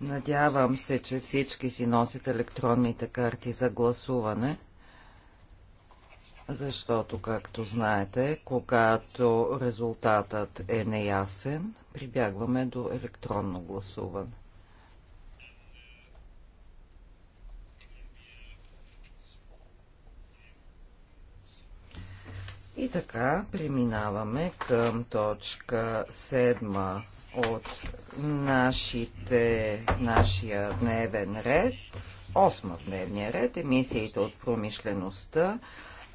Надявам се, че всички си носят електронните карти за гласуване, защото, както знаете, когато резултатът е неясен, прибягваме до електронно гласуване. И така, преминаваме към точка 7 от нашите, нашия дневен ред. Осма в дневния ред емисиите от промишлеността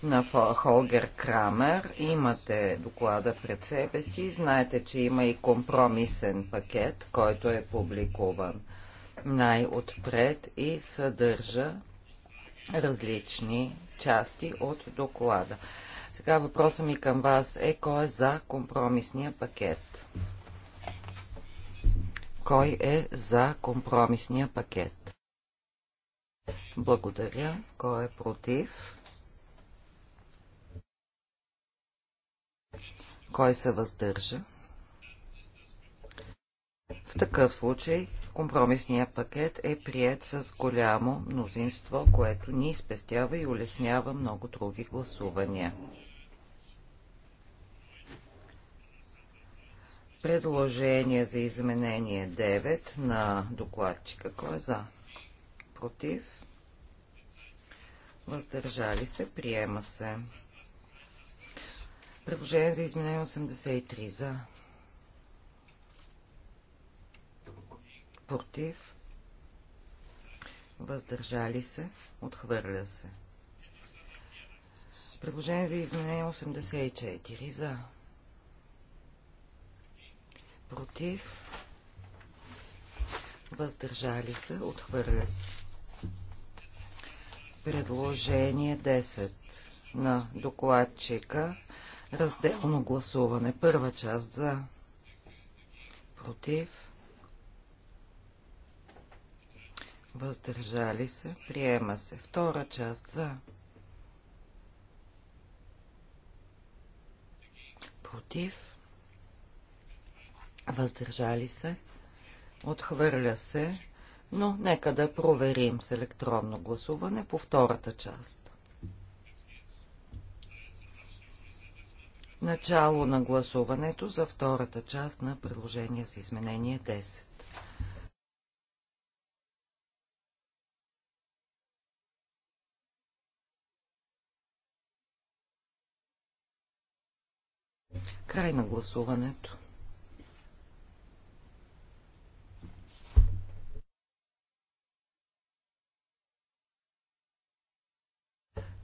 на Холгер Крамер. Имате доклада пред себе си. Знаете, че има и компромисен пакет, който е публикуван най-отпред и съдържа различни части от доклада. Сега въпросът ми към вас е кой е за компромисния пакет? Кой е за компромисния пакет? Благодаря. Кой е против? Кой се въздържа? В такъв случай компромисният пакет е прият с голямо мнозинство, което ни спестява и улеснява много други гласувания. Предложение за изменение 9 на докладчика. Кой е за? Против? Въздържали се? Приема се. Предложение за изменение 83 за. Против? Въздържали се? Отхвърля се. Предложение за изменение 84 за против, въздържали се, отхвърля се. Предложение 10 на докладчика. Разделно гласуване. Първа част за против. Въздържали се. Приема се. Втора част за против въздържали се, отхвърля се, но нека да проверим с електронно гласуване по втората част. Начало на гласуването за втората част на предложение за изменение 10. Край на гласуването.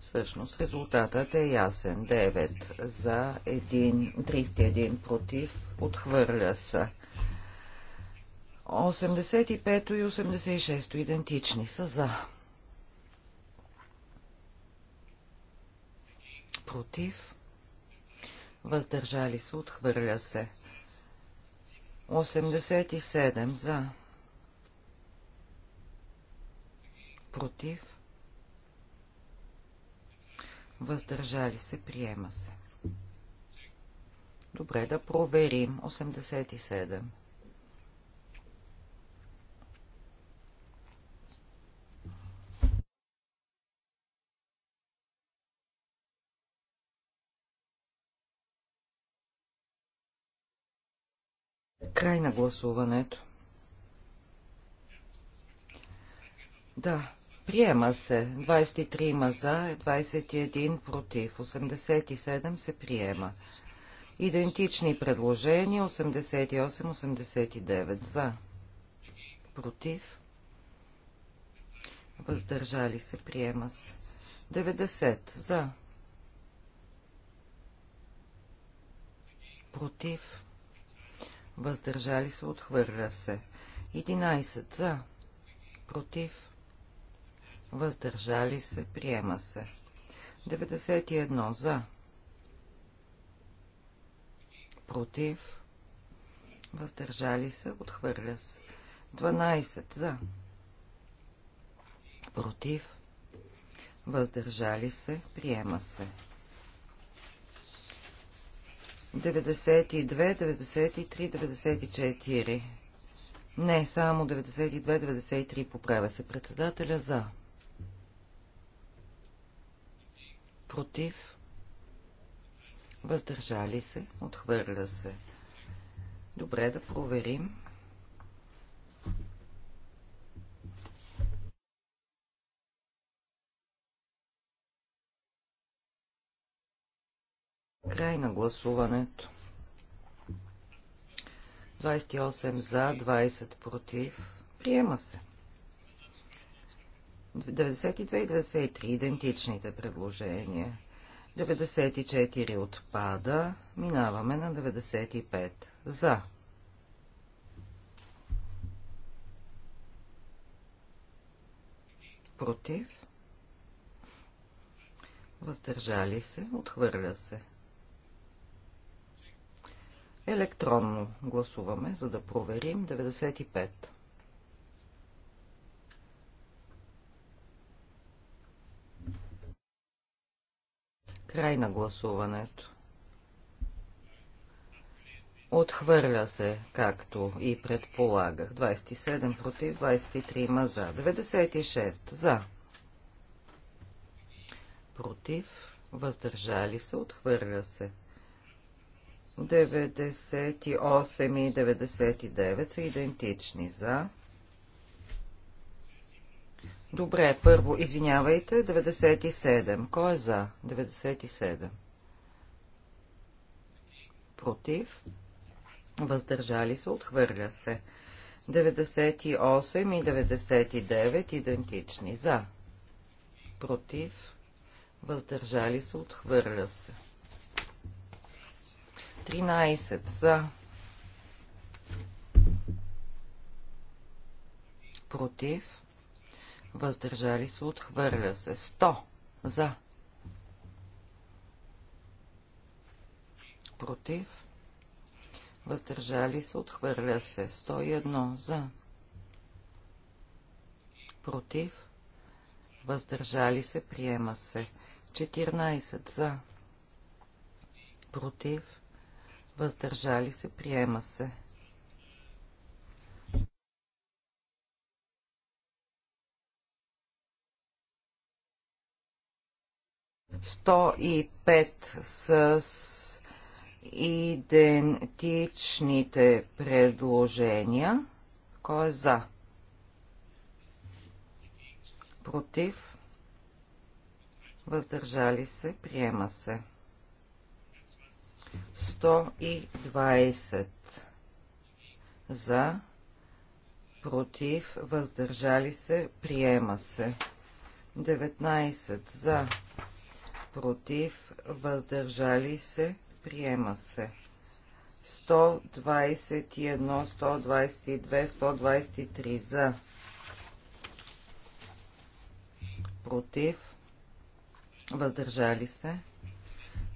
Всъщност резултатът е ясен. 9 за 1, 31 против. Отхвърля се. 85 и 86 идентични са за. Против. Въздържали се. Отхвърля се. 87 за. Против въздържали се, приема се. Добре, да проверим. 87. Край на гласуването. Да, Приема се 23 има за, 21 против, 87 се приема. Идентични предложения 88-89 за, против, въздържали се, приема се 90 за, против, въздържали се, отхвърля се 11 за, против, въздържали се, приема се. 91 за, против, въздържали се, отхвърля се. 12 за, против, въздържали се, приема се. 92, 93, 94. Не, само 92, 93 поправя се председателя за. против, въздържали се, отхвърля се. Добре да проверим. Край на гласуването. 28 за, 20 против. Приема се. 92 и 93 идентичните предложения. 94 отпада. Минаваме на 95. За. Против. Въздържали се. Отхвърля се. Електронно гласуваме, за да проверим 95. Край на гласуването. Отхвърля се, както и предполагах. 27 против, 23 ма за. 96 за. Против, въздържали се, отхвърля се. 98 и 99 са идентични за. Добре, първо, извинявайте, 97. Кой е за 97? Против? Въздържали се, отхвърля се. 98 и 99 идентични. За. Против? Въздържали се, отхвърля се. 13 за. Против? въздържали се, отхвърля се. 100 за, против, въздържали се, отхвърля се. 101 за, против, въздържали се, приема се. 14 за, против, въздържали се, приема се. 105 с идентичните предложения. Кой е за? Против? Въздържали се? Приема се. 120 за, против, въздържали се, приема се. 19 за, против, въздържали се, приема се. 121, 122, 123 за, против, въздържали се,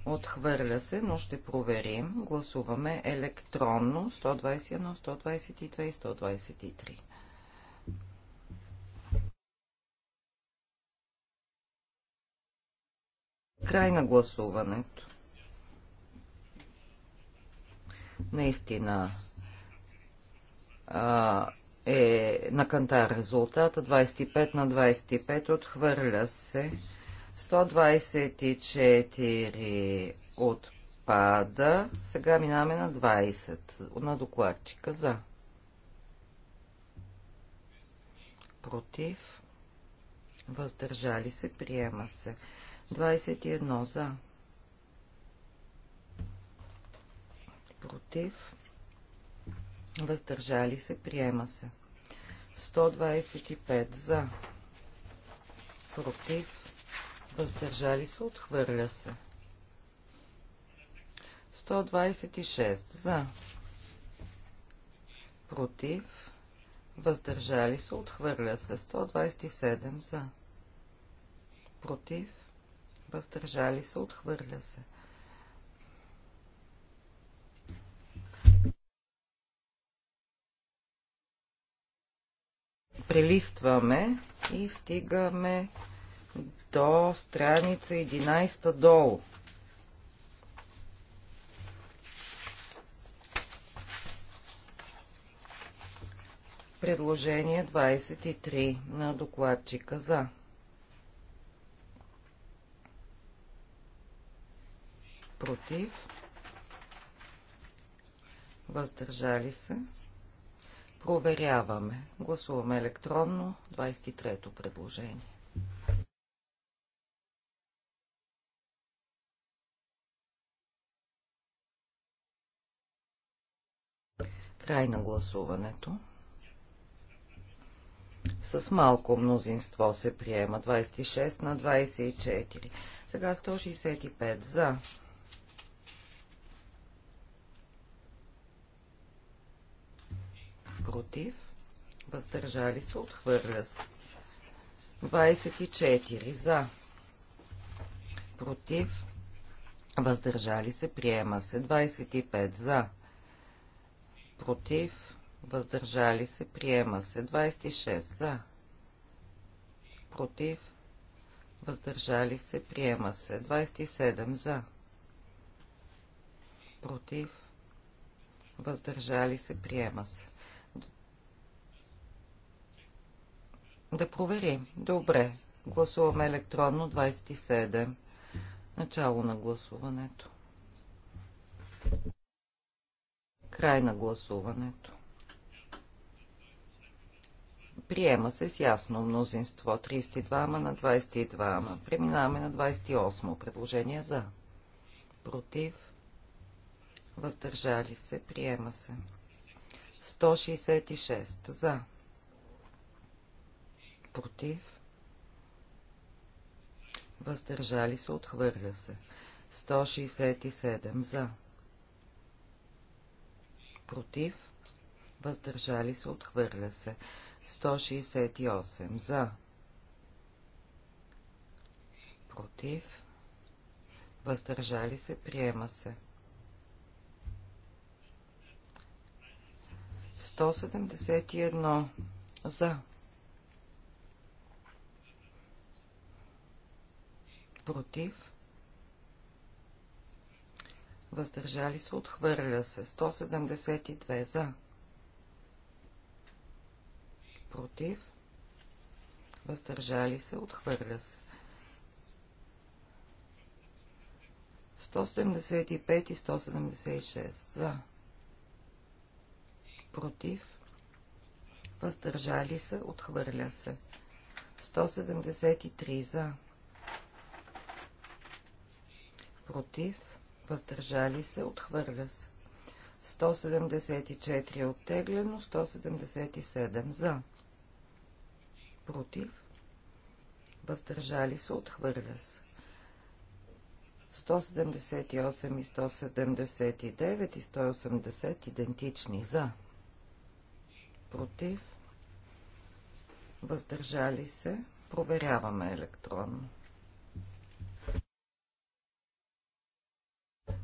отхвърля се, но ще проверим. Гласуваме електронно 121, 122 и 123. Край на гласуването. Наистина а, е на канта резултата. 25 на 25 отхвърля се. 124 отпада. Сега минаваме на 20 на докладчика за. Против. Въздържали се. Приема се. 21 за. Против. Въздържали се. Приема се. 125 за. Против. Въздържали се. Отхвърля се. 126 за. Против. Въздържали се. Отхвърля се. 127 за. Против въздържали се, отхвърля се. Прелистваме и стигаме до страница 11 долу. Предложение 23 на докладчика за. против, въздържали се. Проверяваме. Гласуваме електронно 23-то предложение. Край на гласуването. С малко мнозинство се приема 26 на 24. Сега 165 за, против, въздържали се, отхвърля се. 24 за, против, въздържали се, приема се. 25 за, против, въздържали се, приема се. 26 за, против, въздържали се, приема се. 27 за, против, въздържали се, приема се. Да проверим. Добре. Гласуваме електронно 27. Начало на гласуването. Край на гласуването. Приема се с ясно мнозинство 32 ма на 22 ма. Преминаваме на 28 предложение за. Против. Въздържали се. Приема се. 166 за против, въздържали се, отхвърля се. 167 за, против, въздържали се, отхвърля се. 168 за, против, въздържали се, приема се. 171 за, против, въздържали се, отхвърля се. 172 за, против, въздържали се, отхвърля се. 175 и 176 за, против, въздържали се, отхвърля се. 173 за, против, въздържали се, отхвърля се. 174 е оттеглено, 177 за. Против, въздържали се, отхвърля се. 178 и 179 и 180 идентични за. Против, въздържали се, проверяваме електронно.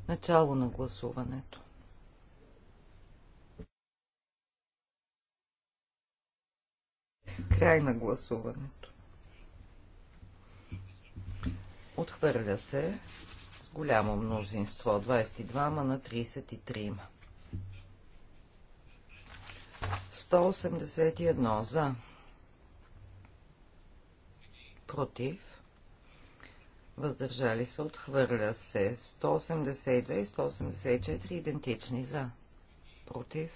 Начало на гласуването. Край на гласуването. Отхвърля се с голямо мнозинство 22 на 33. 181 за. Против въздържали се, отхвърля се 182 и 184 идентични за, против,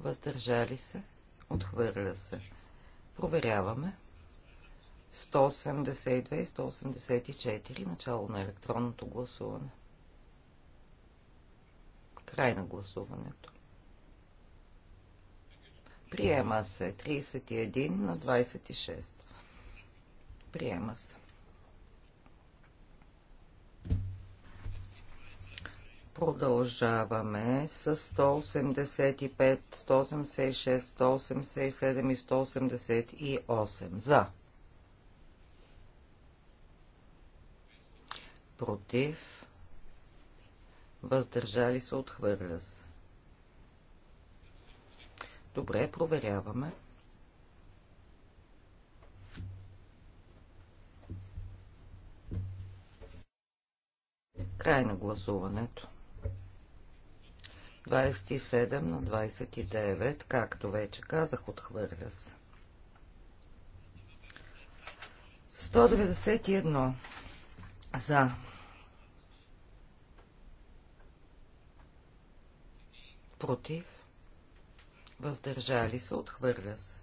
въздържали се, отхвърля се. Проверяваме 182 и 184 начало на електронното гласуване. Край на гласуването. Приема се 31 на 26 приема се. Продължаваме с 185, 186, 187 и 188. За. Против. Въздържали се, отхвърля се. Добре, проверяваме. 185. Край на гласуването. 27 на 29, както вече казах, отхвърля се. 191 за против въздържали се, отхвърля се.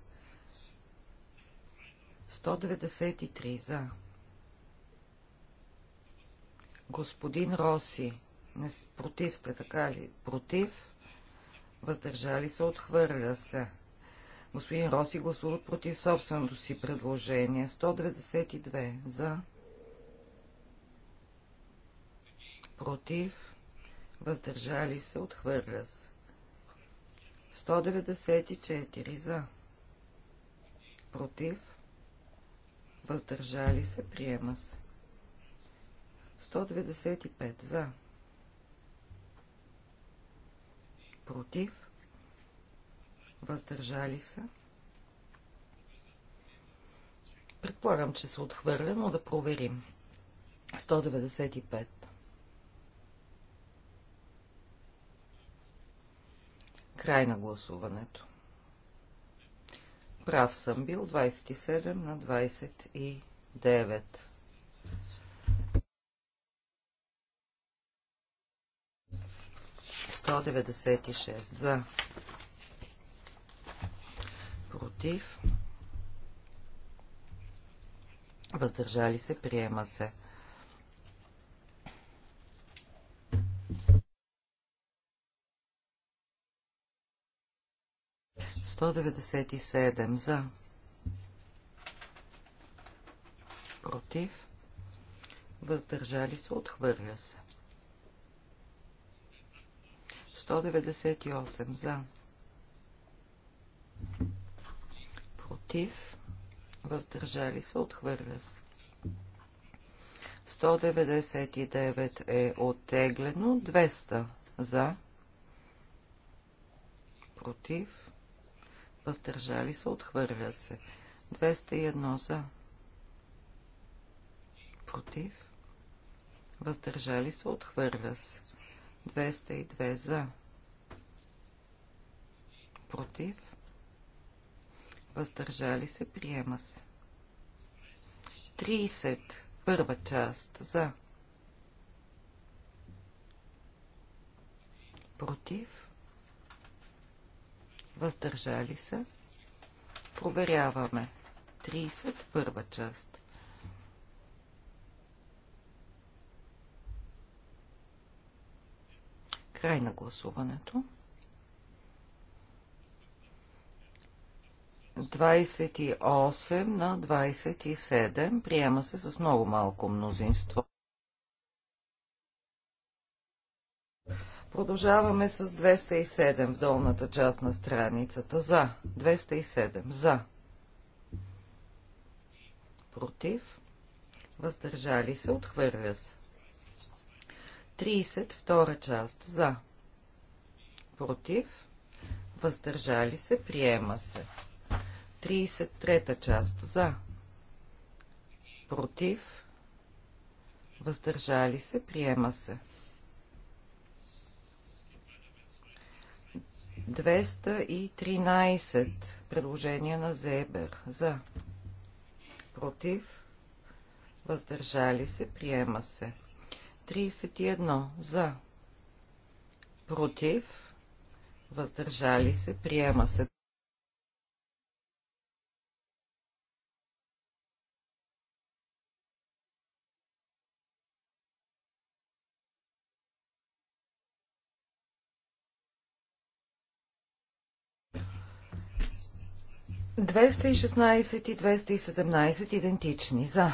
193 за Господин Роси, не, против сте, така ли? Против. Въздържали се, отхвърля се. Господин Роси гласува против собственото си предложение. 192 за. Против. Въздържали се, отхвърля се. 194 за. Против. Въздържали се, приема се. 195 за. Против. Въздържали са. Предполагам, че се отхвърля, но да проверим. 195. Край на гласуването. Прав съм бил 27 на 29. 196 за. Против. Въздържали се. Приема се. Сто деветдесет и седем за. Против. Въздържали се. Отхвърля се. 198 за. Против. Въздържали се. Отхвърля се. 199 е оттеглено. 200 за. Против. Въздържали се. Отхвърля се. 201 за. Против. Въздържали се. Отхвърля се. 202 за. Против. Въздържали се. Приема се. 30. Първа част. За. Против. Въздържали се. Проверяваме. 30. Първа част. Край на гласуването. 28 на 27 приема се с много малко мнозинство. Продължаваме с 207 в долната част на страницата. За. 207. За. Против. Въздържали се. Отхвърля се. 30, втора част. За. Против. Въздържали се. Приема се. 33 част. За. Против. Въздържали се. Приема се. 213 предложение на Зебер. За. Против. Въздържали се. Приема се. 214 31 за. Против. Въздържали се. Приема се. Двеста и 217 и 217 идентични. За.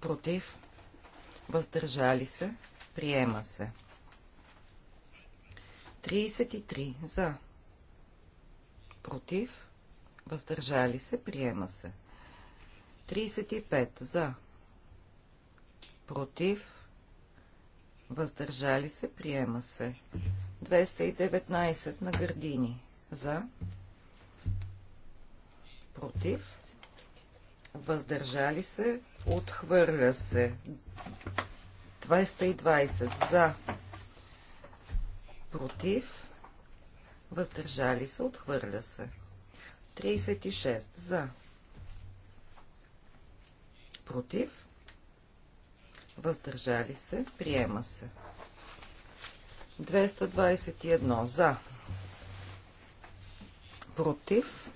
Против въздържали се, приема се. 33 за, против, въздържали се, приема се. 35 за, против, въздържали се, приема се. 219 на гърдини за, против, въздържали се, Отхвърля се. 220 за. Против. Въздържали се. Отхвърля се. 36 за. Против. Въздържали се. Приема се. 221 за. Против.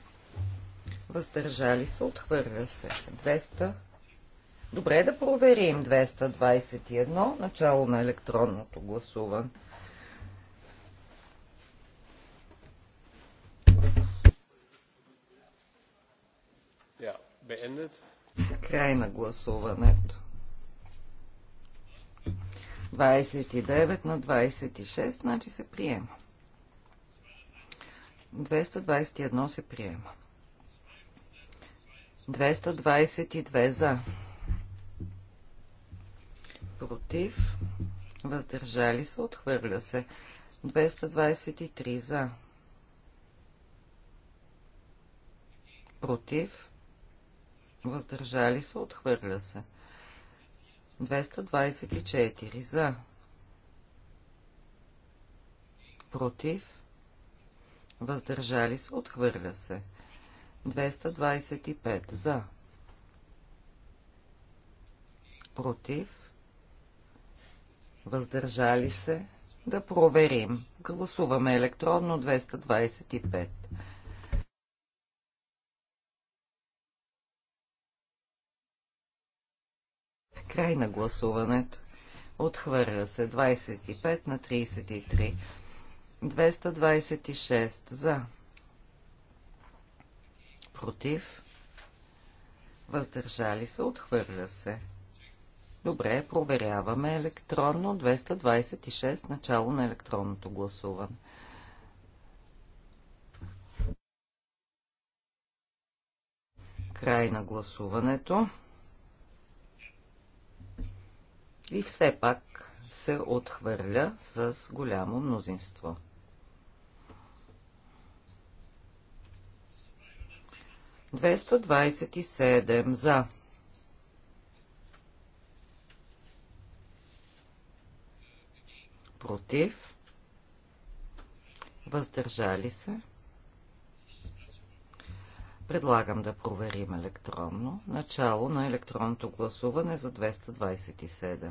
Въздържали се. Отхвърля се. 200. Добре да проверим 221, начало на електронното гласуване. Край на гласуването. 29 на 26, значи се приема. 221 се приема. 222 за против, въздържали се, отхвърля се. 223 за, против, въздържали се, отхвърля се. 224 за, против, въздържали се, отхвърля се. 225 за, против, въздържали се, да проверим. Гласуваме електронно 225. Край на гласуването. Отхвърля се 25 на 33. 226 за. Против. Въздържали се. Отхвърля се. Добре, проверяваме електронно. 226, начало на електронното гласуване. Край на гласуването. И все пак се отхвърля с голямо мнозинство. 227 за. против, въздържали се. Предлагам да проверим електронно. Начало на електронното гласуване за 227.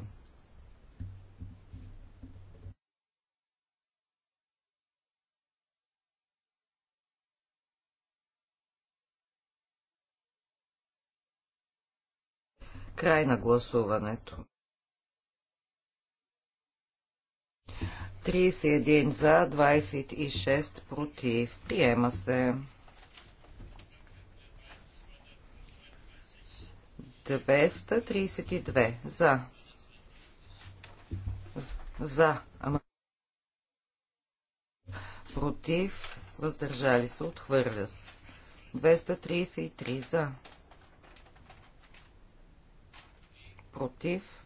Край на гласуването. 31 за, 26 против. Приема се. 232 за. За. Ама... Против. Въздържали се. Отхвърля се. 233 за. Против.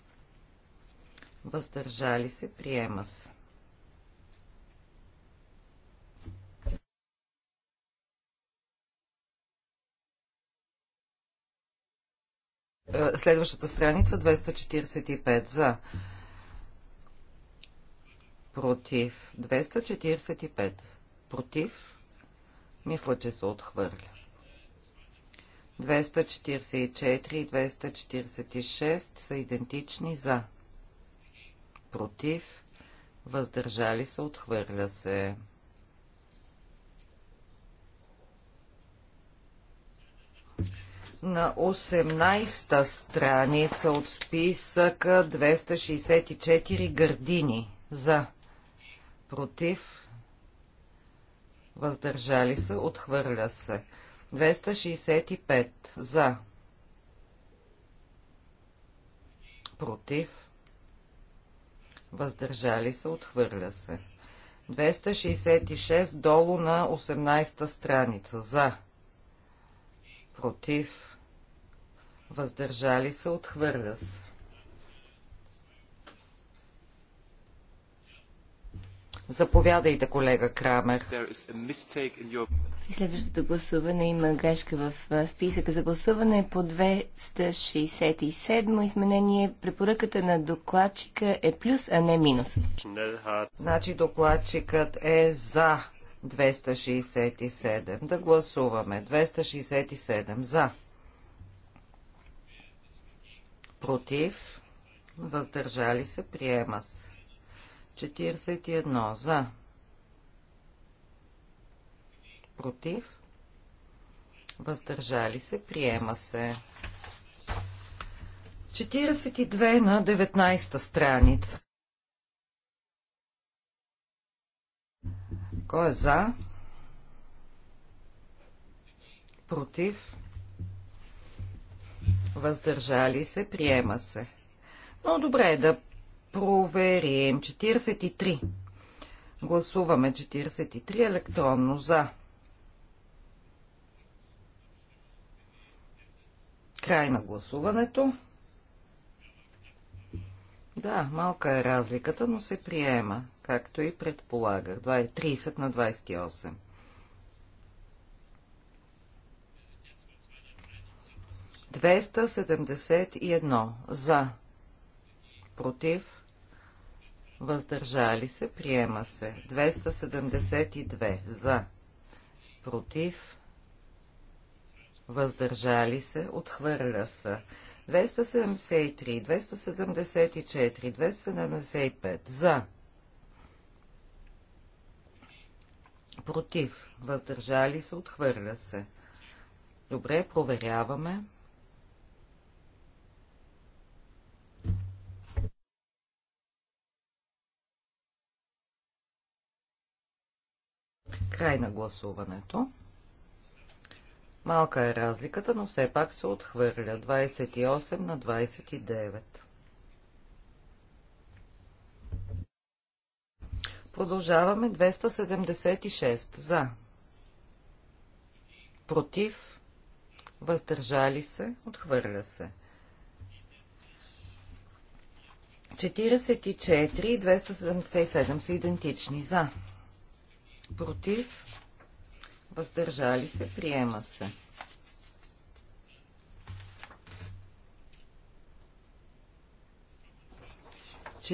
Въздържали се. Приема се. Е, следващата страница 245 за. Против. 245. Против. Мисля, че се отхвърля. 244 и 246 са идентични за. Против. Въздържали се. Отхвърля се. на 18-та страница от списъка 264 гърдини за против въздържали се, отхвърля се. 265 за против въздържали се, отхвърля се. 266 долу на 18-та страница за против, въздържали се, отхвърля се. Заповядайте, колега Крамер. И следващото гласуване има грешка в списъка за гласуване по 267 изменение. Препоръката на докладчика е плюс, а не минус. Значи докладчикът е за 267. Да гласуваме. 267 за. Против. Въздържали се. Приема се. 41 за. Против. Въздържали се. Приема се. 42 на 19 страница. Кой е за? Против? Въздържали се? Приема се. Но добре, е да проверим. 43. Гласуваме 43 електронно за. Край на гласуването. Да, малка е разликата, но се приема както и предполагах. 30 на 28. 271 За. Против. Въздържали се. Приема се. 272. За. Против. Въздържали се. Отхвърля се. 273, 274, 275. За. против, въздържали се, отхвърля се. Добре, проверяваме. Край на гласуването. Малка е разликата, но все пак се отхвърля. 28 на 29. Продължаваме 276 за. Против. Въздържали се. Отхвърля се. 44 и 277 са идентични за. Против. Въздържали се. Приема се.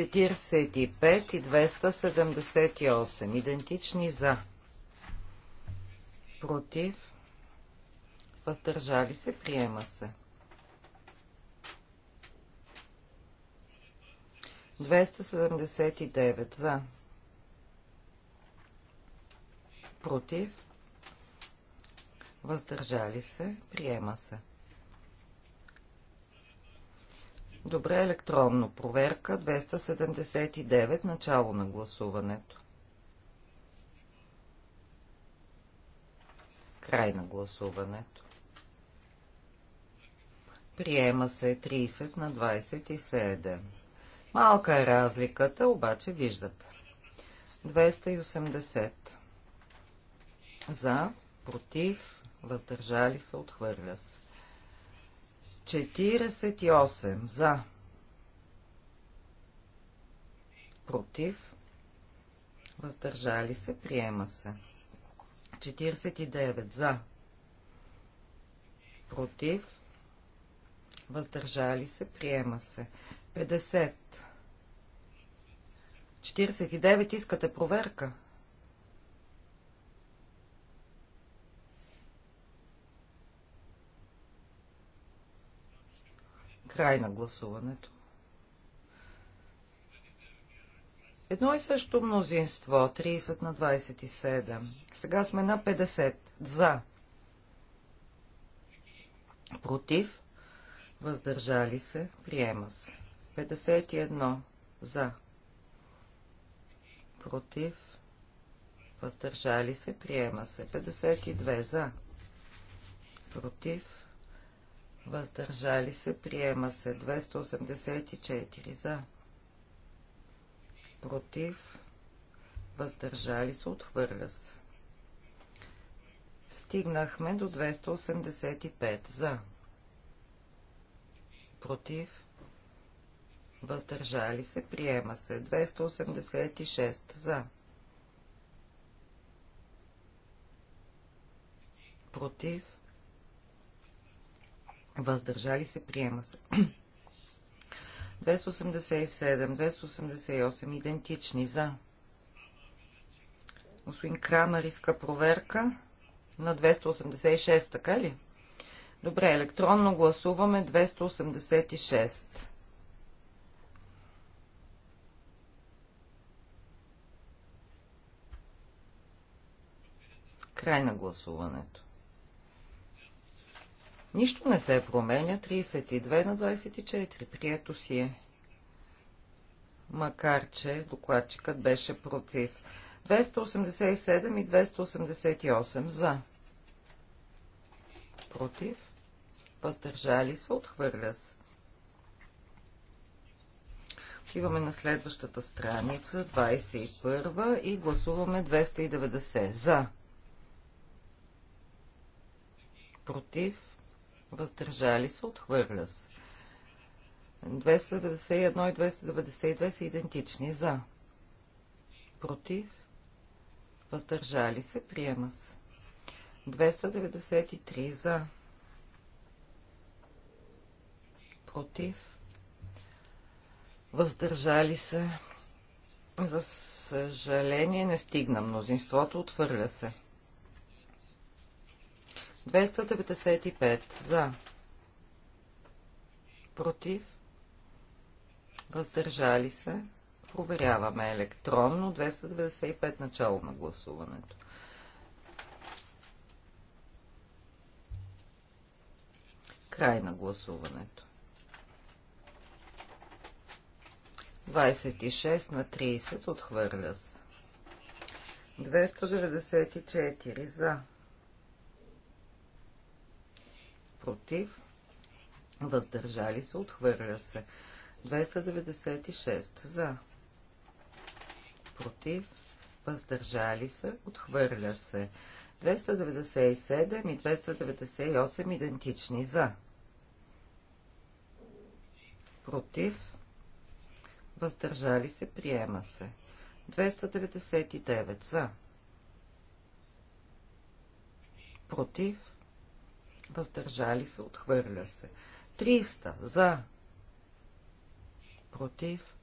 45 и 278. Идентични за. Против. Въздържали се. Приема се. 279 за. Против. Въздържали се. Приема се. 280. Добре, електронно проверка 279, начало на гласуването. Край на гласуването. Приема се 30 на 27. Малка е разликата, обаче виждате. 280. За, против, въздържали се, отхвърля се. 48 за, против, въздържали се, приема се. 49 за, против, въздържали се, приема се. 50. 49 искате проверка? Край на гласуването. Едно и също мнозинство, 30 на 27. Сега сме на 50. За. Против. Въздържали се. Приема се. 51. За. Против. Въздържали се. Приема се. 52. За. Против въздържали се, приема се 284 за, против, въздържали се, отхвърля се. Стигнахме до 285 за, против, въздържали се, приема се 286 за, против, въздържали се, приема се. 287, 288, идентични за. Господин Крамер иска проверка на 286, така ли? Добре, електронно гласуваме 286. Край на гласуването. Нищо не се променя. 32 на 24. Прието си е. Макар, че докладчикът беше против. 287 и 288 за. Против. Въздържали се. Отхвърля се. Отиваме на следващата страница, 21 и гласуваме 290 за. Против въздържали се, отхвърля се. 291 и 292 са идентични за. Против, въздържали се, приема се. 293 за. Против, въздържали се. За съжаление не стигна мнозинството, отвърля се. 294 295 за. Против. Въздържали се. Проверяваме електронно. 295 начало на гласуването. Край на гласуването. 26 на 30 отхвърля се. 294 за против, въздържали се, отхвърля се. 296 за, против, въздържали се, отхвърля се. 297 и 298 идентични за, против, въздържали се, приема се. 299 за, против, въздържали се, отхвърля се. 300 за, против,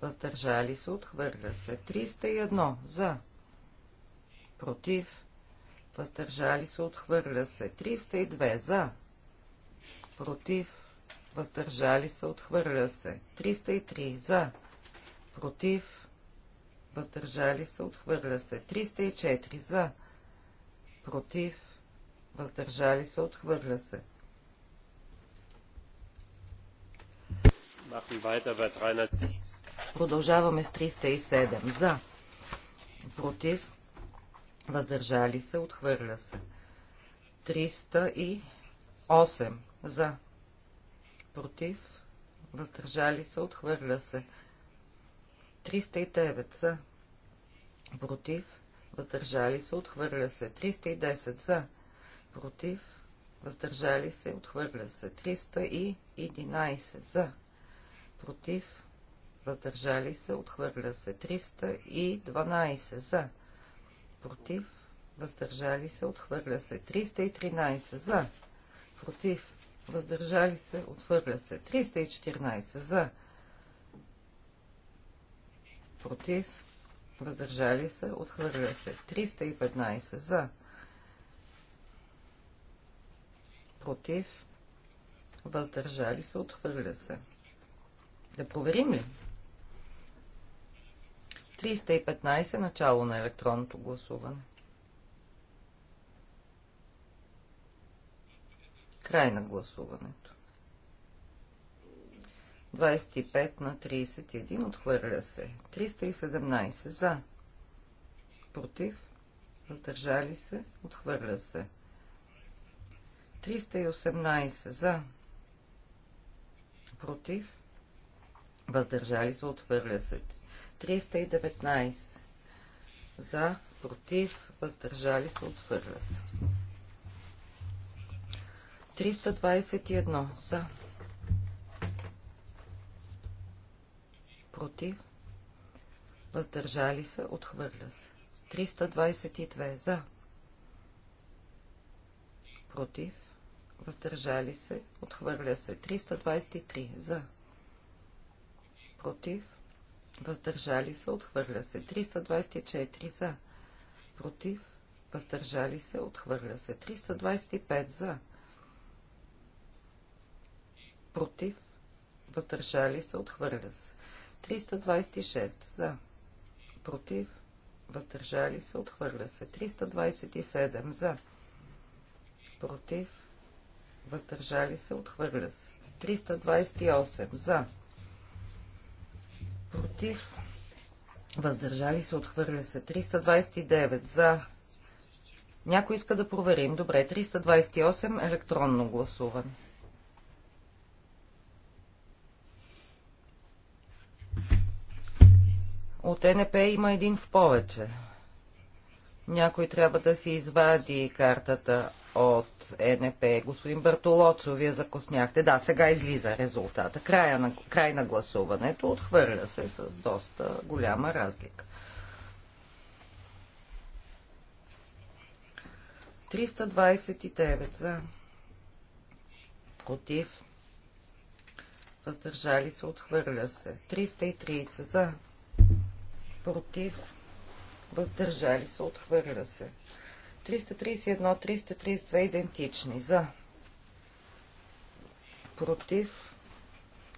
въздържали се, отхвърля се. 301 за, против, въздържали се, отхвърля се. 302 за, против, въздържали се, отхвърля се. 303 за, против, въздържали се, отхвърля се. 304 за, против, въздържали се, отхвърля се. Продължаваме с 307. За. Против. Въздържали се. Отхвърля се. 308. За. Против. Въздържали се. Отхвърля се. 309. За. Против. Въздържали се. Отхвърля се. 310. За против, въздържали се, отхвърля се 311 за, против, въздържали се, отхвърля се 312 за, против, въздържали се, отхвърля се 313 за, против, въздържали се, отхвърля се 314 за, против, въздържали се, отхвърля се 315 за, против, въздържали се, отхвърля се. Да проверим ли? 315 начало на електронното гласуване. Край на гласуването. 25 на 31 отхвърля се. 317 за. Против. Въздържали се. Отхвърля се. 318 за, против, въздържали се, отвърля се. 319 за, против, въздържали се, отвърля се. 321 за, против, въздържали се, отхвърля се. 322 за, против, въздържали се, отхвърля се. 323 за, против, въздържали се, отхвърля се. 324 за, против, въздържали се, отхвърля се. 325 за, против, въздържали се, отхвърля се. 326 за, против, въздържали се, отхвърля се. 327 за, против, въздържали се, отхвърля се. 328 за, против, въздържали се, отхвърля се. 329 за, някой иска да проверим. Добре, 328 електронно гласуване. От НП има един в повече. Някой трябва да си извади картата от НП. Господин Бартолоцо, вие закосняхте. Да, сега излиза резултата. Края на, край на гласуването отхвърля се с доста голяма разлика. 329 за. Против. Въздържали се, отхвърля се. 330 за. Против въздържали се, отхвърля се. 331, 332 идентични. За, против,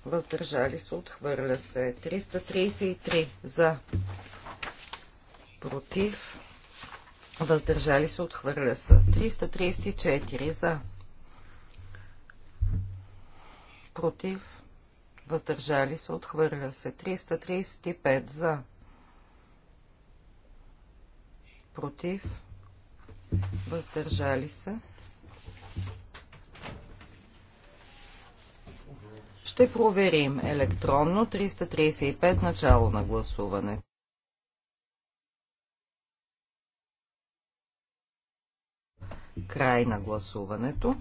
въздържали се, отхвърля се. 333 за, против, въздържали се, отхвърля се. 334 за, против, въздържали се, отхвърля се. 335 за, против, против, въздържали се. Ще проверим електронно 335 начало на гласуване. Край на гласуването.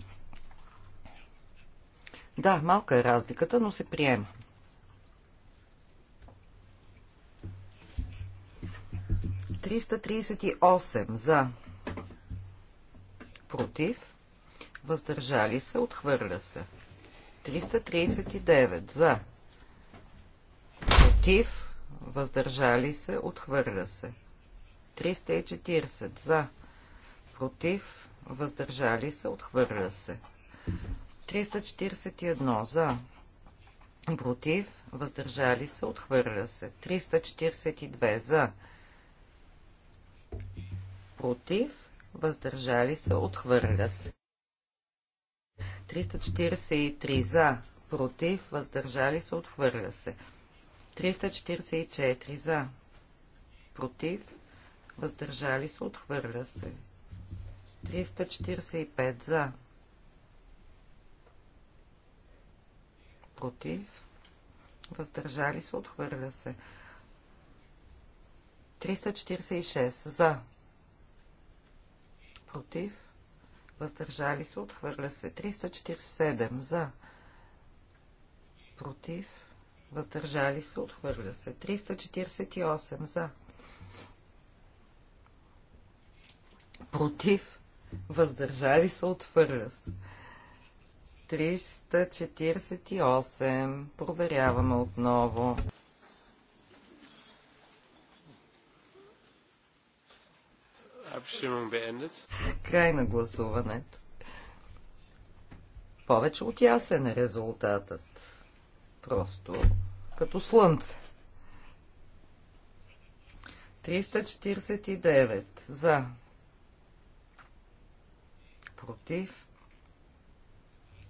Да, малка е разликата, но се приема. 338 за, против, въздържали се, отхвърля се. 339 за, против, въздържали се, отхвърля се. 340 за, против, въздържали се, отхвърля се. 341 за, против, въздържали се, отхвърля се. 342 за, против, въздържали се, отхвърля се. 343 за, против, въздържали се, отхвърля се. 344 за, против, въздържали се, отхвърля се. 345 за, против, въздържали се, отхвърля се. 346 за, против, въздържали се, отхвърля се. 347 за, против, въздържали се, отхвърля се. 348 за, против, въздържали се, отхвърля се. 348. Проверяваме отново. Край на гласуването. Повече от ясен е резултатът. Просто като слънце. 349 за. Против.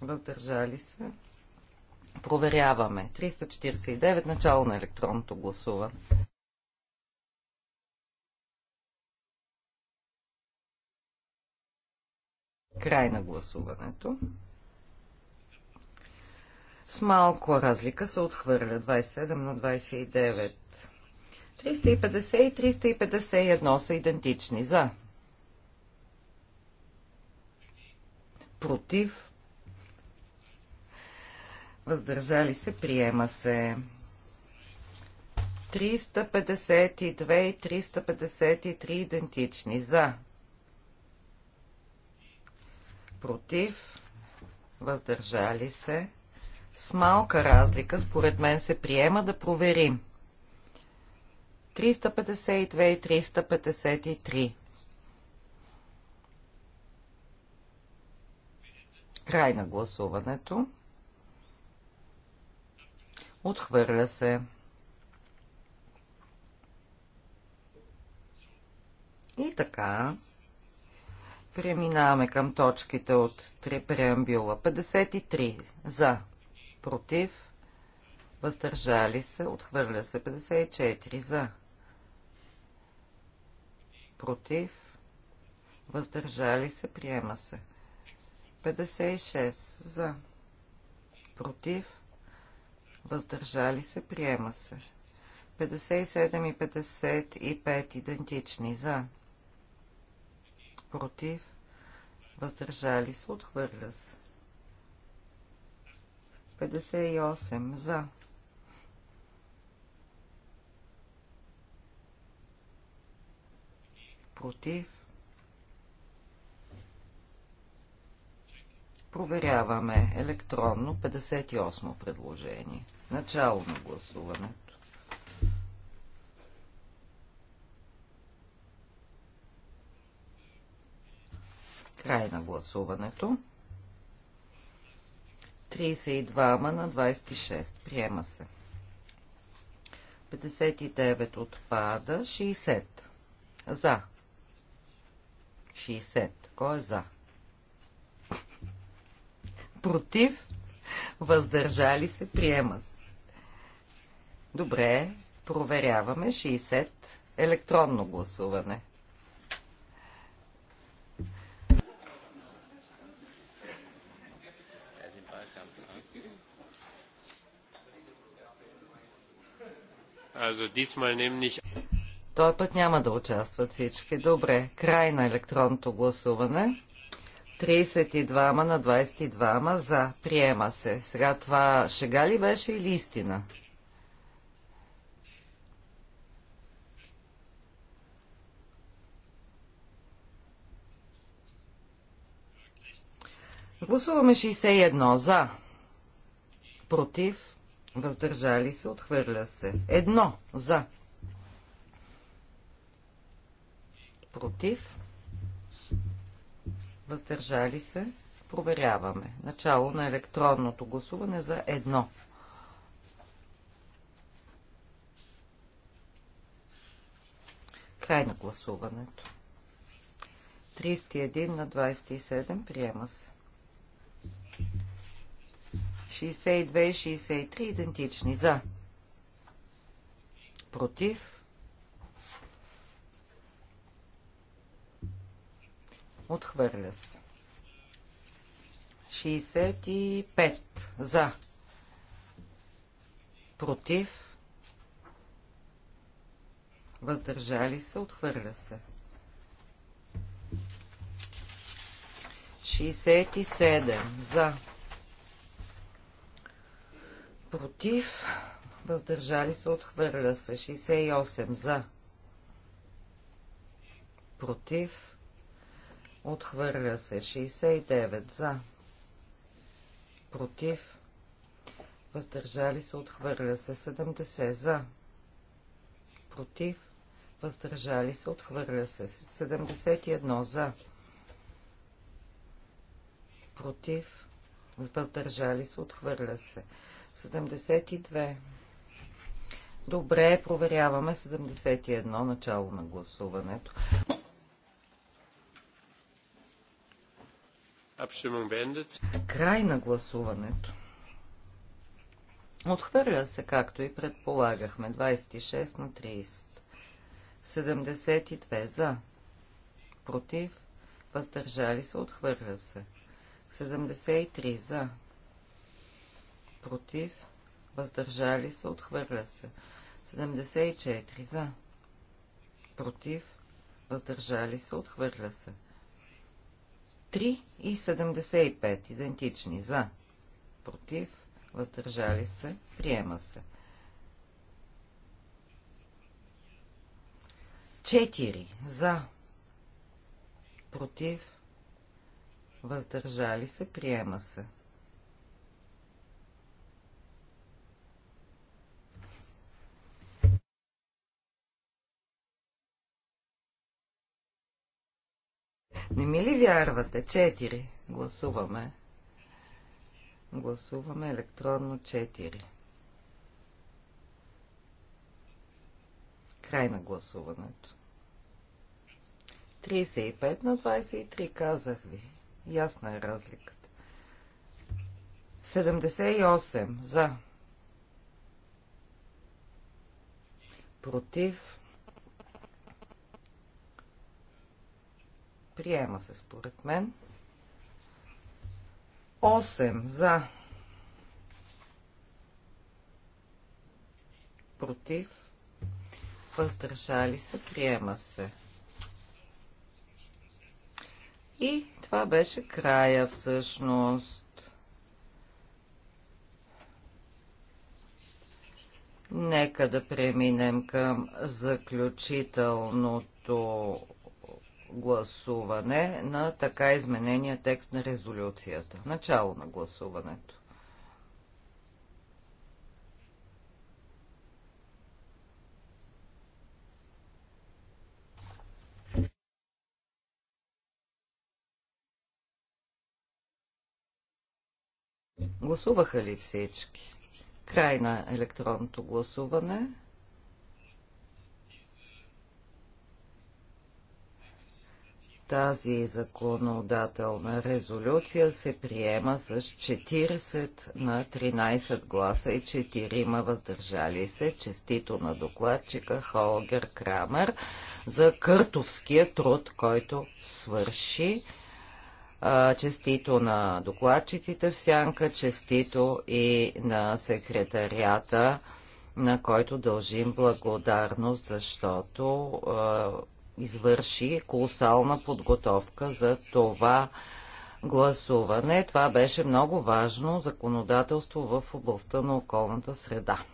Въздържали се. Проверяваме. 349 начало на електронното гласуване. Край на гласуването. С малко разлика се отхвърля 27 на 29. 350 и 351 са идентични. За. Против. Въздържали се. Приема се. 352 и 353 идентични. За против, въздържали се. С малка разлика, според мен, се приема да проверим. 352 и 353. Край на гласуването. Отхвърля се. И така. Преминаваме към точките от 3 преамбюла. 53 за, против, въздържали се, отхвърля се. 54 за, против, въздържали се, приема се. 56 за, против, въздържали се, приема се. 57 и 55 идентични за, против, въздържали се, отхвърля се. 58 за. Против. Проверяваме електронно 58 предложение. Начало на гласуването. Край на гласуването. 32 на 26. Приема се. 59 отпада. 60. За. 60. Кой е за? Против. Въздържали се. Приема се. Добре. Проверяваме. 60. Електронно гласуване. 61. Той път няма да участват всички. Добре. Край на електронното гласуване. 32 на 22 за. Приема се. Сега това шега ли беше или истина? Гласуваме 61 за. Против въздържали се, отхвърля се. Едно за, против, въздържали се, проверяваме. Начало на електронното гласуване за едно. Край на гласуването. 31 на 27 приема се. 62 и 63 идентични. За. Против. Отхвърля се. 65 за. Против. Въздържали се. Отхвърля се. 67 за против, въздържали се, отхвърля се. 68 за, против, отхвърля се. 69 за, против, въздържали се, отхвърля се. 70 за, против, въздържали се, отхвърля се. 71 за, против, въздържали се, отхвърля се. 72. Добре, проверяваме 71, начало на гласуването. Край на гласуването. Отхвърля се, както и предполагахме, 26 на 30. 72 за. Против. Въздържали се. Отхвърля се. 73 за против, въздържали се, отхвърля се. 74 за, против, въздържали се, отхвърля се. 3 и 75 идентични за, против, въздържали се, приема се. 4 за, против, въздържали се, приема се. Не ми ли вярвате? 4. Гласуваме. Гласуваме електронно 4. Край на гласуването. 35 на 23, казах ви. Ясна е разликата. 78 за. Против. Приема се според мен. 8 за. Против. Въздържали се. Приема се. И това беше края всъщност. Нека да преминем към заключителното гласуване на така изменения текст на резолюцията. Начало на гласуването. Гласуваха ли всички? Край на електронното гласуване. Тази законодателна резолюция се приема с 40 на 13 гласа и 4 въздържали се. Честито на докладчика Холгер Крамер за къртовския труд, който свърши. Честито на докладчиците в сянка, честито и на секретарията на който дължим благодарност, защото извърши колосална подготовка за това гласуване. Това беше много важно законодателство в областта на околната среда.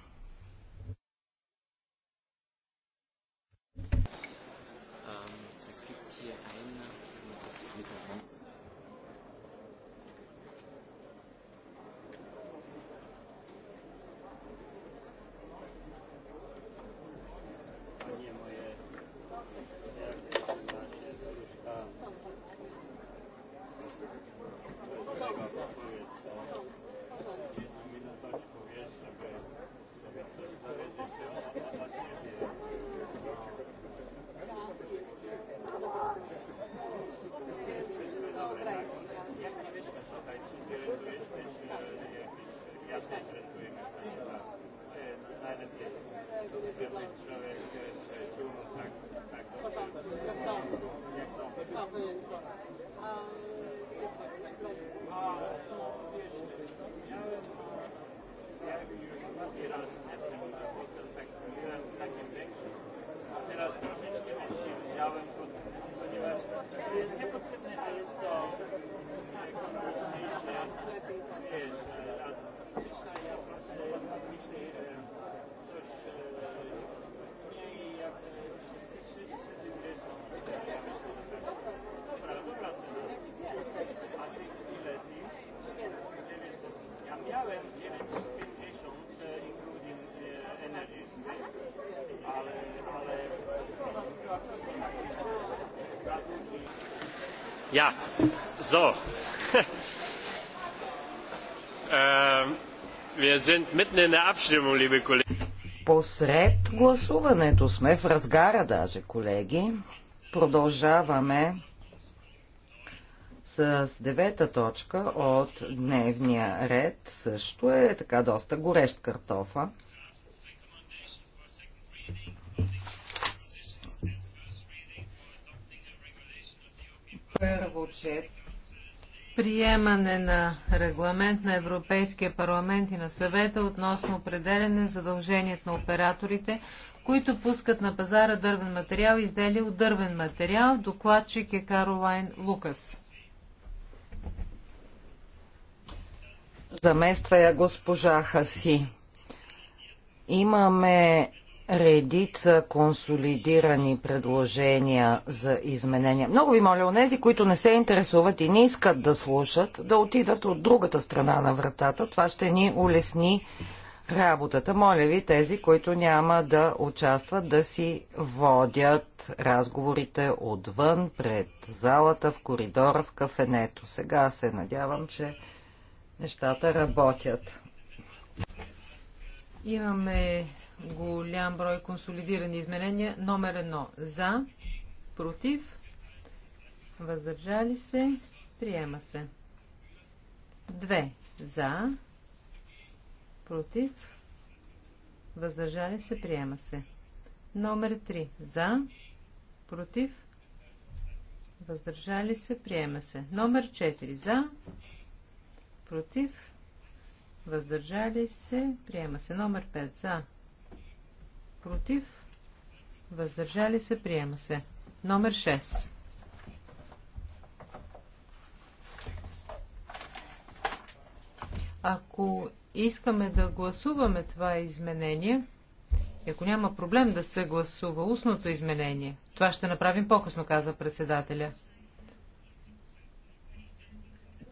So. Ähm, wir sind mitten in der Abstimmung, liebe Kollegen. Посред гласуването сме в разгара даже, колеги. Продължаваме с девета точка от дневния ред. Също е така доста горещ картофа. първо четене приемане на регламент на Европейския парламент и на съвета относно определене задължението на операторите, които пускат на пазара дървен материал и изделия от дървен материал. Докладчик е Каролайн Лукас. Замества я госпожа Хаси. Имаме редица консолидирани предложения за изменения. Много ви моля, онези, които не се интересуват и не искат да слушат, да отидат от другата страна на вратата. Това ще ни улесни работата. Моля ви, тези, които няма да участват, да си водят разговорите отвън, пред залата, в коридора, в кафенето. Сега се надявам, че нещата работят. Имаме голям брой консолидирани изменения. Номер 1 за, против, въздържали се, приема се. 2 за, против, въздържали се, приема се. Номер 3. За, против, въздържали се, приема се. Номер 4. За, против, въздържали се, приема се. Номер 5. За, против, въздържали се, приема се. Номер 6. Ако искаме да гласуваме това изменение, ако няма проблем да се гласува устното изменение, това ще направим по-късно, каза председателя.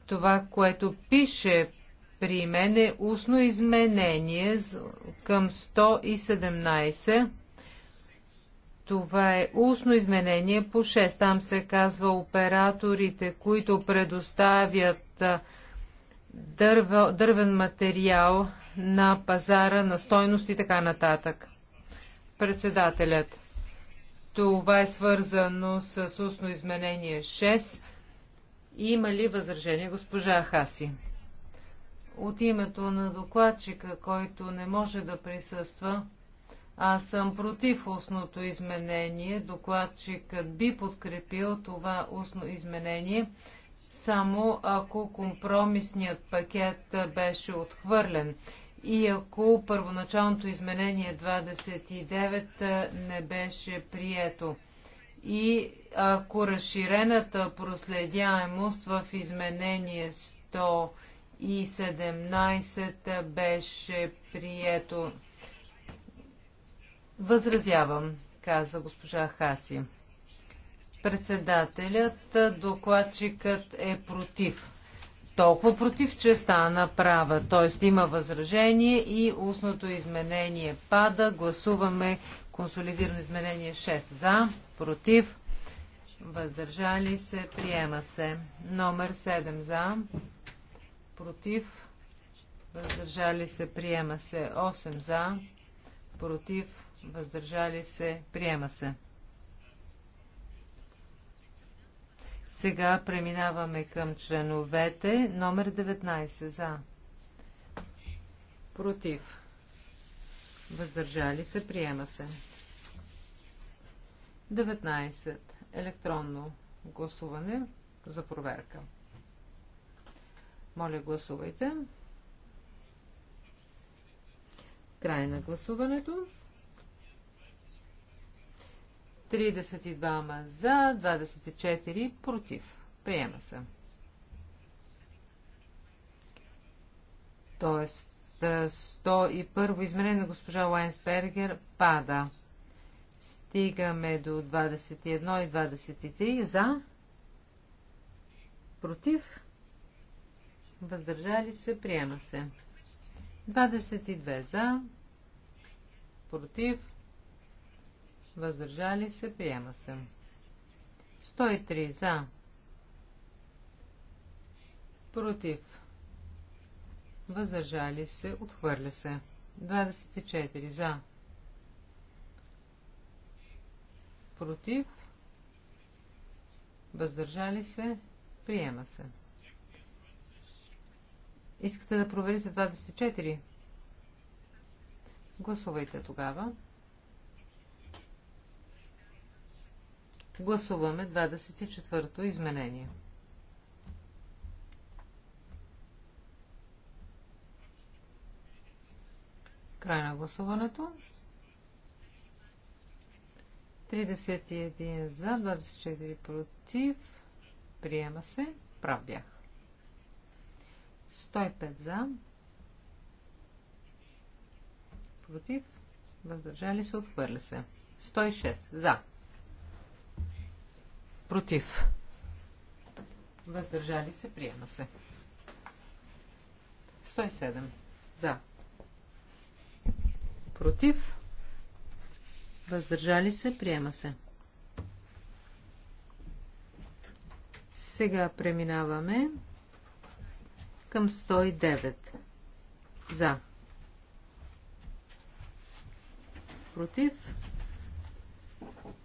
Това, което пише при мен е устно изменение към 117. Това е устно изменение по 6. Там се казва операторите, които предоставят дърво, дървен материал на пазара на стойност и така нататък. Председателят. Това е свързано с устно изменение 6. Има ли възражение госпожа Хаси? От името на докладчика, който не може да присъства, аз съм против устното изменение. Докладчикът би подкрепил това устно изменение, само ако компромисният пакет беше отхвърлен и ако първоначалното изменение 29 не беше прието. И ако разширената проследяемост в изменение 100 и 17 беше прието. Възразявам, каза госпожа Хаси. Председателят, докладчикът е против. Толкова против, че стана права. Тоест има възражение и устното изменение пада. Гласуваме консолидирано изменение 6 за, против, въздържали се, приема се. Номер 7 за, против, въздържали се, приема се. 8 за, против, въздържали се, приема се. Сега преминаваме към членовете. Номер 19 за. Против. Въздържали се. Приема се. 19. Електронно гласуване за проверка. Моля, гласувайте. Край на гласуването. 32 за, 24 против. Приема се. Тоест, 101 изменение на госпожа Лайнсбергер пада. Стигаме до 21 и 23 за, против, въздържали се, приема се. 22 за, против, въздържали се, приема се. 103 за, против, въздържали се, отхвърля се. 24 за, против, въздържали се, приема се. Искате да проверите 24? Гласувайте тогава. Гласуваме 24-то изменение. Край на гласуването. 31 за, 24 против. Приема се. Прав бях. 105 за, против, въздържали се, отхвърля се. 106 за, против, въздържали се, приема се. 107 за, против, въздържали се, приема се. Сега преминаваме към 109. За. Против.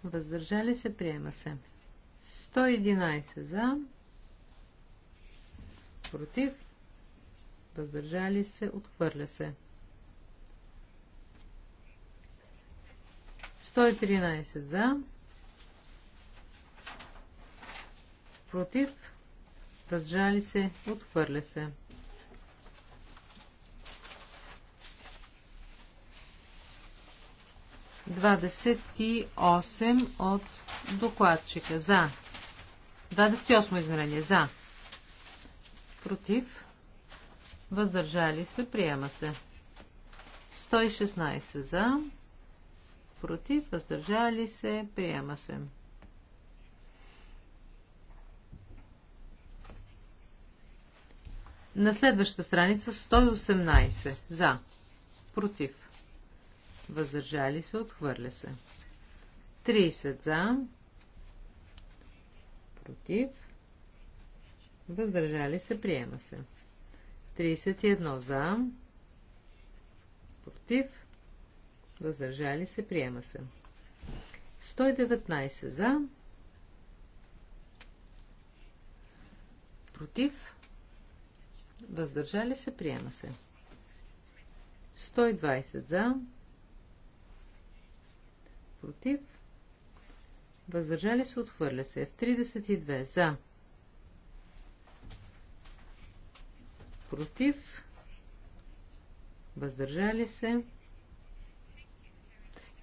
Въздържали се, приема се. 111 за. Против. Въздържали се, отхвърля се. 113 за. Против въздържали се, отхвърля се. Двадесет и осем от докладчика. За. 28 измерение. За. Против. Въздържали се. Приема се. 116 за. Против. Въздържали се. Приема се. На следващата страница 118. За. Против. Въздържали се. Отхвърля се. 30 за. Против. Въздържали се. Приема се. 31 за. Против. Въздържали се. Приема се. 119 за. Против въздържали се, приема се. 120 за, против, въздържали се, отхвърля се. 32 за, против, въздържали се.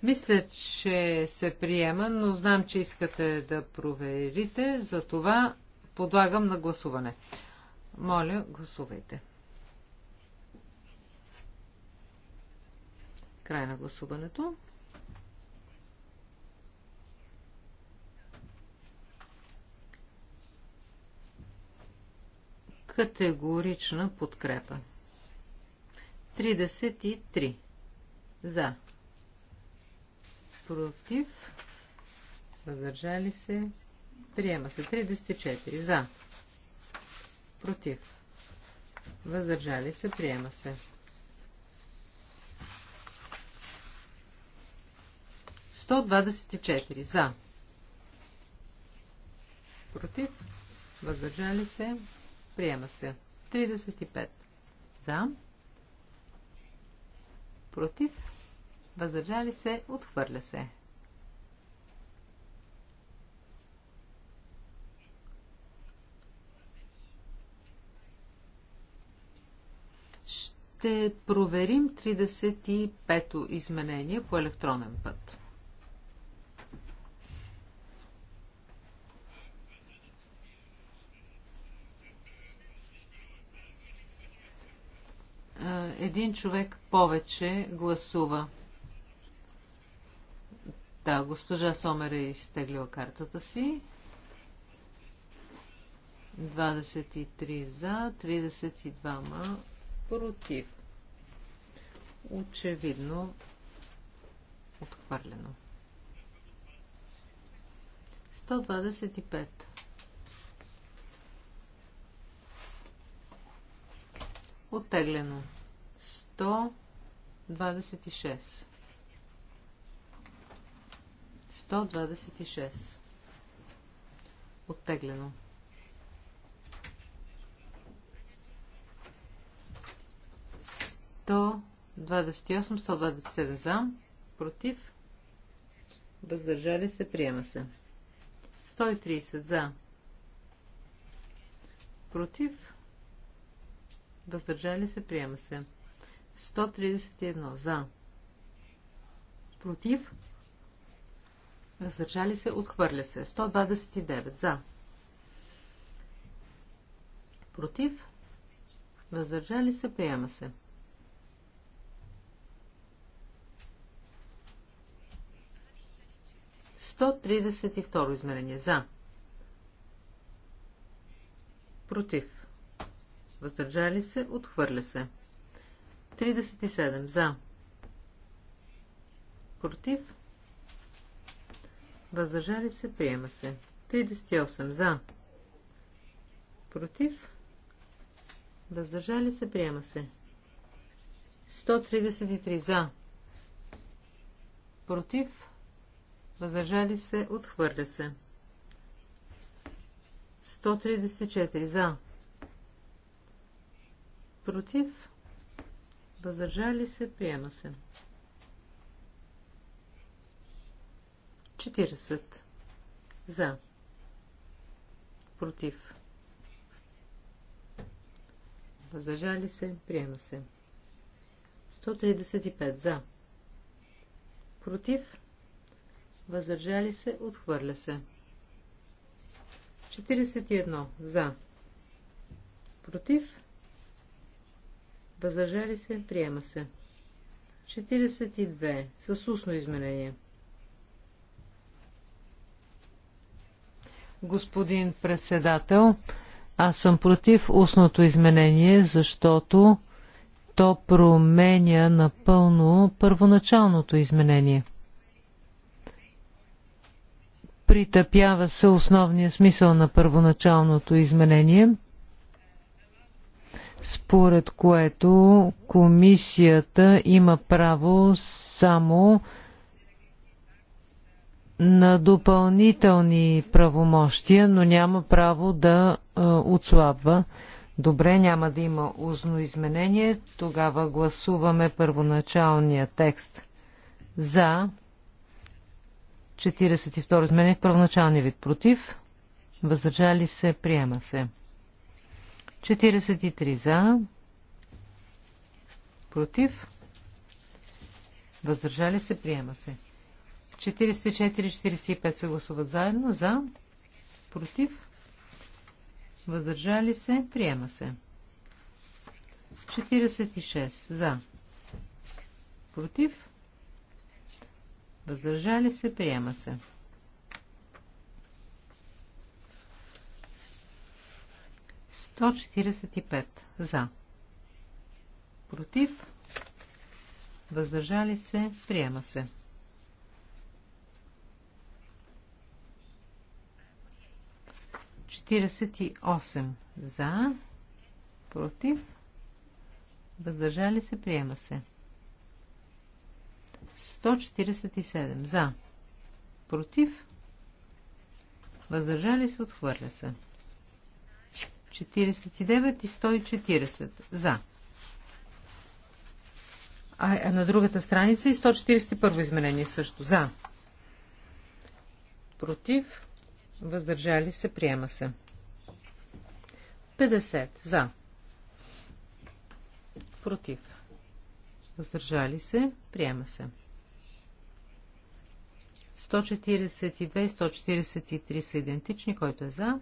Мисля, че се приема, но знам, че искате да проверите, затова подлагам на гласуване. Моля, гласувайте. Край на гласуването. Категорична подкрепа. 33. За. Против. Въздържали се. Приема се. 34. За против, въздържали се, приема се. 124 за. Против. Въздържали се. Приема се. 35 за. Против. Въздържали се. Отхвърля се. ще проверим 35-то изменение по електронен път. Един човек повече гласува. Да, госпожа Сомер е изтеглила картата си. 23 за, 32 ма против. Очевидно отхвърлено. 125. Оттеглено. 126. 126. Оттеглено. 128, 127 за, против, въздържали се, приема се. 130 за, против, въздържали се, приема се. 131 за, против, въздържали се, отхвърля се. 129 за, против, въздържали се, приема се. 132 измерение. За. Против. Въздържали се. Отхвърля се. 37. За. Против. Въздържали се. Приема се. 38. За. Против. Въздържали се. Приема се. 133. За. Против. Въздържали се. Отхвърля се. 134. За. Против. Въздържали се. Приема се. 40. За. Против. Въздържали се. Приема се. 135. За. Против въздържали се, отхвърля се. 41. За. Против. Въздържали се, приема се. 42. С устно изменение. Господин председател, аз съм против устното изменение, защото то променя напълно първоначалното изменение притъпява се основния смисъл на първоначалното изменение, според което комисията има право само на допълнителни правомощия, но няма право да е, отслабва. Добре, няма да има устно изменение. Тогава гласуваме първоначалния текст. За. 42 изменение в първоначалния вид. Против. Въздържали се. Приема се. 43 за. Против. Въздържали се. Приема се. 44-45 се гласуват заедно. За. Против. Въздържали се. Приема се. 46 за. Против въздържали се, приема се. Сто четиридесет и пет за. Против, въздържали се, приема се. 48 за, против, въздържали се, приема се. 147 за. Против. Въздържали се, отхвърля се. 49 и 140 за. А на другата страница и 141 изменение също за. Против. Въздържали се, приема се. 50 за. Против. Въздържали се, приема се. 142 и 143 са идентични. Който е за?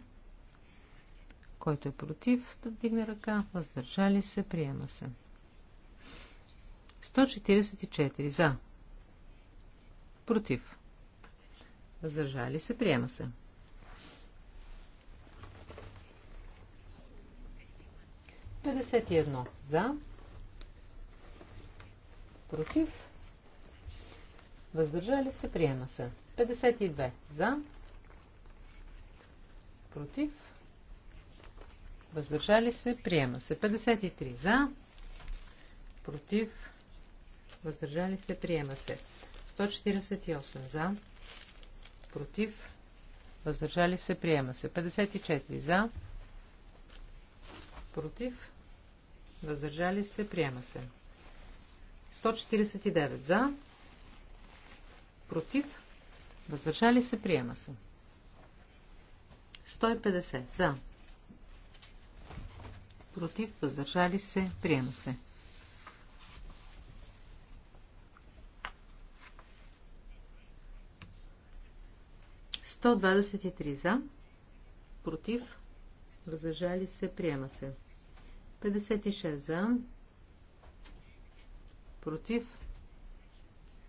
Който е против? Да вдигне ръка. Въздържали се. Приема се. 144 за. Против. Въздържали се. Приема се. 51 за. Против. Въздържали се, приема се. 52 за. Против. Въздържали се, приема се. 53 за. Против. Въздържали се, приема се. 148 за. Против. Въздържали се, приема се. 54 за. Против. Въздържали се, приема се. 149 за Против. Въздържали се. Приема се. 150. За. Против. Въздържали се. Приема се. 123 за, против, въздържали се, приема се. 56 за, против,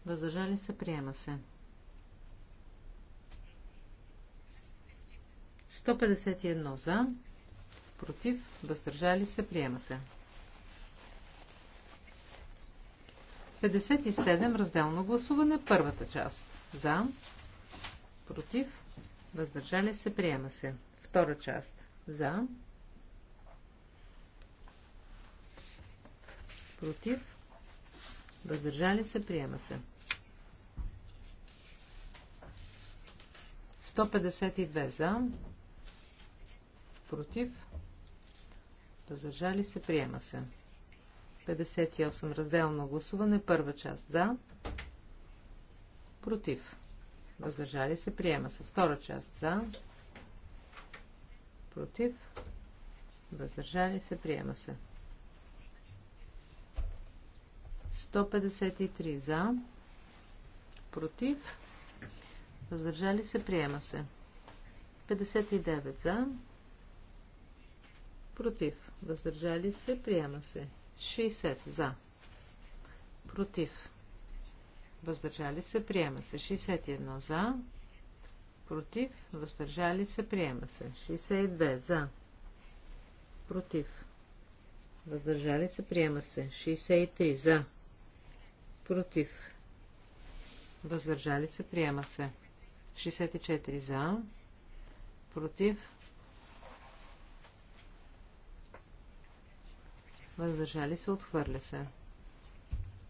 Въздържали се, приема се. 151 за, против, въздържали се, приема се. 57 разделно гласуване, първата част. За, против, въздържали се, приема се. Втора част. За, против, Въздържали се, приема се. 152 за. Против. Въздържали се, приема се. 58 разделно гласуване, първа част за. Против. Въздържали се, приема се. Втора част за. Против. Въздържали се, приема се. 153 за, против, въздържали се, приема се. 59 за, против, въздържали се, приема се. 60 за, против, въздържали се, приема се. 61 за, против, въздържали се, приема се. 62 за, против, въздържали се, приема се. 63 за, Против. Въздържали се. Приема се. 64 за. Против. Въздържали се. Отхвърля се.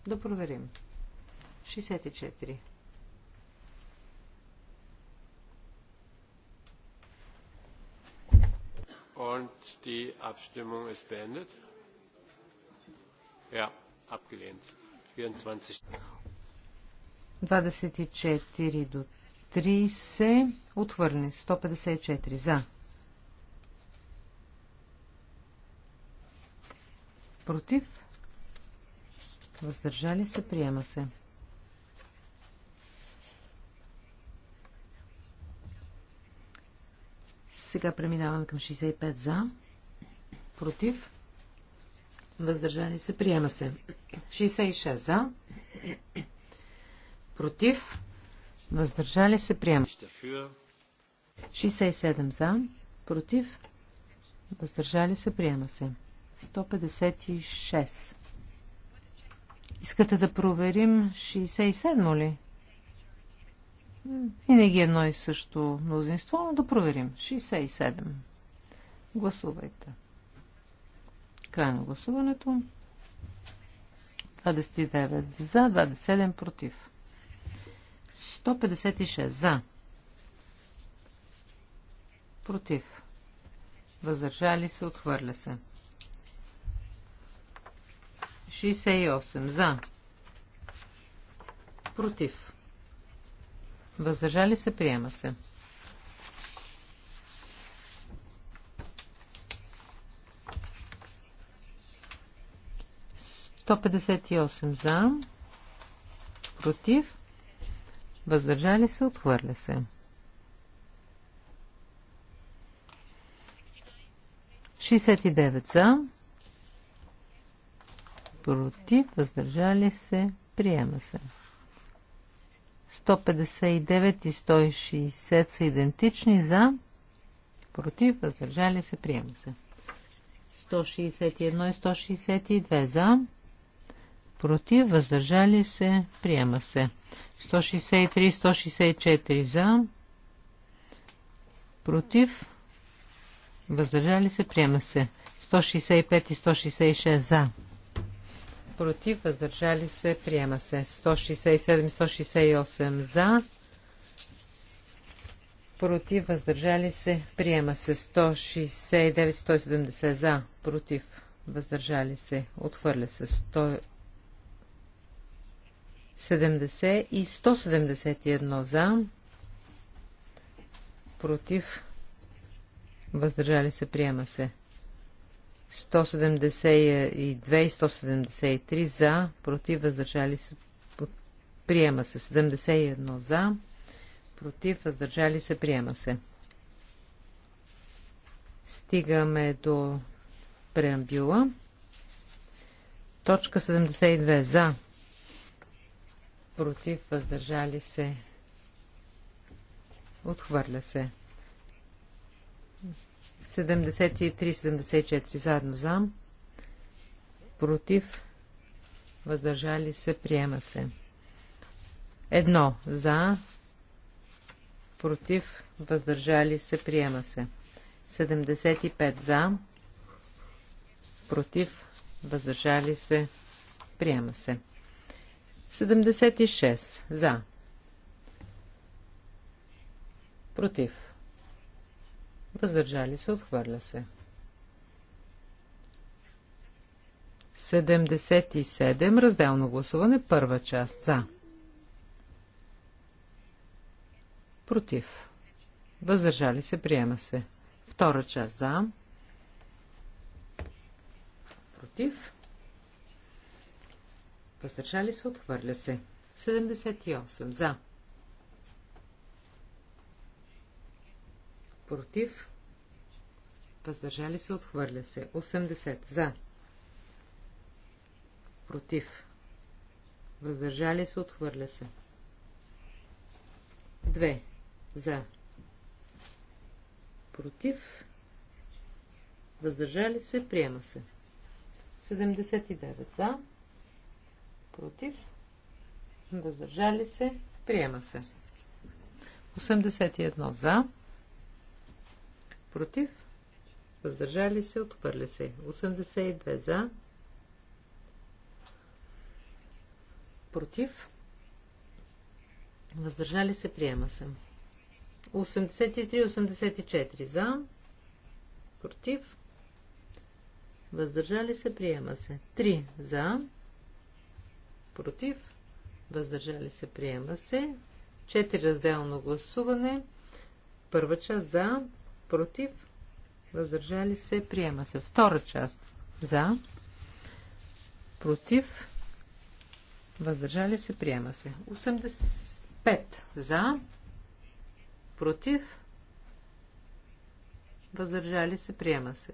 Да проверим. 64. Und die Abstimmung ist beendet. Ja, abgelehnt. 24 до 30. Отвърне. 154. За. Против. Въздържали се. Приема се. Сега преминаваме към 65 за. Против въздържали се, приема се. 66 за, против, въздържали се, приема. 67 за, против, въздържали се, приема се. 156. Искате да проверим 67 ли? Винаги едно и също мнозинство, но да проверим. 67. Гласувайте. Край на гласуването. 29 за, 27 против. 156 за. Против. Въздържали се, отхвърля се. 68 за. Против. Въздържали се, приема се. 158 за, против, въздържали се, отхвърля се. 69 за, против, въздържали се, приема се. 159 и 160 са идентични за, против, въздържали се, приема се. 161 и 162 за, против, въздържали се, приема се. 163, 164 за, против, въздържали се, приема се. 165 и 166 за, против, въздържали се, приема се. 167, 168 за, против, въздържали се, приема се. 169, 170 за, против, въздържали се, отхвърля се. 100... 70 и 171 за, против, въздържали се, приема се. 172 и 173 за, против, въздържали се, приема се. 71 за, против, въздържали се, приема се. Стигаме до преамбюла. Точка 72 за, против, въздържали се, отхвърля се. 73-74 заедно за, против, въздържали се, приема се. Едно за, против, въздържали се, приема се. 75 за, против, въздържали се, приема се. 76. За. Против. Въздържали се, отхвърля се. 77. Разделно гласуване. Първа част. За. Против. Въздържали се, приема се. Втора част. За. Против. Въздържали се, отхвърля се. 78 за. Против. Въздържали се, отхвърля се. 80 за. Против. Въздържали се, отхвърля се. 2 за. Против. Въздържали се, приема се. 79 за против, въздържали се, приема се. 81 за, против, въздържали се, отхвърля се. 82 за, против, въздържали се, приема се. 83-84 за, против, въздържали се, приема се. 3 за, против, против, въздържали се, приема се. 4 разделно гласуване. Първа част за, против, въздържали се, приема се. Втора част за, против, въздържали се, приема се. 85 за, против, въздържали се, приема се.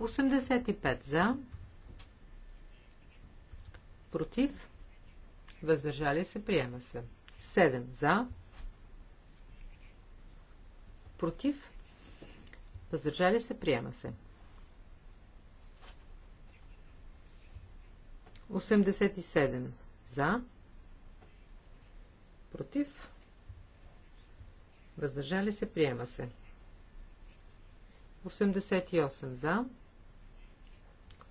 85 за, против, въздържали се, приема се. 7 за, против, въздържали се, приема се. 87 за, против, въздържали се, приема се. 88 за,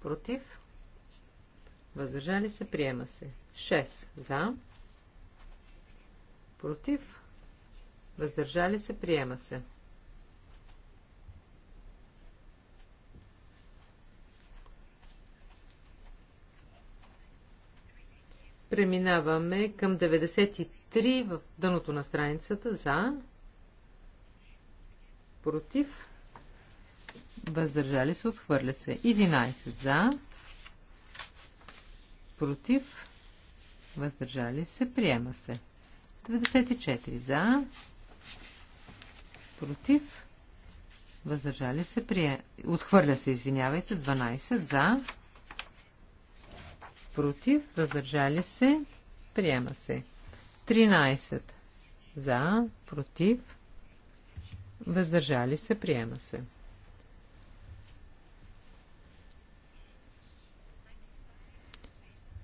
против, Въздържали се, приема се. 6 за. Против. Въздържали се, приема се. Преминаваме към 93 в дъното на страницата за, против, въздържали се, отхвърля се. 11 за, против, въздържали се, приема се. 94 за, против, въздържали се, приема, отхвърля се, извинявайте, 12 за, против, въздържали се, приема се. 13 за, против, въздържали се, приема се.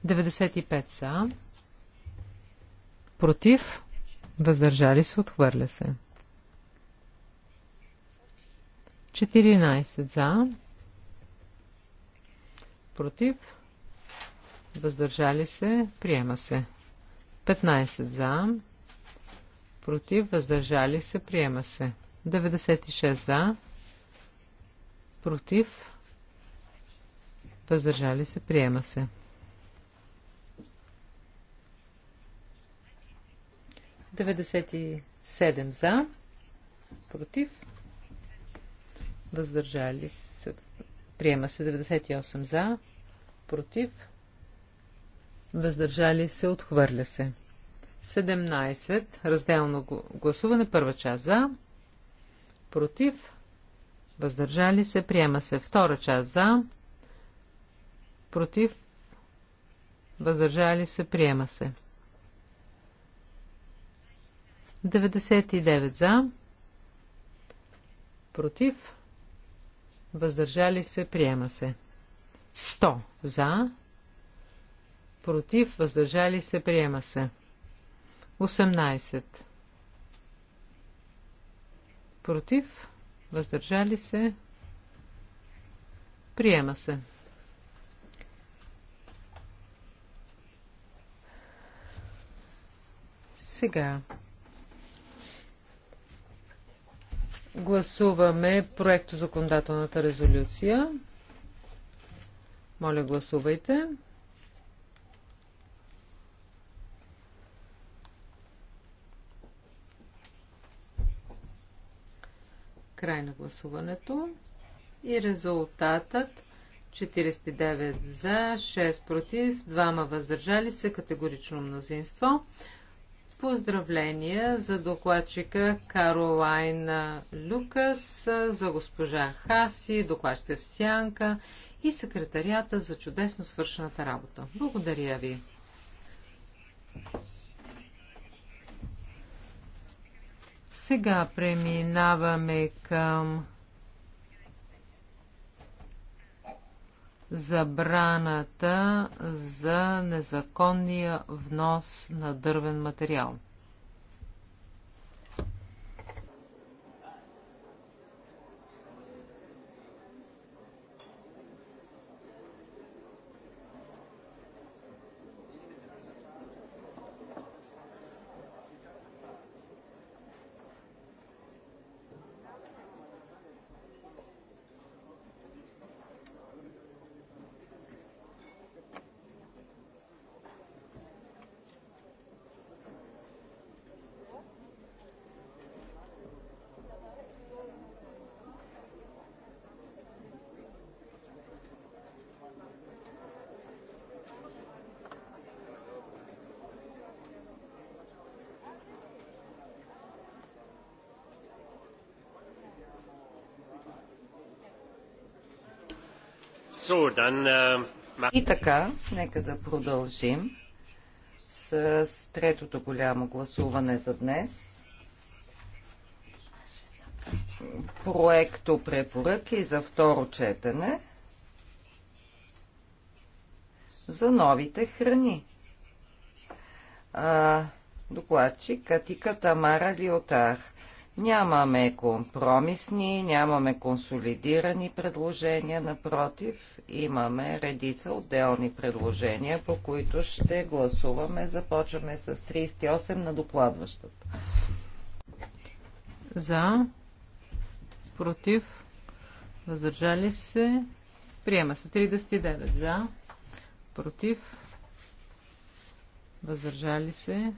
95 са. Против. Въздържали се. Отхвърля се. 14 за. Против. Въздържали се. Приема се. 15 за. Против. Въздържали се. Приема се. 96 за. Против. Въздържали се. Приема се. 97 за, против, въздържали се. Приема се 98 за, против, въздържали се, отхвърля се. 17. Разделно гласуване. Първа част за, против, въздържали се, приема се. Втора част за, против, въздържали се, приема се. 99 за, против, въздържали се, приема се. 100 за, против, въздържали се, приема се. 18 против, въздържали се, приема се. Сега Гласуваме проекто законодателната резолюция. Моля, гласувайте. Край на гласуването. И резултатът 49 за, 6 против, 2 въздържали се, категорично мнозинство. Поздравления за докладчика Каролайна Лукас, за госпожа Хаси, докладчика в Сянка и секретарията за чудесно свършената работа. Благодаря ви. Сега преминаваме към забраната за незаконния внос на дървен материал. И така, нека да продължим с третото голямо гласуване за днес. Проекто препоръки за второ четене за новите храни. А, докладчик Катика Тамара Лиотар. Нямаме компромисни, нямаме консолидирани предложения, напротив, имаме редица отделни предложения, по които ще гласуваме. Започваме с 38 на докладващата. За, против, въздържали се, приема се 39 за, против, въздържали се,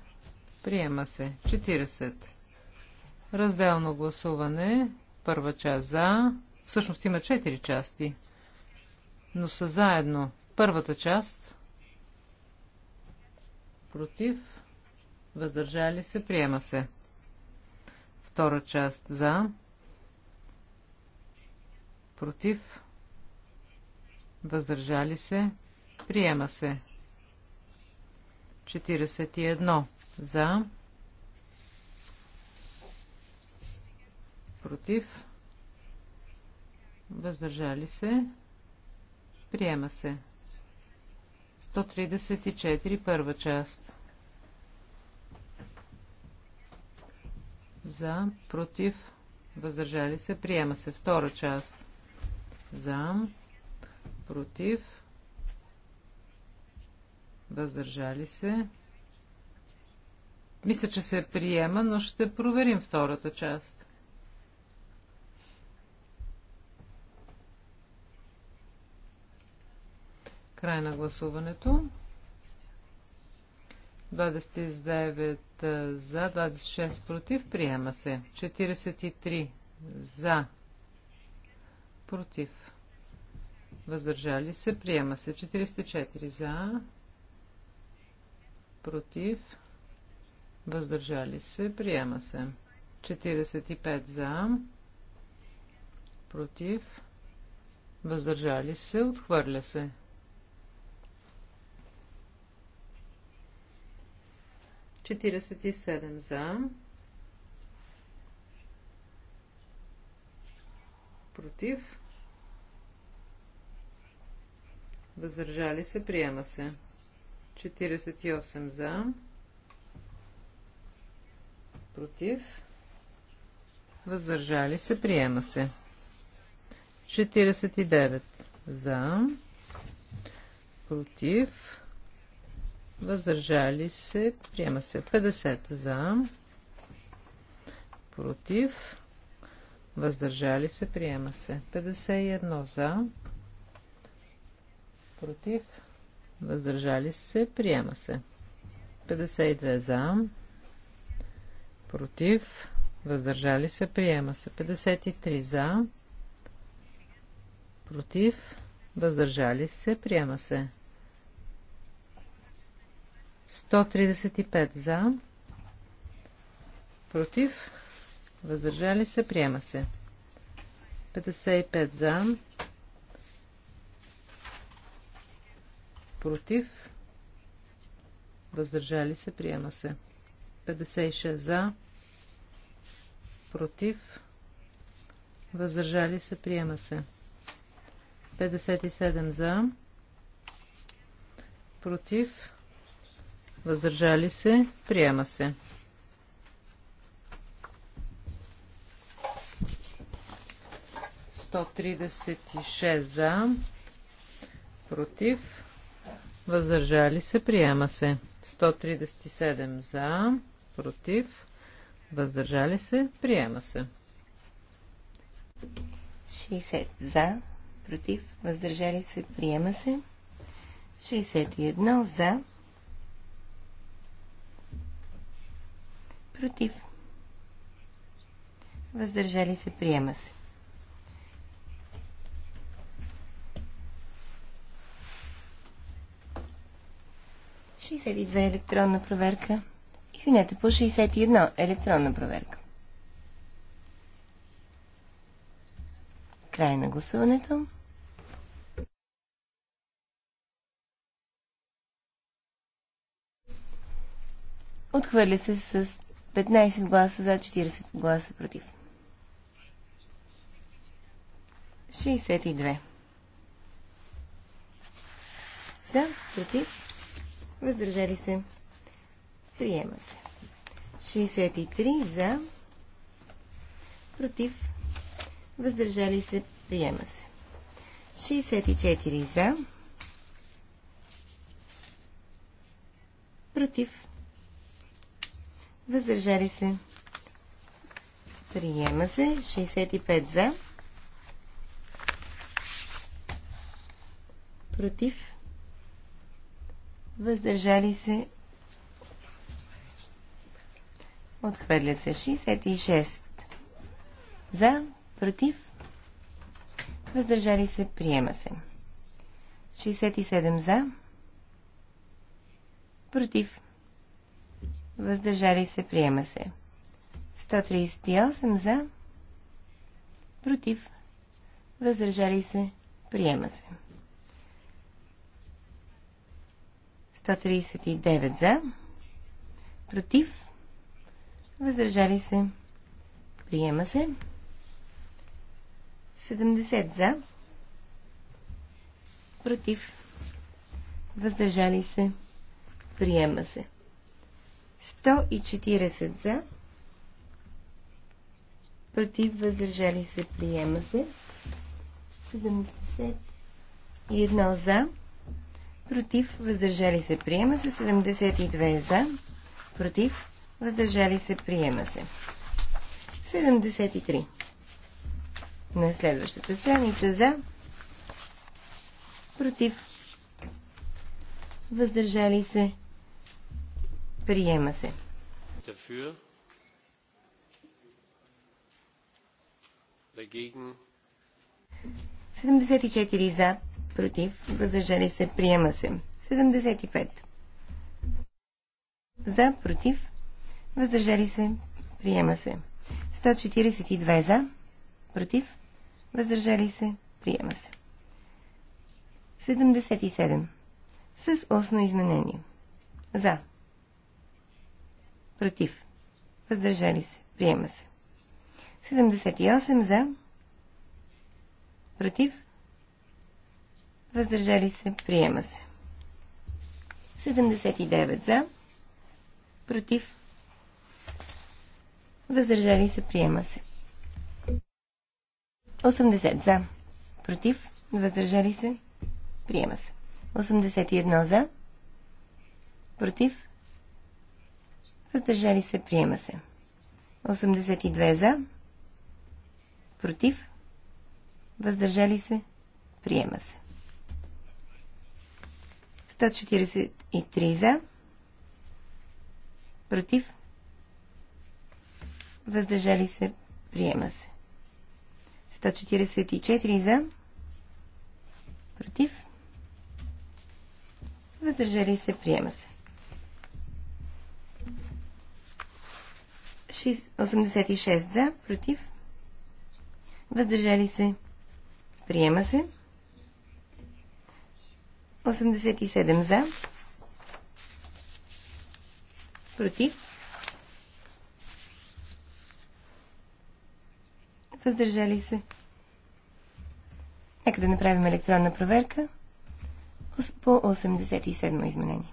приема се 40. Разделно гласуване. Първа част за. Всъщност има четири части, но са заедно. Първата част против, въздържали се, приема се. Втора част за, против, въздържали се, приема се. 41 за, против, въздържали се, приема се. 134 първа част. За, против, въздържали се, приема се. Втора част. За, против, въздържали се. Мисля, че се приема, но ще проверим втората част. Край на гласуването. 29 за, 26 против. Приема се. 43 за, против. Въздържали се. Приема се. 44 за, против. Въздържали се. Приема се. 45 за, против. Въздържали се. Отхвърля се. 47 за. Против. Въздържали се. Приема се. 48 за. Против. Въздържали се. Приема се. 49 за. Против въздържали се, приема се 50 за, против, въздържали се, приема се 51 за, против, въздържали се, приема се 52 за, против, въздържали се, приема се 53 за, против, въздържали се, приема се 135 за, против, въздържали се, приема се. 55 за, против, въздържали се, приема се. 56 за, против, въздържали се, приема се. 57 за, против, въздържали се, приема се. за, против, въздържали се, приема се. 137 за, против, въздържали се, приема се. 60 за, против, въздържали се, приема се. 61 за, Против. Въздържали се. Приема се. Шестдесет две електронна проверка. Извинете, по 61 електронна проверка. Край на гласуването. Отхвърля се с 15 гласа за, 40 гласа против. 62. За, против, въздържали се. Приема се. 63 за, против, въздържали се. Приема се. 64 за, против, въздържали се. Приема се 65 за. Против. Въздържали се. Отхвърля се 66 за. Против. Въздържали се. Приема се. 67 за. Против въздържали се, приема се. 138 за, против, въздържали се, приема се. 139 за, против, въздържали се, приема се. 70 за, против, въздържали се, приема се. 140 за. Против въздържали се. Приема се. 71 за. Против въздържали се. Приема се. 72 за. Против въздържали се. Приема се. 73 на следващата страница за против въздържали се Приема се. Dagegen. 74 за, против, въздържали се, приема се. 75. За, против, въздържали се, приема се. 142 за, против, въздържали се, приема се. 77. С устно изменение. За, Против. Въздържали се. Приема се. 78 за. Против. Въздържали се. Приема се. 79 за. Против. Въздържали се. Приема се. 80 за. Против. Въздържали се. Приема се. 81 за. Против. Въздържали се, приема се. 82 за. Против. Въздържали се, приема се. 143 за. Против. Въздържали се, приема се. 144 за. Против. Въздържали се, приема се. 86 за, против, въздържали се, приема се. 87 за, против, въздържали се. Нека да направим електронна проверка по 87 изменение.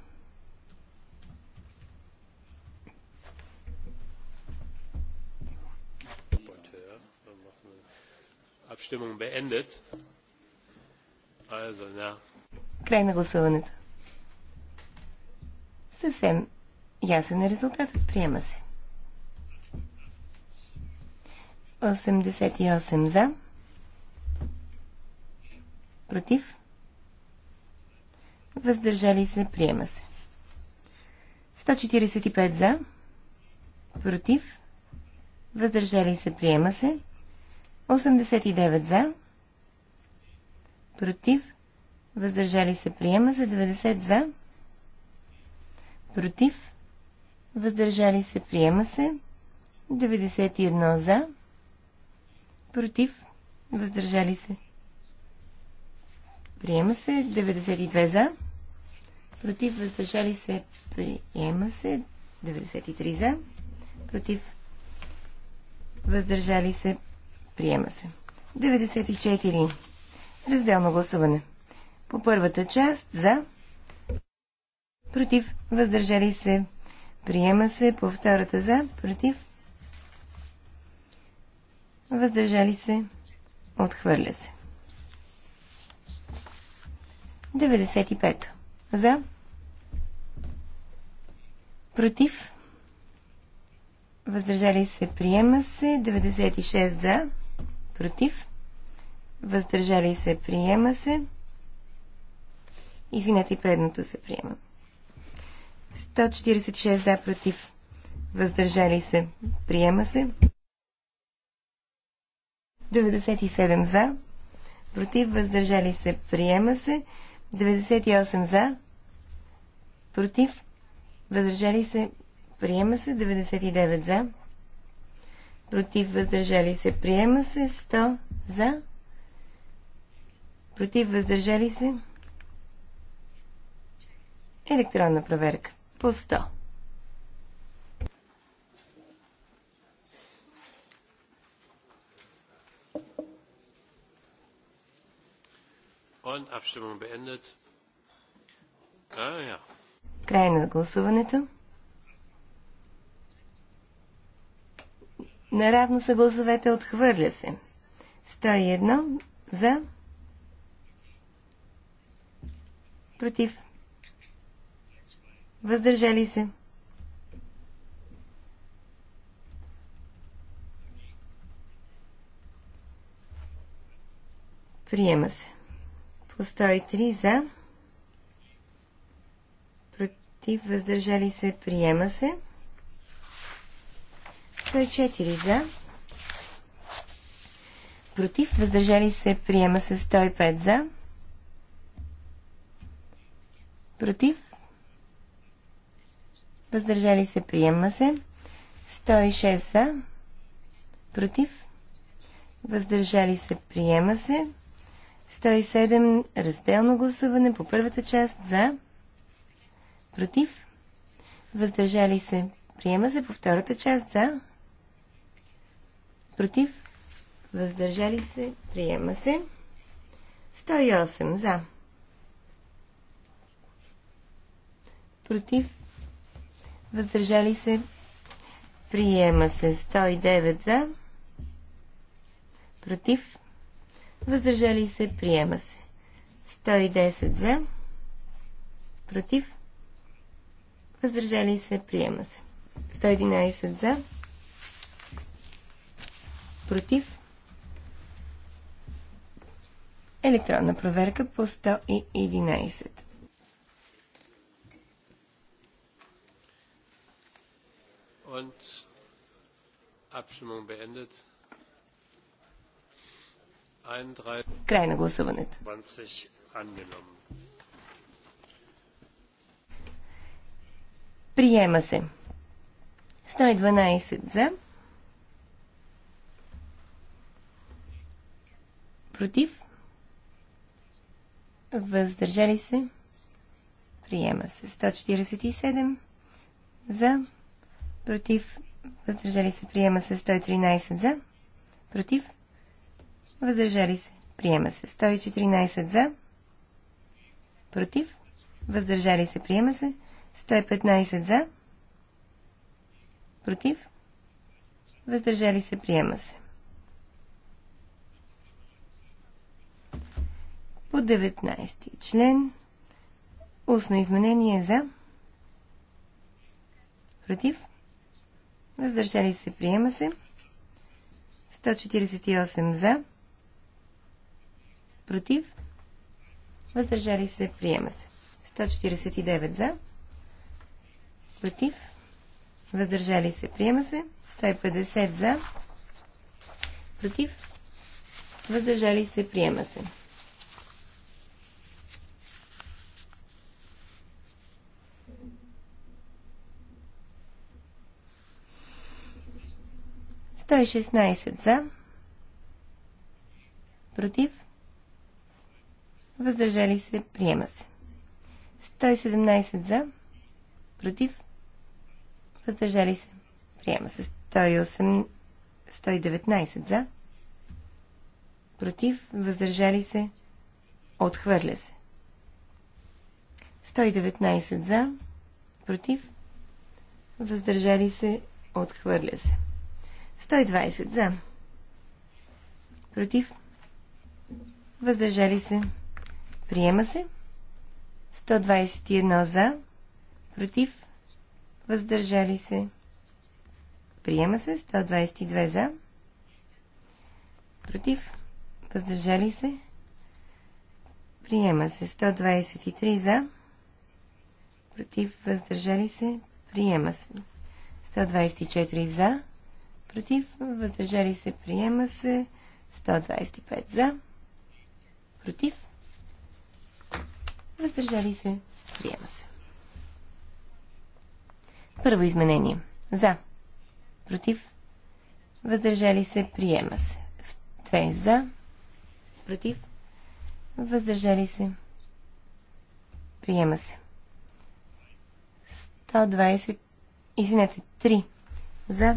Abstimmung beendet. Also, Край на гласуването. Съвсем ясен е резултатът. Приема се. 88 за. Против. Въздържали се. Приема се. 145 за. Против. Въздържали се. Приема се. 89 за, против, въздържали се приема се 90 за, против, въздържали се приема се 91 за, против, въздържали се. Приема се 92 за, против, въздържали се, приема се 93 за, против, въздържали се, Приема се. 94. Разделно гласуване. По първата част за. Против. Въздържали се. Приема се. По втората за. Против. Въздържали се. Отхвърля се. 95. За. Против. Въздържали се. Приема се. 96 за против, въздържали се, приема се. Извинете, и предното се приема. 146 за, против, въздържали се, приема се. 97 за, против, въздържали се, приема се. 98 за, против, въздържали се, приема се. 99 за, против, въздържали се, приема се. 100 за, против, въздържали се. Електронна проверка по 100. Ah, Край на гласуването. Наравно са гласовете, отхвърля се. 101 за. Против. Въздържали се. Приема се. По 103 за. Против. Въздържали се. Приема се. 104 за. Против. Въздържали се. Приема се 105 за. Против. Въздържали се. Приема се. 106 за. Против. Въздържали се. Приема се. 107 разделно гласуване по първата част за. Против. Въздържали се. Приема се по втората част за. Против. Въздържали се. Приема се. 108 за. Против. Въздържали се. Приема се. 109 за. Против. Въздържали се. Приема се. 110 за. Против. Въздържали се. Приема се. 111 за против. Електронна проверка по 111. Und Abstimmung beendet. Край на гласуването. Приема се. 112 за. Против? Въздържали се? Приема се. 147 за. Против? Въздържали се? Приема се. 113 за. Против? Въздържали се? Приема се. 114 за. Против? Въздържали се? Приема се. 115 за. Против? Въздържали се? Приема се. По 19 член. Устно изменение за. Против. Въздържали се. Приема се. 148 за. Против. Въздържали се. Приема се. 149 за. Против. Въздържали се. Приема се. 150 за. Против. Въздържали се. Приема се. 116 за. Против. Въздържали се. Приема се. 117 за. Против. Въздържали се. Приема се. 108, 119 за. Против. Въздържали се. Отхвърля се. 119 за. Против. Въздържали се. Отхвърля се. 120 за. Против. Въздържали се. Приема се. 121 за. Против. Въздържали се. Приема се. 122 за. Против. Въздържали се. Приема се. 123 за. Против. Въздържали се. Приема се. 124 за против, въздържали се, приема се 125 за, против, въздържали се, приема се. Първо изменение. За. Против. Въздържали се, приема се. Две за. Против. Въздържали се. Приема се. 120. Извинете, 3. За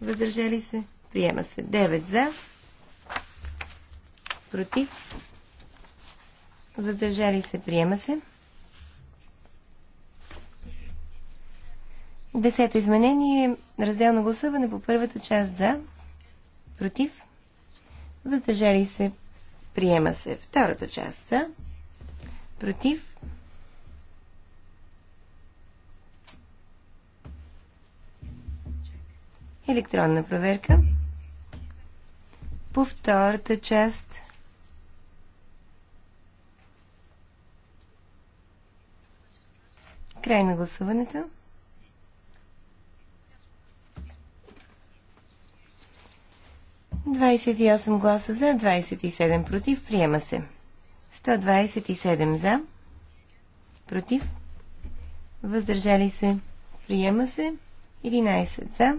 въздържали се, приема се. 9 за, против, въздържали се, приема се. Десето изменение е разделно гласуване по първата част за, против, въздържали се, приема се. Втората част за, против, електронна проверка. По втората част край на гласуването. Двадесет и осем гласа за, 27 против. Приема се. 127 за, против. Въздържали се. Приема се. 11 за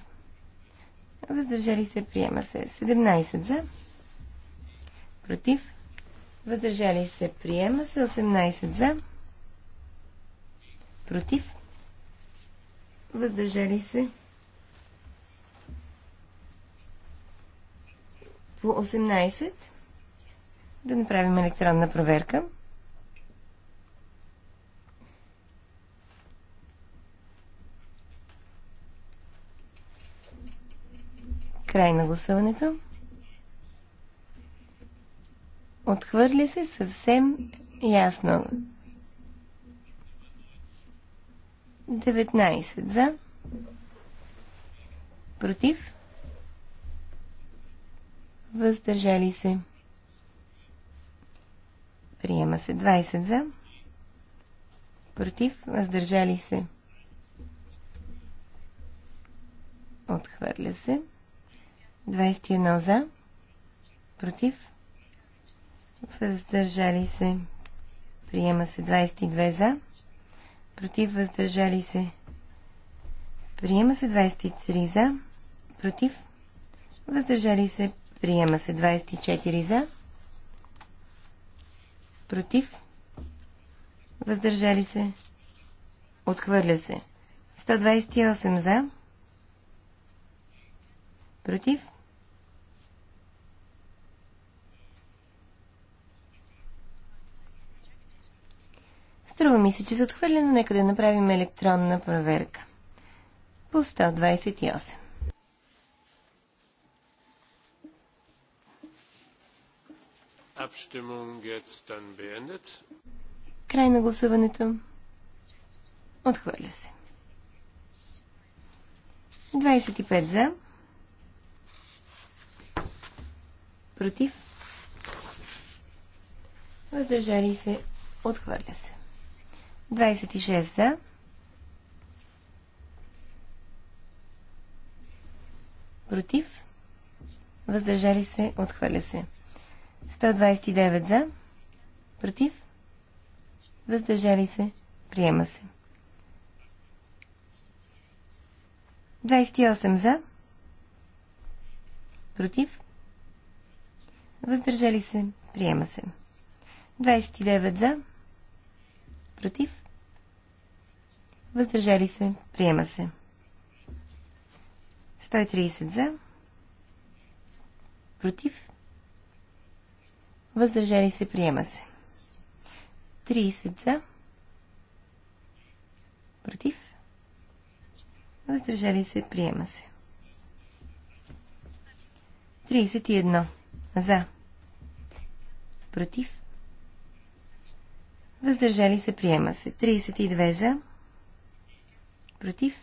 Въздържали се, приема се. 17 за. Против. Въздържали се, приема се. 18 за. Против. Въздържали се. По 18. Да направим електронна проверка. Край на гласуването. Отхвърли се съвсем ясно. 19 за. Против. Въздържали се. Приема се 20 за. Против. Въздържали се. Отхвърля се. 21 за, против, въздържали се, приема се 22 за, против, въздържали се, приема се 23 за, против, въздържали се, приема се 24 за, против, въздържали се, отхвърля се, 128 за, Против? Струва ми се, че се отхвърлено. но нека да направим електронна проверка. По 128. Край на гласуването. Отхвърля се. 25 за. против, въздържали се, отхвърля се. 26 за, против, въздържали се, отхвърля се. 129 за, против, въздържали се, приема се. 28 за, против, Въздържали се. Приема се. 29 за. Против. Въздържали се. Приема се. 130 за. Против. Въздържали се. Приема се. 30 за. Против. Въздържали се. Приема се. 31. За. Против. Въздържали се. Приема се. 32 за. Против.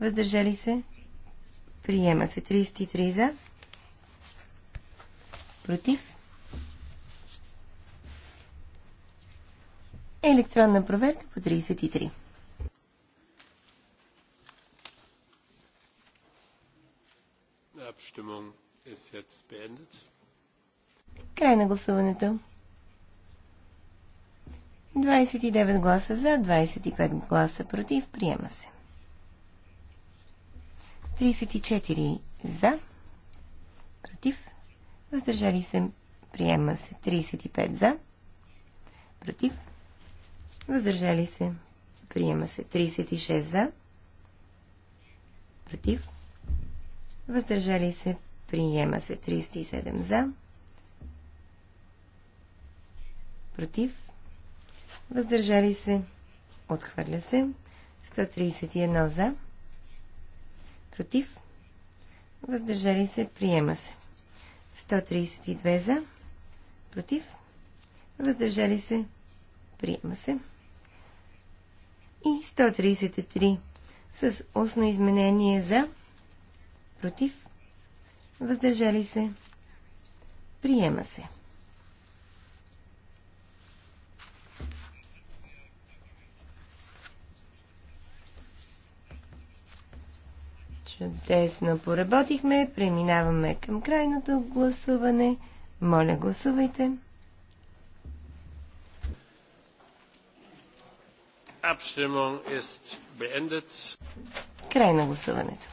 Въздържали се. Приема се. 33 за. Против. Електронна проверка по 33. Abstimmung Край на гласуването. 29 гласа за, 25 гласа против. Приема се. 34 за, против. Въздържали се. Приема се. 35 за, против. Въздържали се. Приема се. 36 за, против. Въздържали се. Приема се 37 за. Против. Въздържали се. Отхвърля се. 131 за. Против. Въздържали се. Приема се. 132 за. Против. Въздържали се. Приема се. И 133 с устно изменение за. Против. Въздържали се. Приема се. Чудесно поработихме. Преминаваме към крайното гласуване. Моля, гласувайте. Край на гласуването.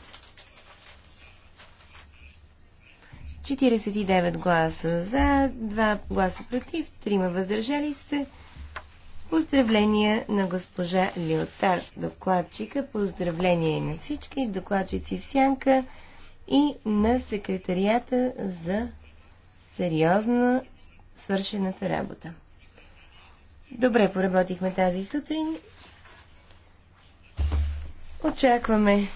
49 гласа за, 2 гласа против, 3 въздържали се. Поздравления на госпожа Лиотар, докладчика. Поздравления и на всички докладчици в Сянка и на секретарията за сериозна свършената работа. Добре поработихме тази сутрин. Очакваме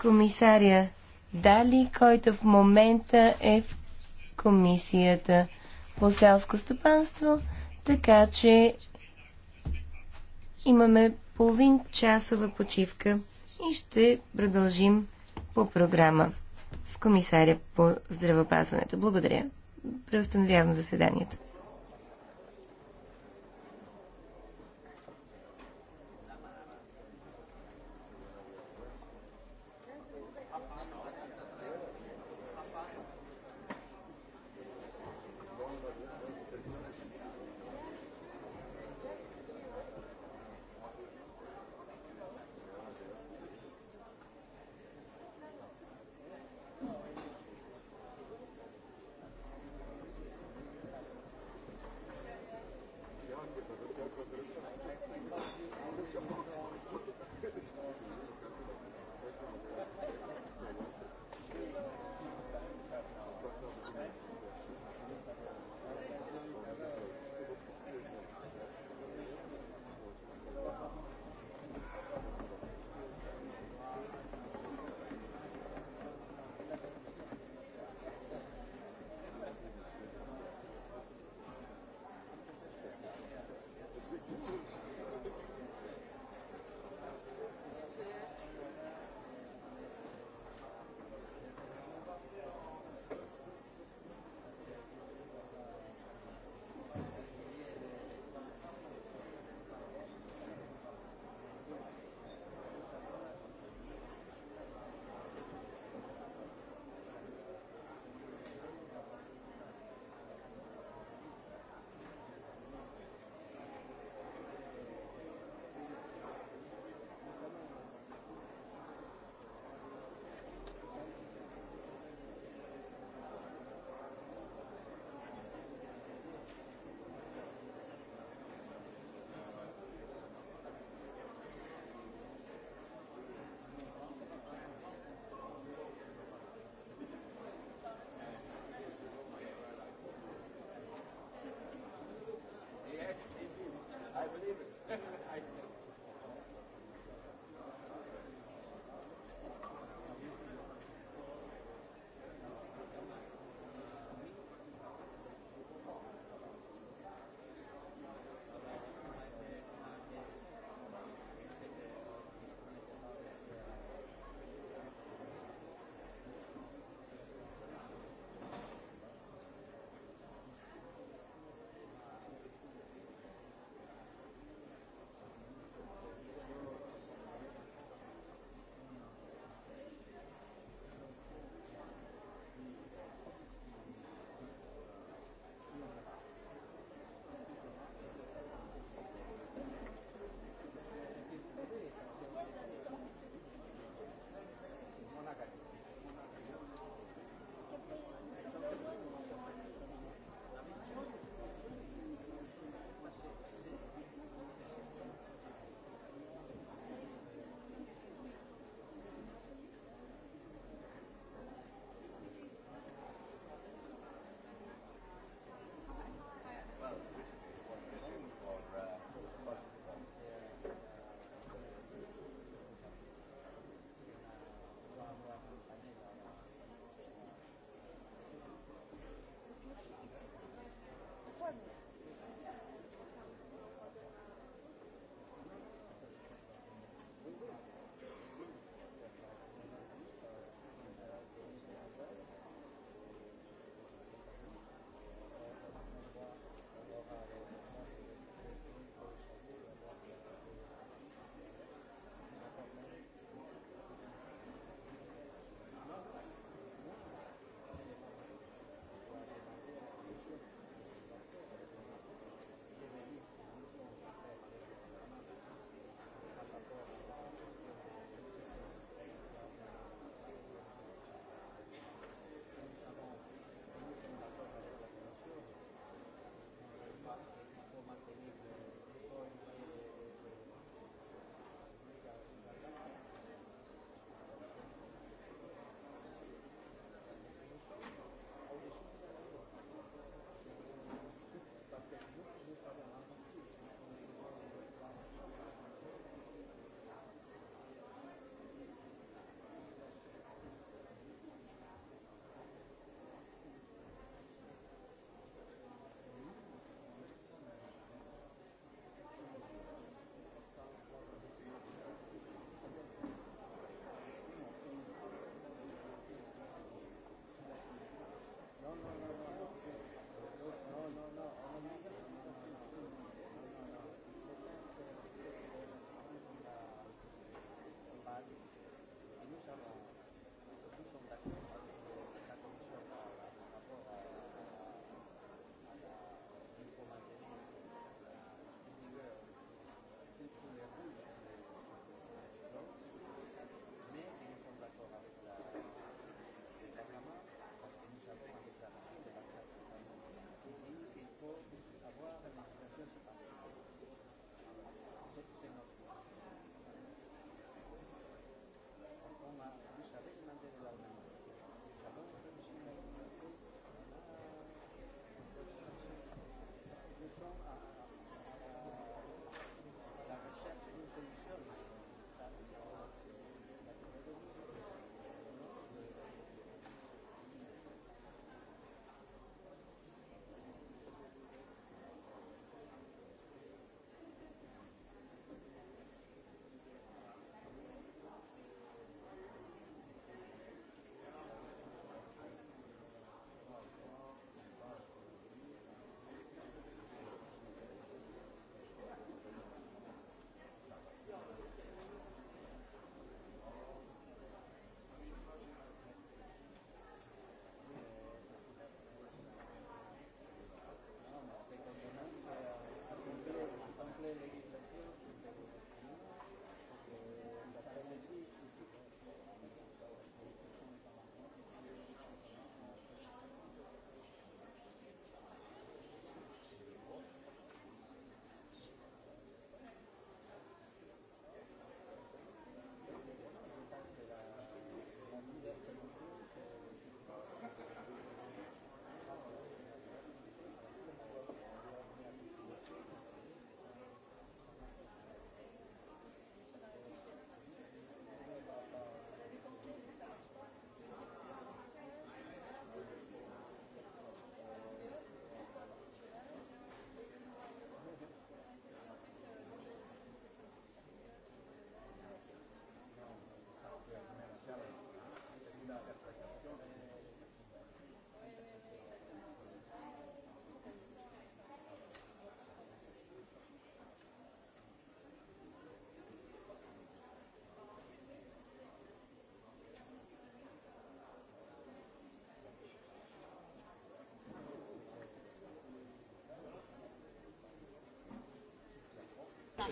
комисаря дали, който в момента е в комисията по селско стопанство, така че имаме половин часова почивка и ще продължим по програма с комисаря по здравеопазването. Благодаря. Преустановявам заседанието. believe it.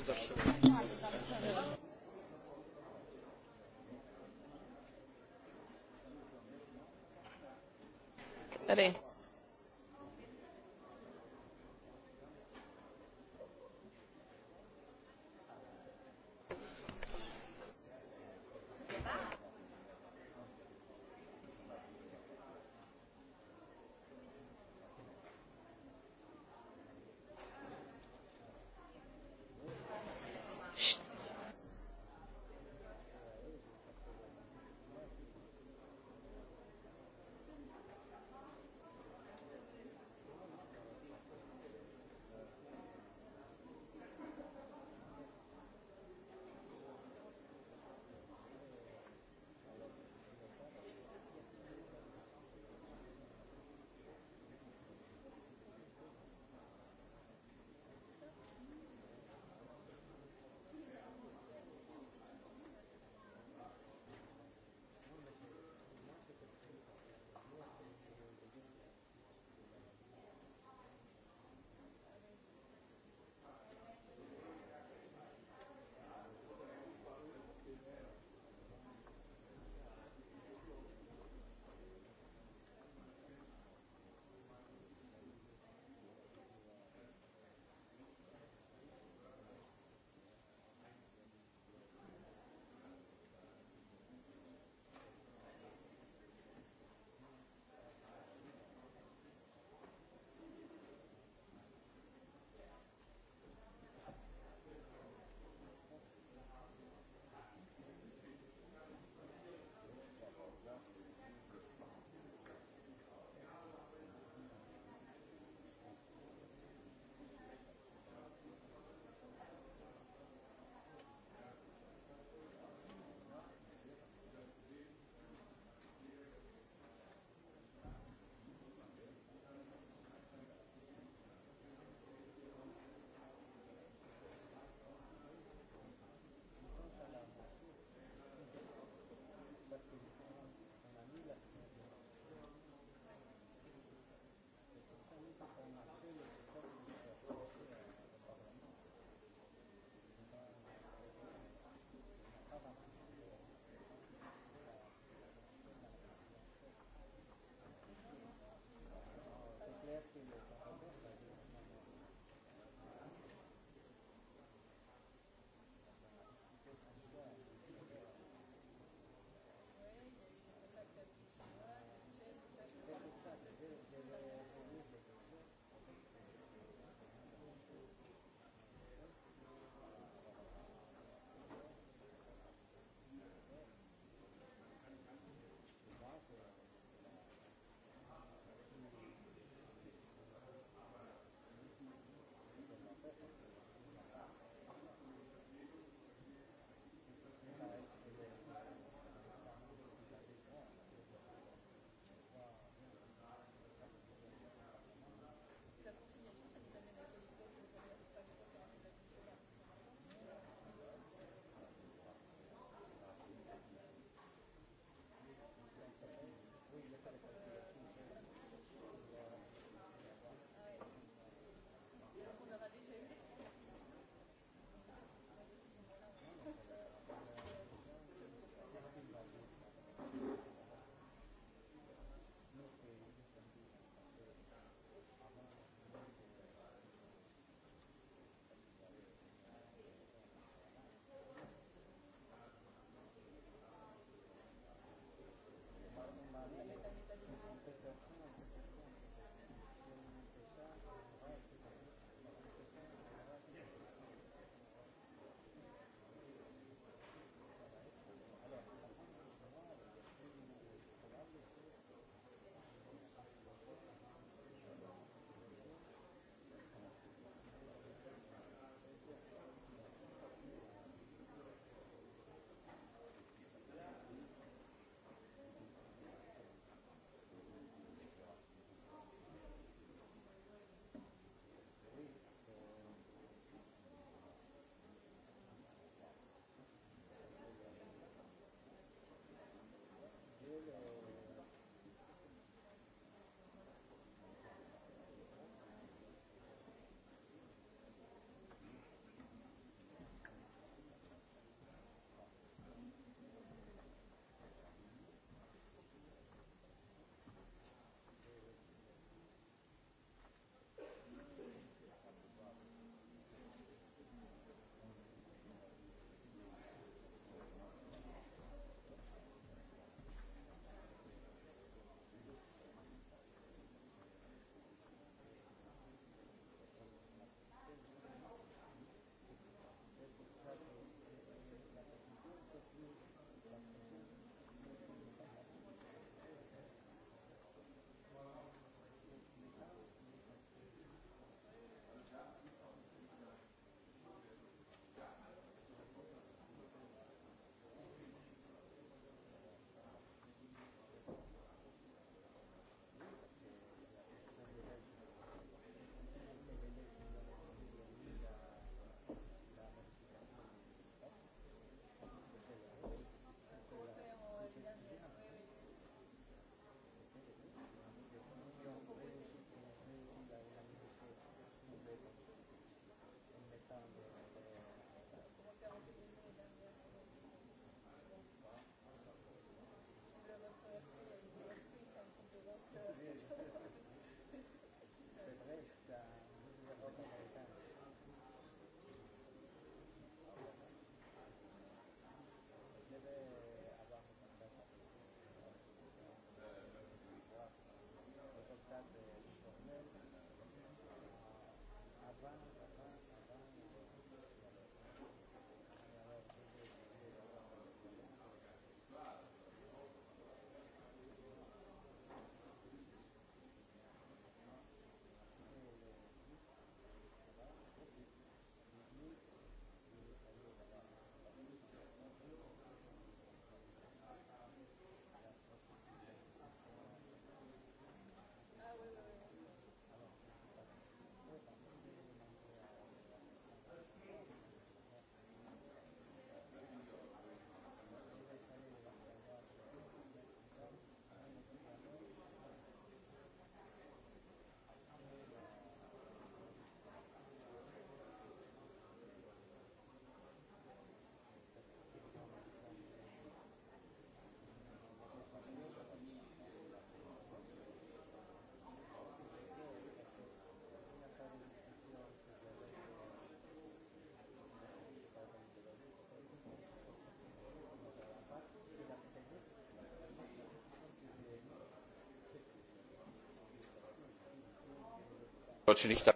się Ready. deutsche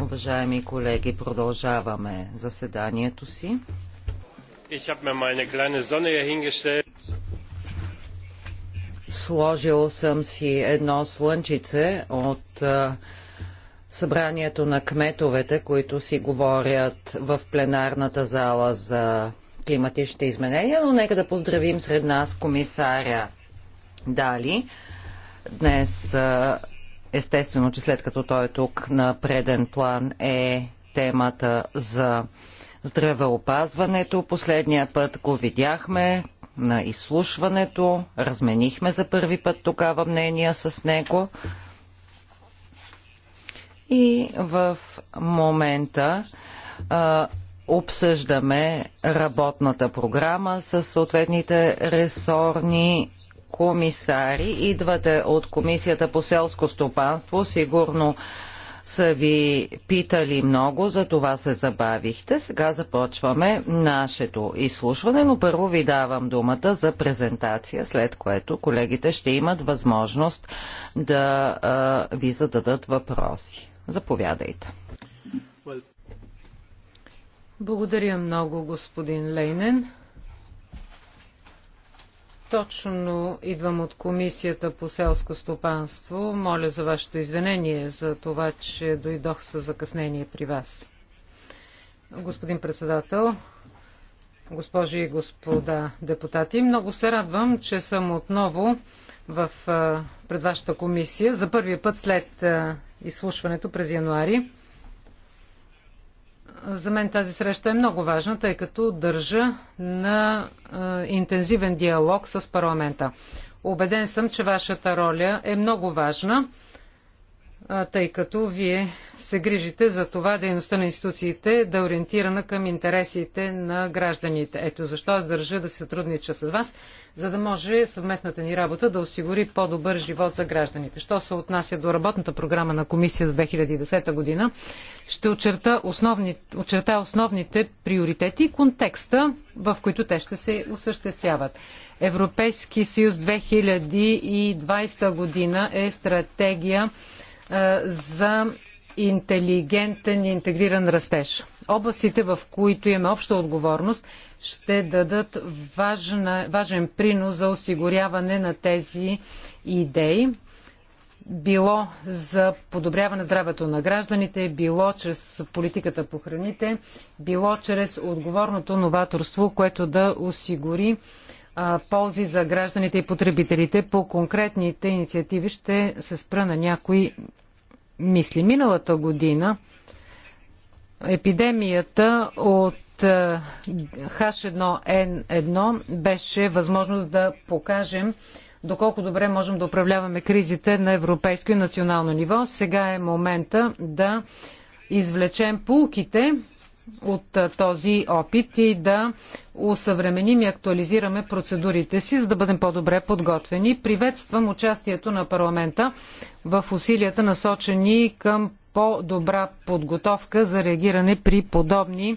Уважаеми колеги, продължаваме заседанието си. Сложил съм си едно слънчице от събранието на кметовете, които си говорят в пленарната зала за климатичните изменения, но нека да поздравим сред нас комисаря Дали. Днес Естествено, че след като той е тук на преден план е темата за здравеопазването. Последния път го видяхме на изслушването. Разменихме за първи път тогава мнения с него. И в момента а, обсъждаме работната програма с съответните ресорни комисари. Идвате от Комисията по селско стопанство. Сигурно са ви питали много, за това се забавихте. Сега започваме нашето изслушване, но първо ви давам думата за презентация, след което колегите ще имат възможност да а, ви зададат въпроси. Заповядайте. Благодаря много, господин Лейнен. Точно идвам от Комисията по селско стопанство. Моля за вашето извинение за това, че дойдох с закъснение при вас. Господин председател, госпожи и господа депутати, много се радвам, че съм отново в, пред вашата комисия за първия път след изслушването през януари. За мен тази среща е много важна, тъй като държа на интензивен диалог с парламента. Обеден съм, че вашата роля е много важна, тъй като вие се грижите за това дейността на институциите да е ориентирана към интересите на гражданите. Ето защо аз държа да се сътруднича с вас, за да може съвместната ни работа да осигури по-добър живот за гражданите. Що се отнася до работната програма на комисия за 2010 година, ще очерта, основни, очерта основните приоритети и контекста, в които те ще се осъществяват. Европейски съюз 2020 година е стратегия за интелигентен и интегриран растеж. Областите, в които имаме обща отговорност, ще дадат важна, важен принос за осигуряване на тези идеи, било за подобряване здравето на гражданите, било чрез политиката по храните, било чрез отговорното новаторство, което да осигури а, ползи за гражданите и потребителите. По конкретните инициативи ще се спра на някои мисли. Миналата година епидемията от H1N1 е, беше възможност да покажем доколко добре можем да управляваме кризите на европейско и национално ниво. Сега е момента да извлечем пулките от този опит и да усъвременим и актуализираме процедурите си, за да бъдем по-добре подготвени. Приветствам участието на парламента в усилията насочени към по-добра подготовка за реагиране при подобни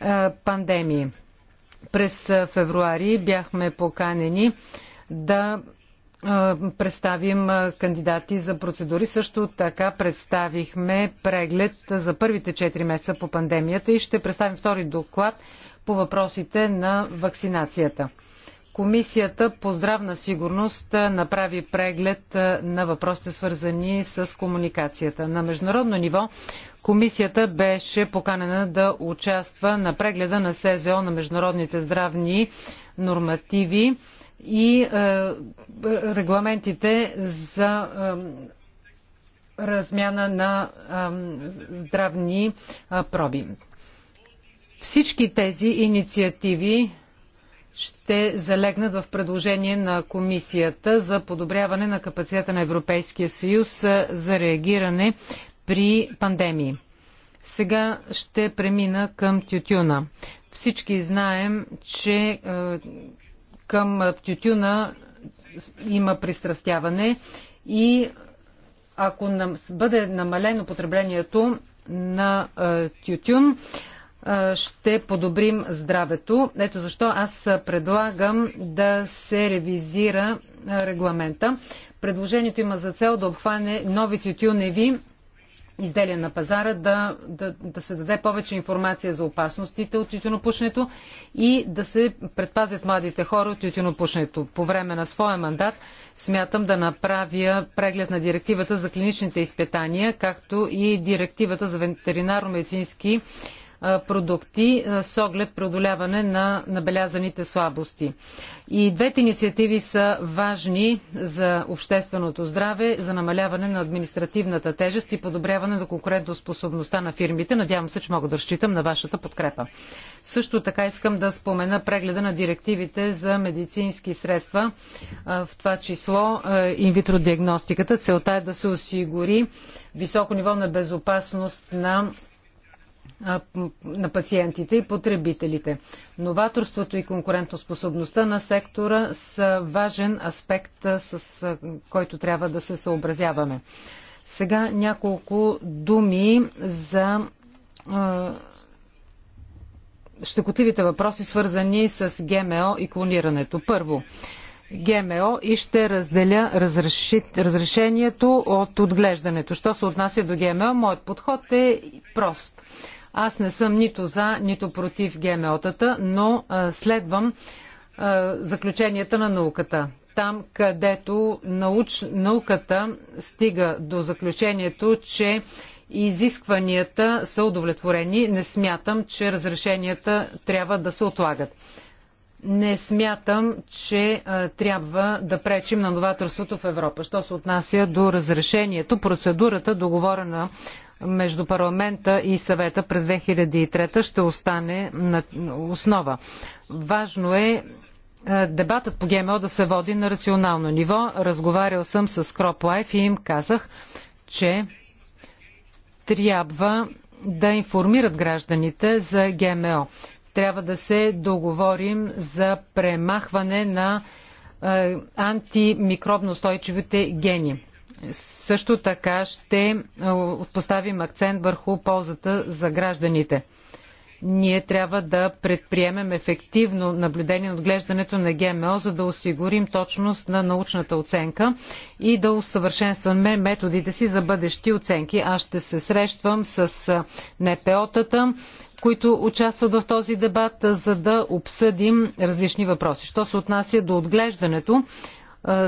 е, пандемии. През февруари бяхме поканени да представим кандидати за процедури. Също така представихме преглед за първите 4 месеца по пандемията и ще представим втори доклад по въпросите на вакцинацията. Комисията по здравна сигурност направи преглед на въпросите свързани с комуникацията. На международно ниво комисията беше поканена да участва на прегледа на СЗО на международните здравни нормативи и е, е, регламентите за е, размяна на е, здравни е, проби. Всички тези инициативи ще залегнат в предложение на комисията за подобряване на капацитета на Европейския съюз е, за реагиране при пандемии. Сега ще премина към тютюна. Всички знаем, че е, към тютюна има пристрастяване и ако нам, бъде намалено потреблението на а, тютюн, а, ще подобрим здравето. Ето защо аз предлагам да се ревизира регламента. Предложението има за цел да обхване нови тютюневи изделия на пазара, да, да, да се даде повече информация за опасностите от тютюнопушенето и да се предпазят младите хора от тютюнопушенето. По време на своя мандат смятам да направя преглед на директивата за клиничните изпитания, както и директивата за ветеринарно-медицински продукти с оглед преодоляване на набелязаните слабости. И двете инициативи са важни за общественото здраве, за намаляване на административната тежест и подобряване на конкурентоспособността на фирмите. Надявам се, че мога да разчитам на вашата подкрепа. Също така искам да спомена прегледа на директивите за медицински средства, в това число инвитродиагностиката. Целта е да се осигури високо ниво на безопасност на на пациентите и потребителите. Новаторството и конкурентоспособността на сектора са важен аспект, с който трябва да се съобразяваме. Сега няколко думи за щекотивите въпроси, свързани с ГМО и клонирането. Първо, ГМО и ще разделя разреши, разрешението от отглеждането. Що се отнася до ГМО, моят подход е прост аз не съм нито за, нито против ГМО-тата, но следвам заключенията на науката. Там, където науч, науката стига до заключението, че изискванията са удовлетворени, не смятам, че разрешенията трябва да се отлагат. Не смятам, че а, трябва да пречим на новаторството в Европа. Що се отнася до разрешението, процедурата, договорена между парламента и съвета през 2003 ще остане на основа. Важно е, е дебатът по ГМО да се води на рационално ниво. Разговарял съм с CropLife и им казах, че трябва да информират гражданите за ГМО. Трябва да се договорим за премахване на е, антимикробно устойчивите гени също така ще поставим акцент върху ползата за гражданите. Ние трябва да предприемем ефективно наблюдение на отглеждането на ГМО, за да осигурим точност на научната оценка и да усъвършенстваме методите си за бъдещи оценки. Аз ще се срещвам с НПО-тата, които участват в този дебат, за да обсъдим различни въпроси. Що се отнася до отглеждането,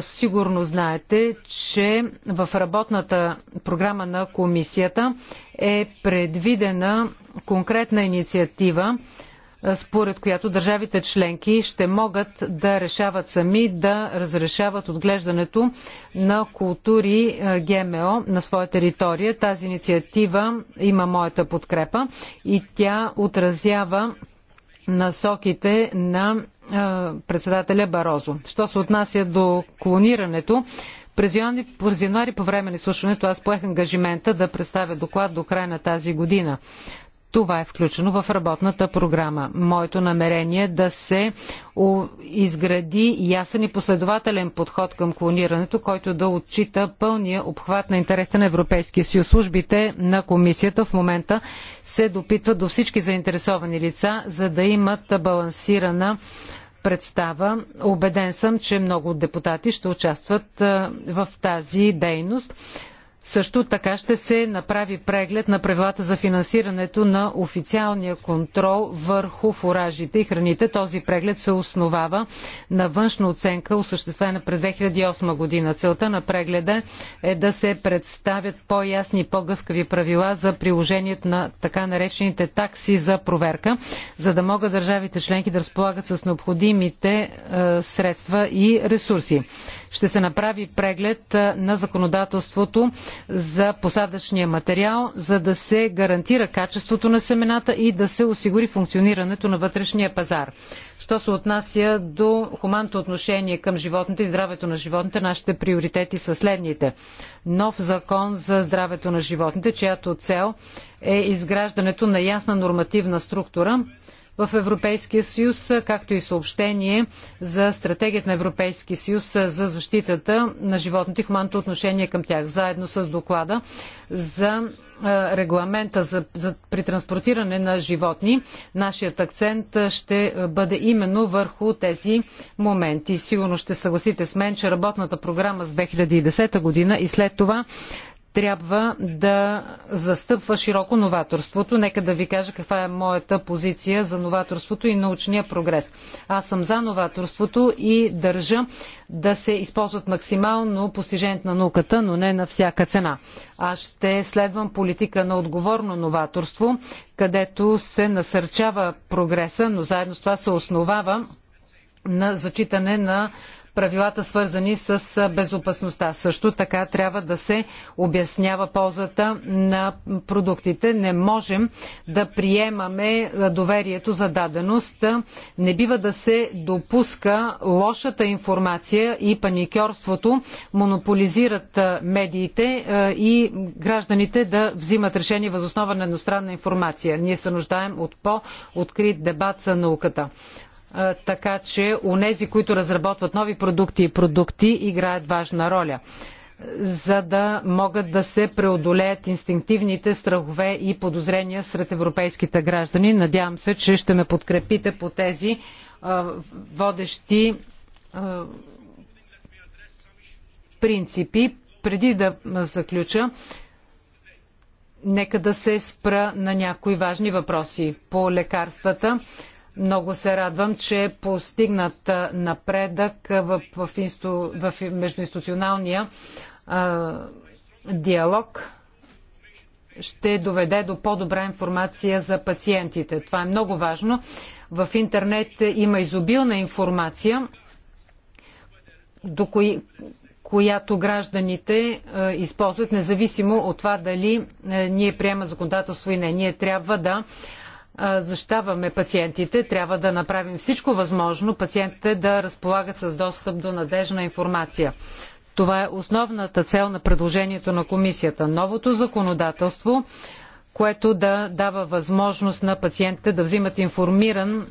Сигурно знаете, че в работната програма на комисията е предвидена конкретна инициатива, според която държавите членки ще могат да решават сами да разрешават отглеждането на култури ГМО на своя територия. Тази инициатива има моята подкрепа и тя отразява насоките на председателя Барозо. Що се отнася до клонирането, през януари, през януари по време на изслушването аз поех ангажимента да представя доклад до края на тази година. Това е включено в работната програма. Моето намерение е да се изгради ясен и последователен подход към клонирането, който да отчита пълния обхват на интереса на Европейския съюз. Службите на комисията в момента се допитват до всички заинтересовани лица, за да имат балансирана представа. Обеден съм, че много депутати ще участват в тази дейност. Също така ще се направи преглед на правилата за финансирането на официалния контрол върху фуражите и храните. Този преглед се основава на външна оценка, осъществена през 2008 година. Целта на прегледа е да се представят по-ясни и по-гъвкави правила за приложението на така наречените такси за проверка, за да могат държавите членки да разполагат с необходимите е, средства и ресурси ще се направи преглед на законодателството за посадъчния материал, за да се гарантира качеството на семената и да се осигури функционирането на вътрешния пазар. Що се отнася до хуманното отношение към животните и здравето на животните, нашите приоритети са следните. Нов закон за здравето на животните, чиято цел е изграждането на ясна нормативна структура, в Европейския съюз, както и съобщение за стратегията на Европейския съюз за защитата на животното и хуманното отношение към тях, заедно с доклада за регламента за, за, при транспортиране на животни, нашият акцент ще бъде именно върху тези моменти. Сигурно ще съгласите с мен, че работната програма с 2010 година и след това трябва да застъпва широко новаторството. Нека да ви кажа каква е моята позиция за новаторството и научния прогрес. Аз съм за новаторството и държа да се използват максимално постижението на науката, но не на всяка цена. Аз ще следвам политика на отговорно новаторство, където се насърчава прогреса, но заедно с това се основава на зачитане на правилата свързани с безопасността. Също така трябва да се обяснява ползата на продуктите. Не можем да приемаме доверието за даденост. Не бива да се допуска лошата информация и паникьорството монополизират медиите и гражданите да взимат решение възоснова на едностранна информация. Ние се нуждаем от по-открит дебат за науката така че унези, които разработват нови продукти и продукти, играят важна роля за да могат да се преодолеят инстинктивните страхове и подозрения сред европейските граждани. Надявам се, че ще ме подкрепите по тези а, водещи а, принципи. Преди да заключа, нека да се спра на някои важни въпроси по лекарствата. Много се радвам, че е постигнат напредък в, в, инсту, в междуинституционалния а, диалог ще доведе до по-добра информация за пациентите. Това е много важно. В интернет има изобилна информация, до кои, която гражданите е, използват, независимо от това дали е, ние приема законодателство и не. Ние трябва да защитаваме пациентите, трябва да направим всичко възможно пациентите да разполагат с достъп до надежна информация. Това е основната цел на предложението на комисията. Новото законодателство, което да дава възможност на пациентите да взимат информиран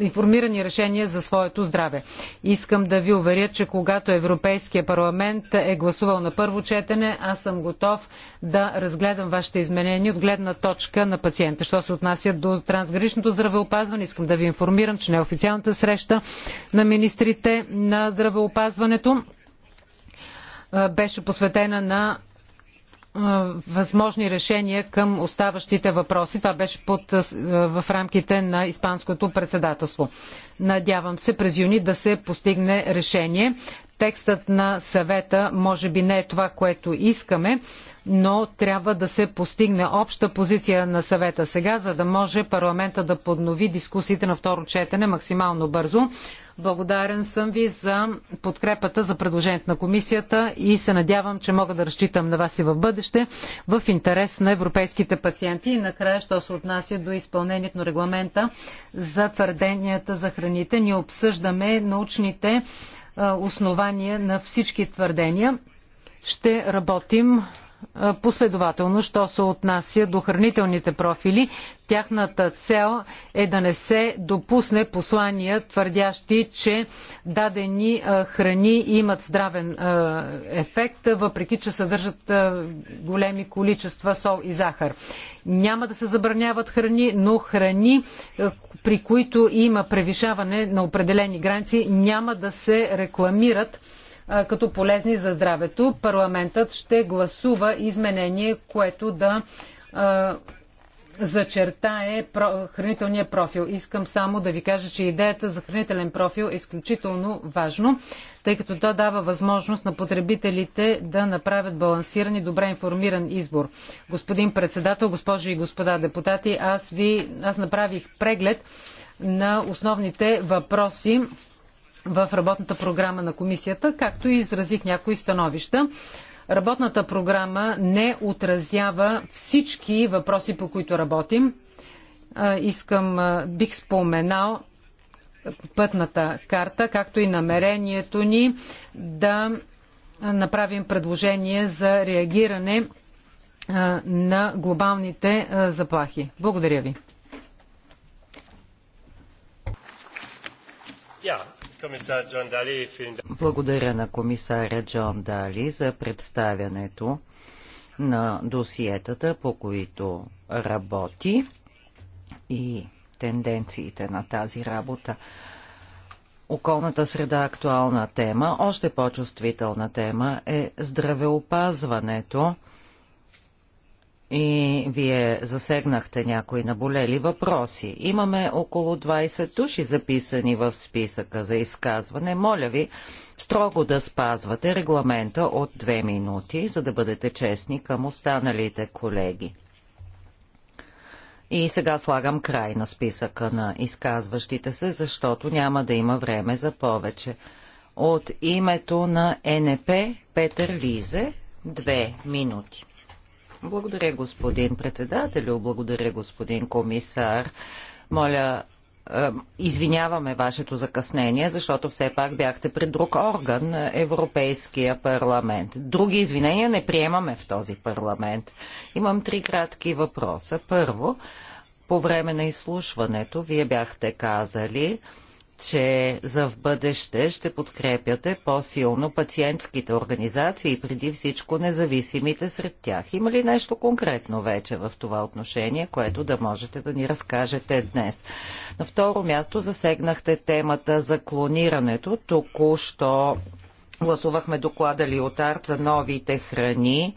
информирани решения за своето здраве. Искам да ви уверя, че когато Европейския парламент е гласувал на първо четене, аз съм готов да разгледам вашите изменения от гледна точка на пациента. Що се отнася до трансграничното здравеопазване, искам да ви информирам, че неофициалната среща на министрите на здравеопазването беше посветена на възможни решения към оставащите въпроси. Това беше под, в рамките на Испанското председателство. Надявам се през юни да се постигне решение. Текстът на съвета може би не е това, което искаме, но трябва да се постигне обща позиция на съвета сега, за да може парламента да поднови дискусиите на второ четене максимално бързо. Благодарен съм ви за подкрепата за предложението на комисията и се надявам, че мога да разчитам на вас и в бъдеще в интерес на европейските пациенти. И накрая, що се отнася до изпълнението на регламента за твърденията за храните, ние обсъждаме научните основания на всички твърдения. Ще работим последователно, що се отнася до хранителните профили. Тяхната цел е да не се допусне послания, твърдящи, че дадени храни имат здравен ефект, въпреки че съдържат големи количества сол и захар. Няма да се забраняват храни, но храни, при които има превишаване на определени граници, няма да се рекламират като полезни за здравето. Парламентът ще гласува изменение, което да зачертае хранителния профил. Искам само да ви кажа, че идеята за хранителен профил е изключително важно, тъй като то дава възможност на потребителите да направят балансиран и добре информиран избор. Господин председател, госпожи и господа депутати, аз, ви, аз направих преглед на основните въпроси, в работната програма на комисията, както и изразих някои становища. Работната програма не отразява всички въпроси, по които работим. Искам, бих споменал пътната карта, както и намерението ни да направим предложение за реагиране на глобалните заплахи. Благодаря ви. Yeah. Благодаря на комисаря Джон Дали за представянето на досиетата, по които работи и тенденциите на тази работа. Околната среда е актуална тема, още по-чувствителна тема е здравеопазването и вие засегнахте някои наболели въпроси. Имаме около 20 души записани в списъка за изказване. Моля ви строго да спазвате регламента от 2 минути, за да бъдете честни към останалите колеги. И сега слагам край на списъка на изказващите се, защото няма да има време за повече. От името на НП Петър Лизе, две минути. Благодаря, господин председател, Благодаря, господин комисар. Моля, е, извиняваме вашето закъснение, защото все пак бяхте пред друг орган, е, Европейския парламент. Други извинения не приемаме в този парламент. Имам три кратки въпроса. Първо, по време на изслушването вие бяхте казали, че за в бъдеще ще подкрепяте по-силно пациентските организации и преди всичко независимите сред тях. Има ли нещо конкретно вече в това отношение, което да можете да ни разкажете днес? На второ място засегнахте темата за клонирането. Току-що гласувахме доклада Лиотард за новите храни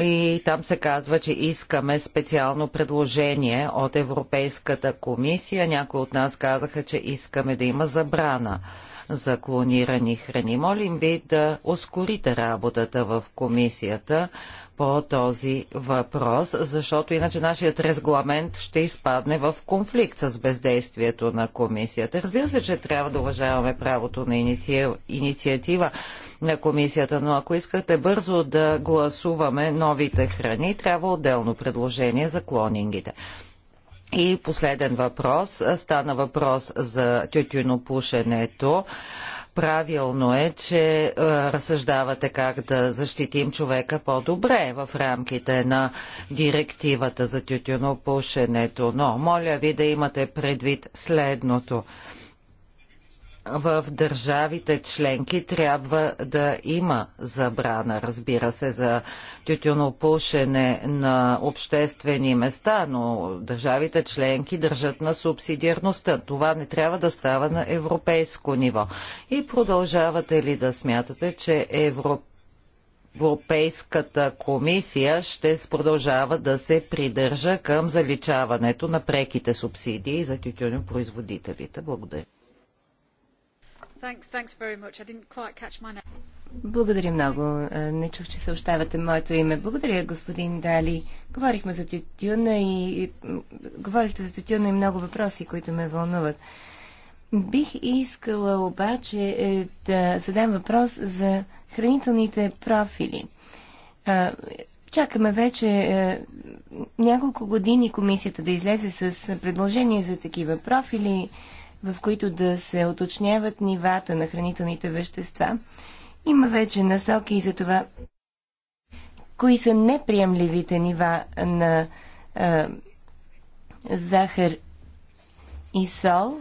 и там се казва, че искаме специално предложение от Европейската комисия. Някои от нас казаха, че искаме да има забрана за клонирани храни. Молим ви да ускорите работата в комисията по този въпрос, защото иначе нашият регламент ще изпадне в конфликт с бездействието на комисията. Разбира се, че трябва да уважаваме правото на инициатива на комисията, но ако искате бързо да гласуваме новите храни, трябва отделно предложение за клонингите. И последен въпрос. Стана въпрос за тютюнопушенето. пушенето Правилно е, че е, разсъждавате как да защитим човека по-добре в рамките на директивата за тютюнопушенето, но моля ви да имате предвид следното. Е, в държавите членки трябва да има забрана, разбира се, за тютюнопушене на обществени места, но държавите членки държат на субсидиарността. Това не трябва да става на европейско ниво. И продължавате ли да смятате, че Европейската комисия ще продължава да се придържа към заличаването на преките субсидии за тютюнопроизводителите. Благодаря. Благодаря много. Е, не чух, че съобщавате моето име. Благодаря, господин Дали. Говорихме за тютюна и... Говорихте за тютюна и много въпроси, които ме вълнуват. Бих искала обаче е, да задам въпрос за хранителните профили. Е, чакаме вече няколко години комисията да излезе с предложение за такива профили в които да се оточняват нивата на хранителните вещества. Има вече насоки и за това кои са неприемливите нива на а, захар и сол,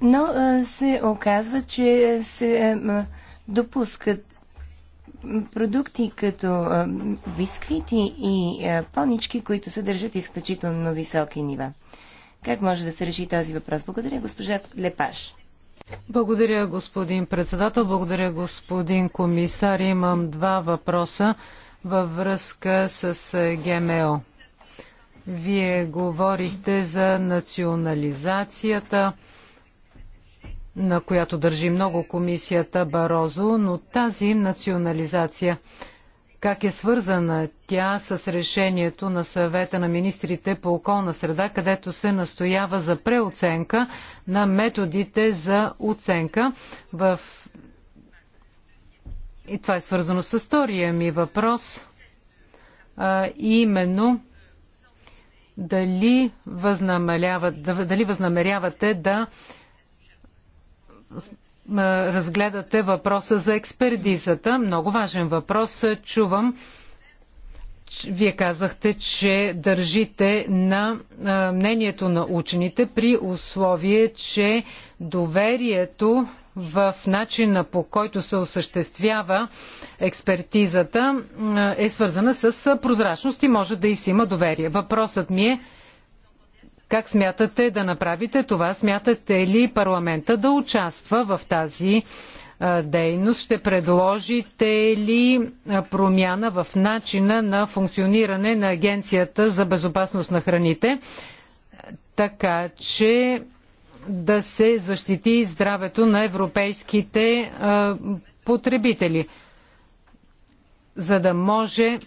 но а, се оказва, че се а, допускат продукти като а, бисквити и а, понички, които съдържат изключително високи нива. Как може да се реши този въпрос? Благодаря, госпожа Лепаш. Благодаря, господин председател. Благодаря, господин комисар. Имам два въпроса във връзка с е, ГМО. Вие говорихте за национализацията, на която държи много комисията Барозо, но тази национализация как е свързана тя с решението на съвета на министрите по околна среда, където се настоява за преоценка на методите за оценка в и това е свързано с втория ми въпрос, а, именно дали, дали възнамерявате да разгледате въпроса за експертизата. Много важен въпрос. Чувам, вие казахте, че държите на мнението на учените при условие, че доверието в начина по който се осъществява експертизата е свързана с прозрачност и може да и си има доверие. Въпросът ми е как смятате да направите това? Смятате ли парламента да участва в тази дейност? Ще предложите ли промяна в начина на функциониране на Агенцията за безопасност на храните, така че да се защити здравето на европейските потребители, за да може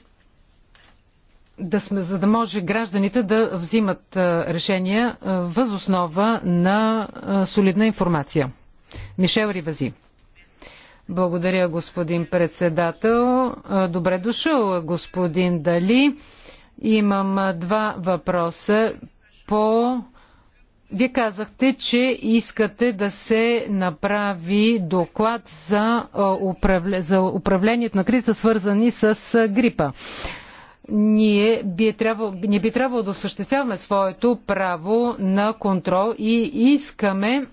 да сме, за да може гражданите да взимат решения въз основа на солидна информация. Мишел Ривази. Благодаря, господин председател. Добре дошъл, господин Дали. Имам два въпроса по вие казахте, че искате да се направи доклад за, управлението на криза, свързани с грипа ние би, трябвало, би трябвало да осъществяваме своето право на контрол и искаме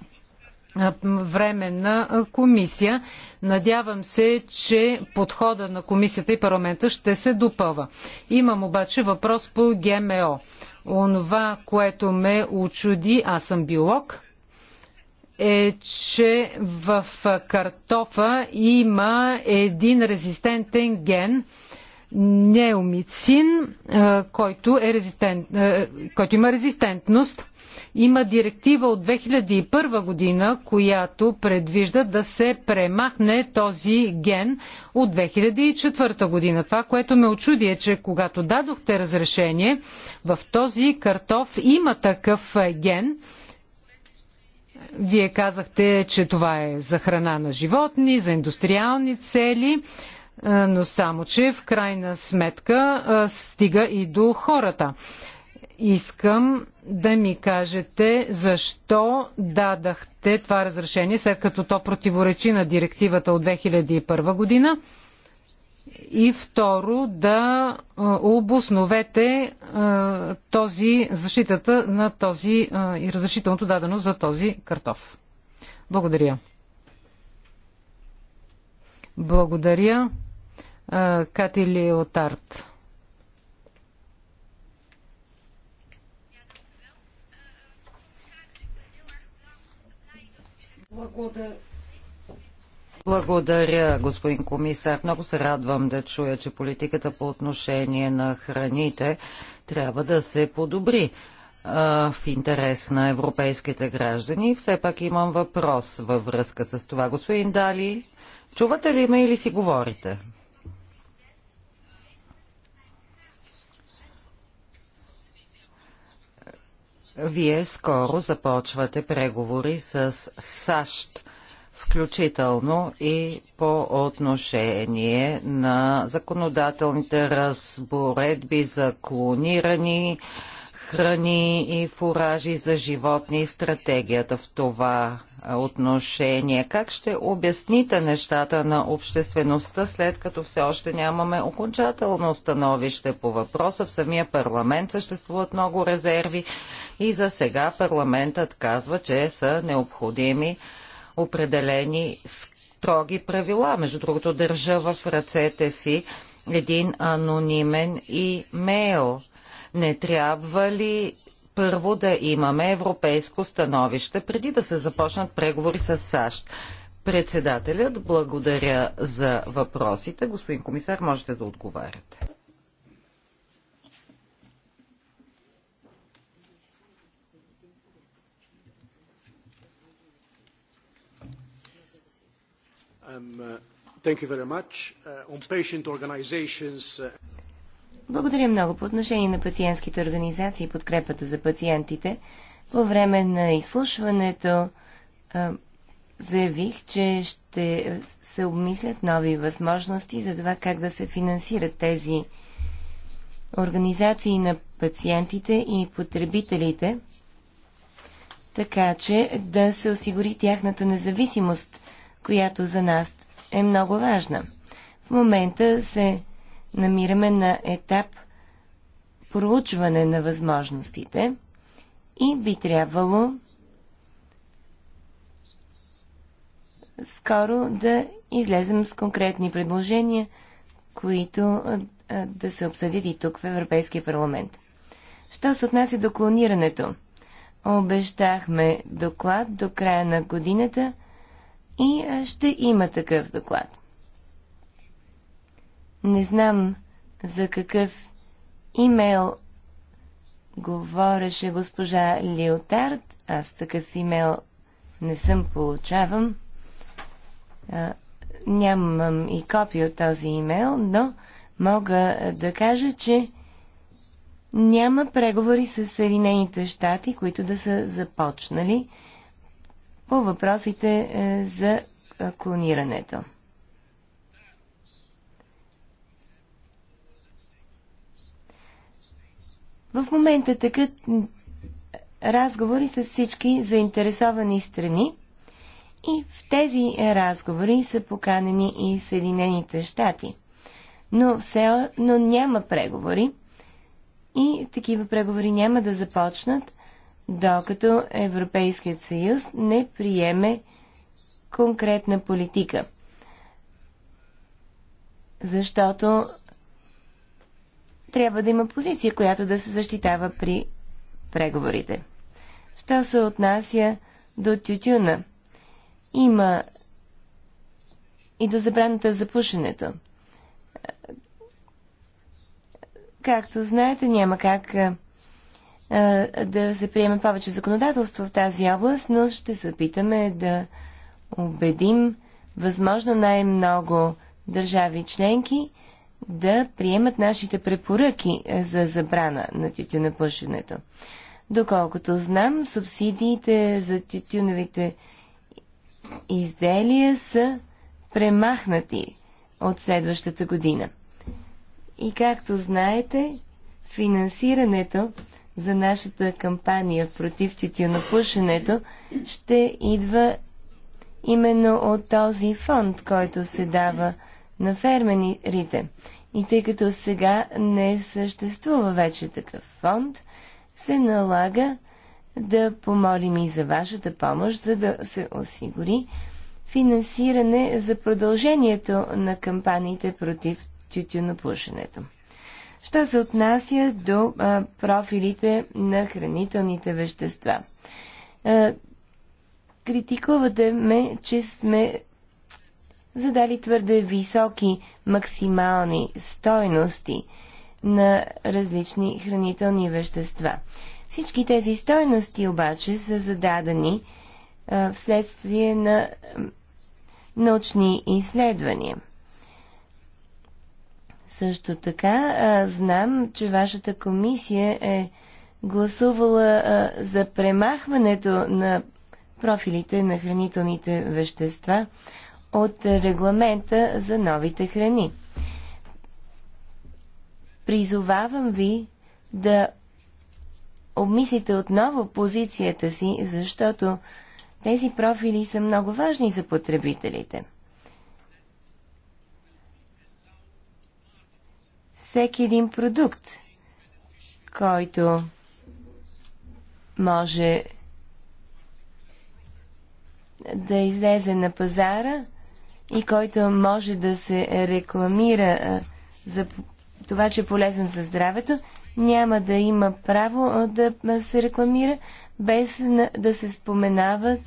временна комисия. Надявам се, че подхода на комисията и парламента ще се допълва. Имам обаче въпрос по ГМО. Онова, което ме очуди, аз съм биолог, е, че в картофа има един резистентен ген – неомицин, който, е резистент, който има резистентност. Има директива от 2001 година, която предвижда да се премахне този ген от 2004 година. Това, което ме очуди е, че когато дадохте разрешение, в този картоф има такъв ген. Вие казахте, че това е за храна на животни, за индустриални цели. Е, но само, че в крайна сметка е, стига и до хората. Искам да ми кажете защо дадахте това разрешение, след като то противоречи на директивата от 2001 година. И второ, да е, обосновете този, защитата на този и разрешителното дадено за този картоф. Благодаря. Благодаря. Кати Леотард. Благодаря. Благодаря, господин комисар. Много се радвам да чуя, че политиката по отношение на храните трябва да се подобри а, в интерес на европейските граждани. Все пак имам въпрос във връзка с това. Господин Дали, чувате ли ме или си говорите? Вие скоро започвате преговори с САЩ, включително и по отношение на законодателните разпоредби за клонирани храни и фуражи за животни и стратегията в това отношение. Как ще обясните нещата на обществеността, след като все още нямаме окончателно становище по въпроса? В самия парламент съществуват много резерви и за сега парламентът казва, че са необходими определени строги правила. Между другото, държа в ръцете си един анонимен имейл. Не трябва ли първо да имаме европейско становище, преди да се започнат преговори с САЩ. Председателят, благодаря за въпросите. Господин комисар, можете да отговаряте. Um, uh, thank you very much. Uh, on patient organizations, uh... Благодаря много по отношение на пациентските организации и подкрепата за пациентите. По време на изслушването а, заявих, че ще се обмислят нови възможности за това как да се финансират тези организации на пациентите и потребителите, така че да се осигури тяхната независимост, която за нас е много важна. В момента се намираме на етап проучване на възможностите и би трябвало скоро да излезем с конкретни предложения, които да се обсъдят и тук в Европейския парламент. Що се отнася до клонирането? Обещахме доклад до края на годината и ще има такъв доклад. Не знам за какъв имейл говореше госпожа Лиотард. Аз такъв имейл не съм получавам. А, нямам и копия от този имейл, но мога да кажа, че няма преговори с Съединените щати, които да са започнали по въпросите е, за клонирането. В момента такът разговори с всички заинтересовани страни и в тези разговори са поканени и Съединените щати. Но, все, но няма преговори и такива преговори няма да започнат, докато Европейският съюз не приеме конкретна политика. Защото трябва да има позиция, която да се защитава при преговорите. Що се отнася до тютюна? Има и до забраната за пушенето. Както знаете, няма как да се приеме повече законодателство в тази област, но ще се опитаме да убедим възможно най-много държави членки да приемат нашите препоръки е, за забрана на тютюнопушенето. Доколкото знам, субсидиите за тютюновите изделия са премахнати от следващата година. И както знаете, финансирането за нашата кампания против тютюнопушенето ще идва именно от този фонд, който се дава – на фермерите. И тъй като сега не съществува вече такъв фонд, се налага да помолим и за вашата помощ, за да се осигури финансиране за продължението на кампаниите против тютюнопушенето. Що се отнася до а, профилите на хранителните вещества? А, критикувате ме, че сме задали твърде високи максимални стойности на различни хранителни вещества. Всички тези стойности обаче са зададени а, вследствие на а, научни изследвания. Също така а, знам, че вашата комисия е гласувала а, за премахването на профилите на хранителните вещества от регламента за новите храни. Призовавам ви да обмислите отново позицията си, защото тези профили са много важни за потребителите. Всеки един продукт, който може да излезе на пазара, и който може да се рекламира за това, че е полезен за здравето, няма да има право да се рекламира без да се споменават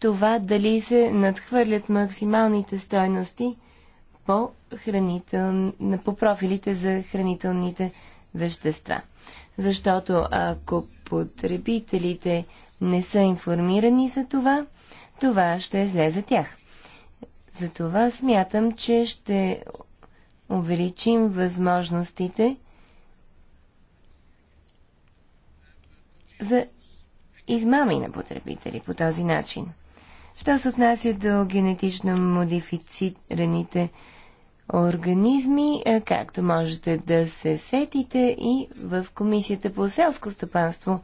това дали се надхвърлят максималните стойности по, хранител... по профилите за хранителните вещества. Защото ако потребителите не са информирани за това, това ще е зле за тях. Затова смятам, че ще увеличим възможностите за измами на потребители по този начин. Що се отнася до генетично модифицираните организми, е, както можете да се сетите и в Комисията по селско стопанство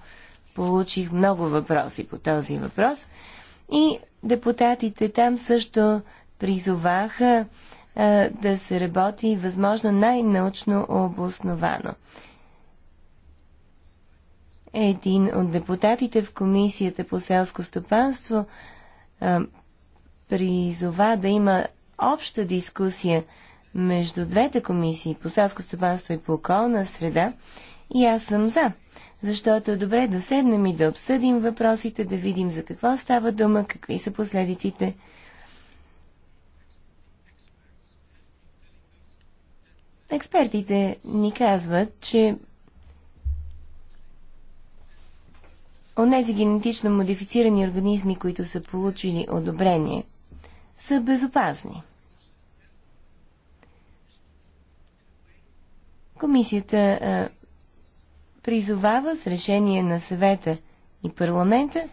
получих много въпроси по този въпрос – и депутатите там също призоваха а, да се работи възможно най-научно обосновано. Един от депутатите в Комисията по селско стопанство а, призова да има обща дискусия между двете комисии по селско стопанство и по околна среда и аз съм за защото е добре да седнем и да обсъдим въпросите, да видим за какво става дума, какви са последиците. Експертите ни казват, че онези генетично модифицирани организми, които са получили одобрение, са безопасни. Комисията призовава с решение на съвета и парламента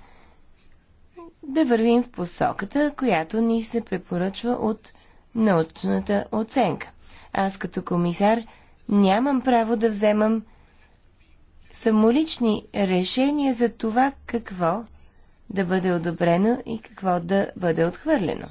да вървим в посоката, която ни се препоръчва от научната оценка. Аз като комисар нямам право да вземам самолични решения за това какво да бъде одобрено и какво да бъде отхвърлено.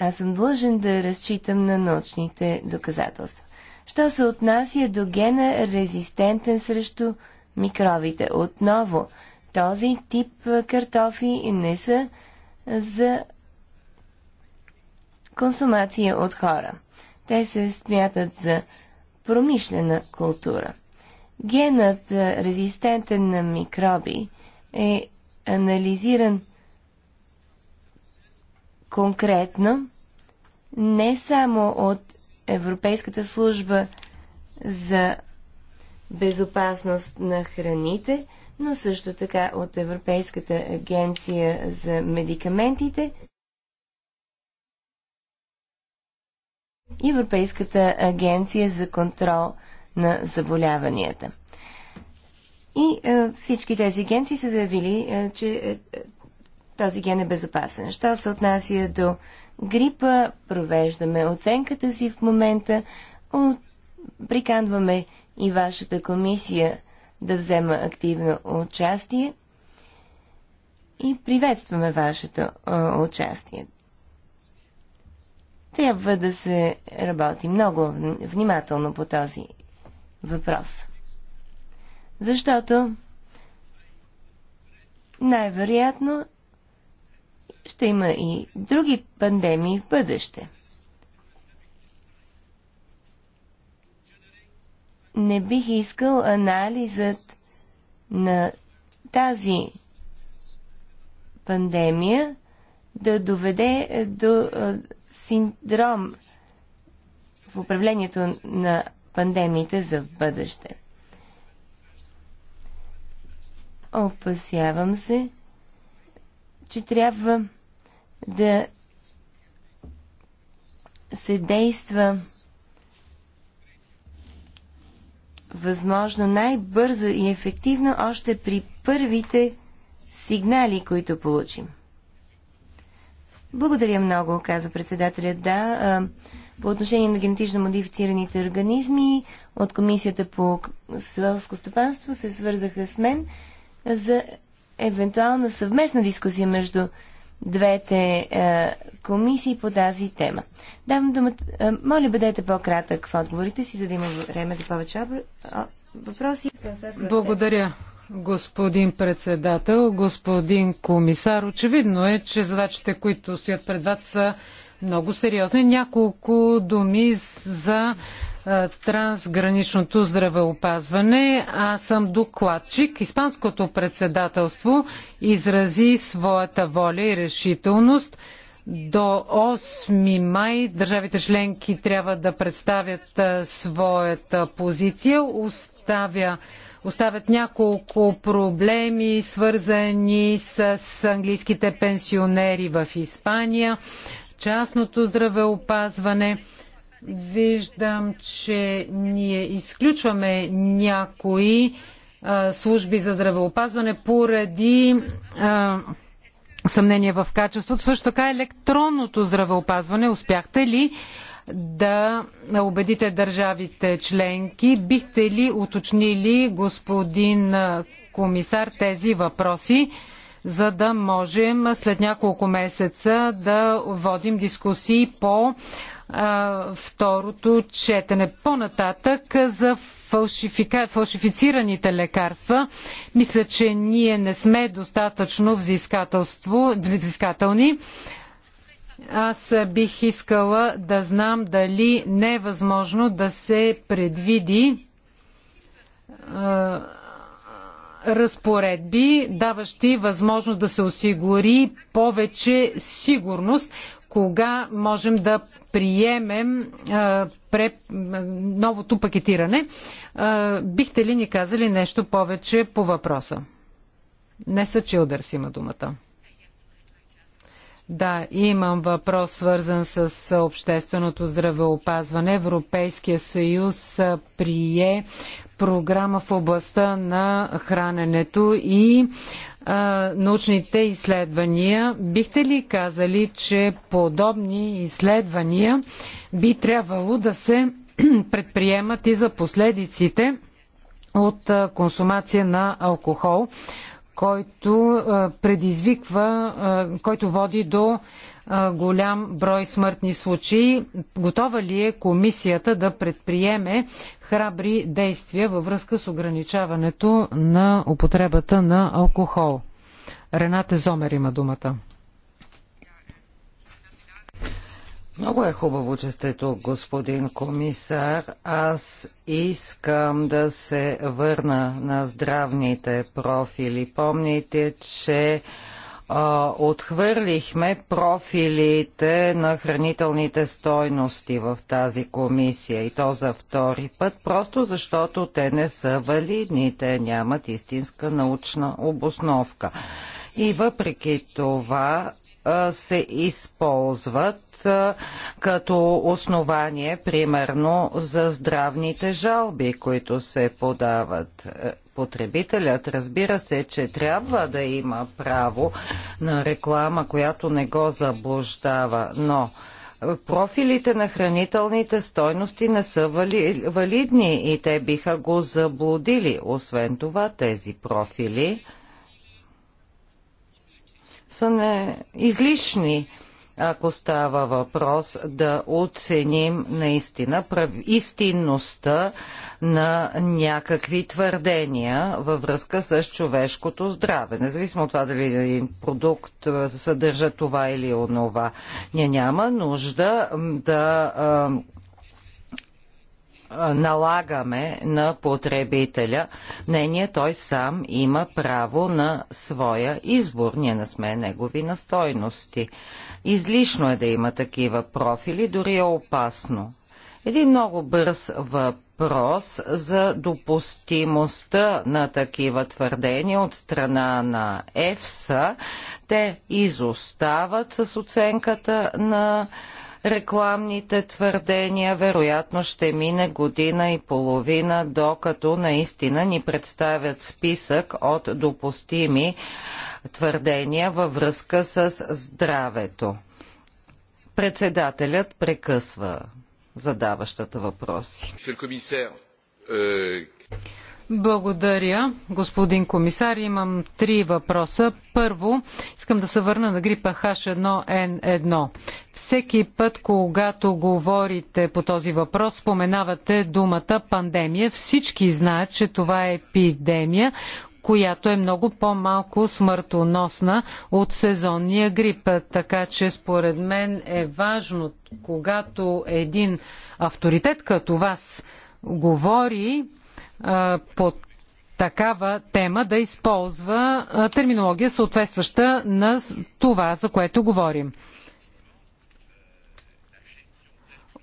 Аз съм длъжен да разчитам на научните доказателства. Що се отнася до гена резистентен срещу микробите? Отново, този тип картофи не са за консумация от хора. Те се смятат за промишлена култура. Генът резистентен на микроби е анализиран конкретно не само от Европейската служба за безопасност на храните, но също така от Европейската агенция за медикаментите и Европейската агенция за контрол на заболяванията. И е, всички тези агенции са заявили, е, че е, този ген е безопасен. Що се отнася до грипа, провеждаме оценката си в момента, от... приканваме и вашата комисия да взема активно участие и приветстваме вашето участие. Трябва да се работи много внимателно по този въпрос. Защото най-вероятно ще има и други пандемии в бъдеще. Не бих искал анализът на тази пандемия да доведе до синдром в управлението на пандемиите за в бъдеще. Опасявам се, че трябва да се действа възможно най-бързо и ефективно още при първите сигнали, които получим. Благодаря много, казва председателят, Да, по отношение на генетично модифицираните организми от Комисията по селско стопанство се свързаха с мен за евентуална съвместна дискусия между двете е, комисии по тази тема. Давам думата. Е, моля, бъдете по-кратък в отговорите си, за да има време за повече обр... о, въпроси. Благодаря, господин председател, господин комисар. Очевидно е, че задачите, които стоят пред вас, са много сериозни. Няколко думи за е, трансграничното здравеопазване. Аз съм докладчик. Испанското председателство изрази своята воля и решителност. До 8 май държавите членки трябва да представят е, своята позиция. Оставя оставят няколко проблеми, свързани с английските пенсионери в Испания, частното здравеопазване. Виждам, че ние изключваме някои а, служби за здравеопазване поради а, съмнение в качеството. Също така електронното здравеопазване. Успяхте ли да убедите държавите членки? Бихте ли уточнили, господин комисар, тези въпроси? за да можем след няколко месеца да водим дискусии по второто четене. По-нататък за фалшифика... фалшифицираните лекарства, мисля, че ние не сме достатъчно взискателни. Аз бих искала да знам дали не е възможно да се предвиди разпоредби, даващи възможност да се осигури повече сигурност кога можем да приемем а, пре, новото пакетиране. А, бихте ли ни казали нещо повече по въпроса? Неса Чилдърс има думата. Да, имам въпрос свързан с общественото здравеопазване. Европейския съюз прие програма в областта на храненето и а, научните изследвания. Бихте ли казали, че подобни изследвания би трябвало да се предприемат и за последиците от консумация на алкохол, който предизвиква, който води до голям брой смъртни случаи. Готова ли е комисията да предприеме храбри действия във връзка с ограничаването на употребата на алкохол? Рената Зомер има думата. Много е хубаво, че сте тук, господин комисар. Аз искам да се върна на здравните профили. Помните, че отхвърлихме профилите на хранителните стойности в тази комисия и то за втори път, просто защото те не са валидни, те нямат истинска научна обосновка. И въпреки това се използват като основание, примерно, за здравните жалби, които се подават потребителят, разбира се, че трябва да има право на реклама, която не го заблуждава, но профилите на хранителните стойности не са вали, валидни и те биха го заблудили. Освен това, тези профили са не, излишни ако става въпрос да оценим наистина прав... истинността на някакви твърдения във връзка с човешкото здраве. Независимо от това дали един продукт съдържа това или онова. Ние няма нужда да налагаме на потребителя мнение, той сам има право на своя избор. Ние не сме негови настойности. Излишно е да има такива профили, дори е опасно. Един много бърз въпрос въпрос за допустимостта на такива твърдения от страна на ЕФСА. Те изостават с оценката на рекламните твърдения вероятно ще мине година и половина, докато наистина ни представят списък от допустими твърдения във връзка с здравето. Председателят прекъсва задаващата въпроси. Э, Благодаря, господин комисар. Имам три въпроса. Първо, искам да се върна на грипа H1N1. Всеки път, когато говорите по този въпрос, споменавате думата пандемия. Всички знаят, че това е епидемия, която е много по-малко смъртоносна от сезонния грип. Така че според мен е важно, когато един авторитет като вас говори а, по такава тема, да използва а, терминология съответстваща на това, за което говорим.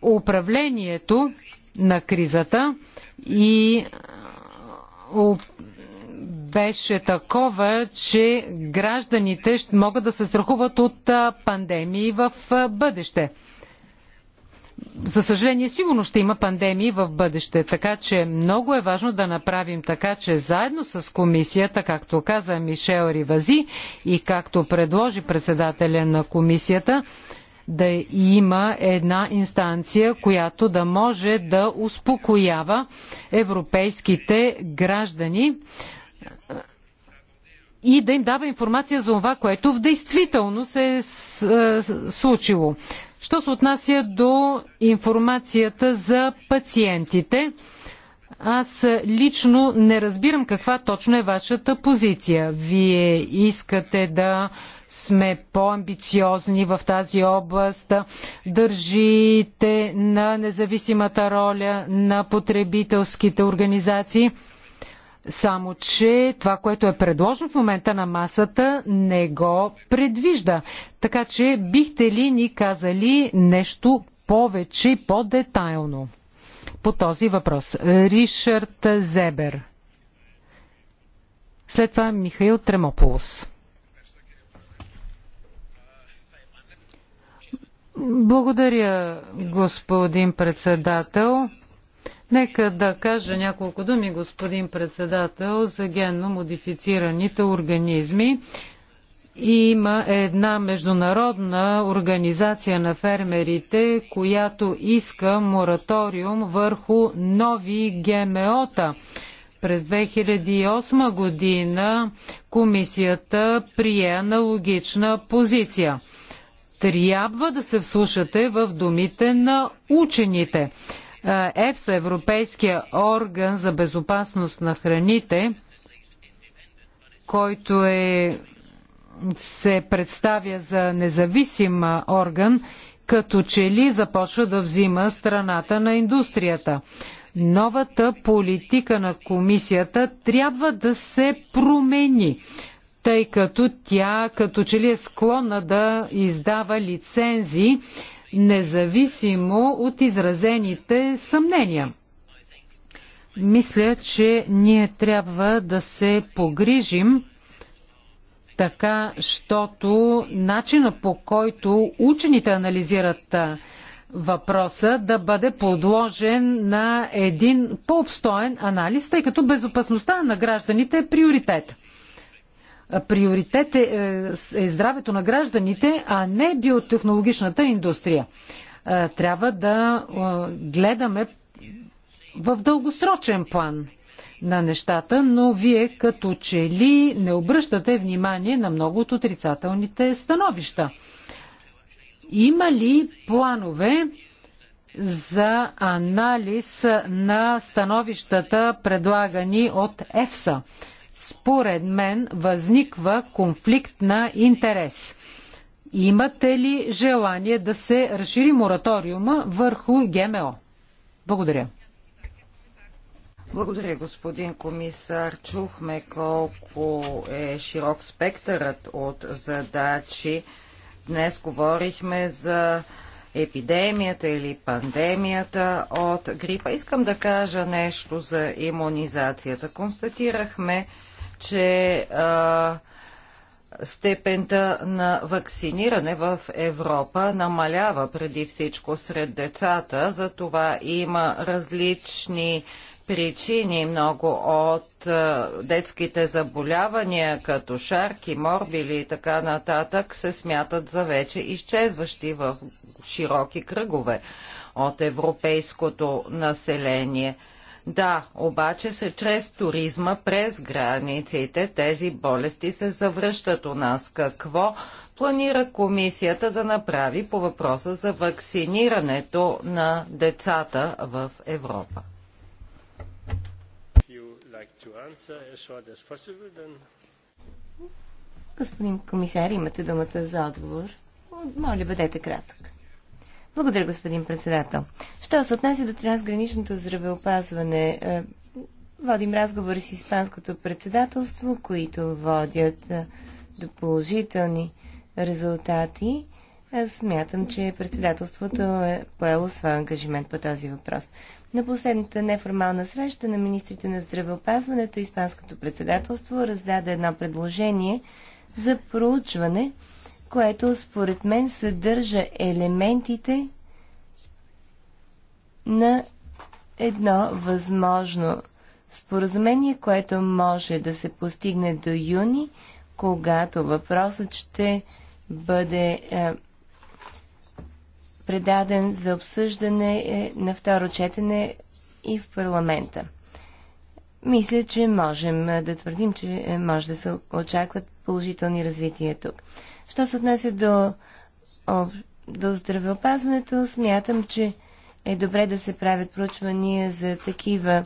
Управлението на кризата и беше такова, че гражданите могат да се страхуват от пандемии в бъдеще. За съжаление, сигурно ще има пандемии в бъдеще, така че много е важно да направим така, че заедно с комисията, както каза Мишел Ривази и както предложи председателя на комисията, да има една инстанция, която да може да успокоява европейските граждани и да им дава информация за това, което в действителност се е, е случило. Що се отнася до информацията за пациентите, аз лично не разбирам каква точно е вашата позиция. Вие искате да сме по-амбициозни в тази област, държите на независимата роля на потребителските организации – само, че това, което е предложено в момента на масата, не го предвижда. Така че бихте ли ни казали нещо повече и по-детайлно по този въпрос? Ришард Зебер. След това Михаил Тремополос. Благодаря, господин председател. Нека да кажа няколко думи, господин председател, за генно модифицираните организми. Има една международна организация на фермерите, която иска мораториум върху нови ГМО-та. През 2008 година комисията прие аналогична позиция. Трябва да се вслушате в думите на учените. Е, ЕФСА, Европейския орган за безопасност на храните, който е, се представя за независим орган, като че ли започва да взима страната на индустрията. Новата политика на комисията трябва да се промени тъй като тя като че ли е склонна да издава лицензии независимо от изразените съмнения. Мисля, че ние трябва да се погрижим така, щото начина по който учените анализират въпроса да бъде подложен на един по-обстоен анализ, тъй като безопасността на гражданите е приоритет приоритет е, е, е здравето на гражданите, а не биотехнологичната индустрия. Е, трябва да е, гледаме в дългосрочен план на нещата, но вие като че ли не обръщате внимание на много от отрицателните становища. Има ли планове за анализ на становищата, предлагани от ЕФСА? според мен възниква конфликт на интерес. Имате ли желание да се разшири мораториума върху ГМО? Благодаря. Благодаря, господин комисар. Чухме колко е широк спектърът от задачи. Днес говорихме за епидемията или пандемията от грипа. Искам да кажа нещо за иммунизацията. Констатирахме, че а, степента на вакциниране в Европа намалява преди всичко сред децата. За това има различни причини. Много от е, детските заболявания, като шарки, морбили и така нататък, се смятат за вече изчезващи в широки кръгове от европейското население. Да, обаче се чрез туризма през границите тези болести се завръщат у нас. Какво планира комисията да направи по въпроса за вакцинирането на децата в Европа? Господин комисар, имате думата за отговор. Моля, бъдете кратък. Благодаря, господин председател. Що се отнася до трансграничното здравеопазване, е, водим разговори с Испанското председателство, които водят е, до положителни резултати. Аз смятам, че председателството е поело своя ангажимент по този въпрос. На последната неформална среща на министрите на здравеопазването Испанското председателство раздаде едно предложение за проучване, което според мен съдържа елементите на едно възможно споразумение, което може да се постигне до юни, когато въпросът ще бъде е, предаден за обсъждане е, на второ четене и в парламента. Мисля, че можем е, да твърдим, че е, може да се очакват положителни развития тук. Що се отнася до, до здравеопазването, смятам, че е добре да се правят проучвания за такива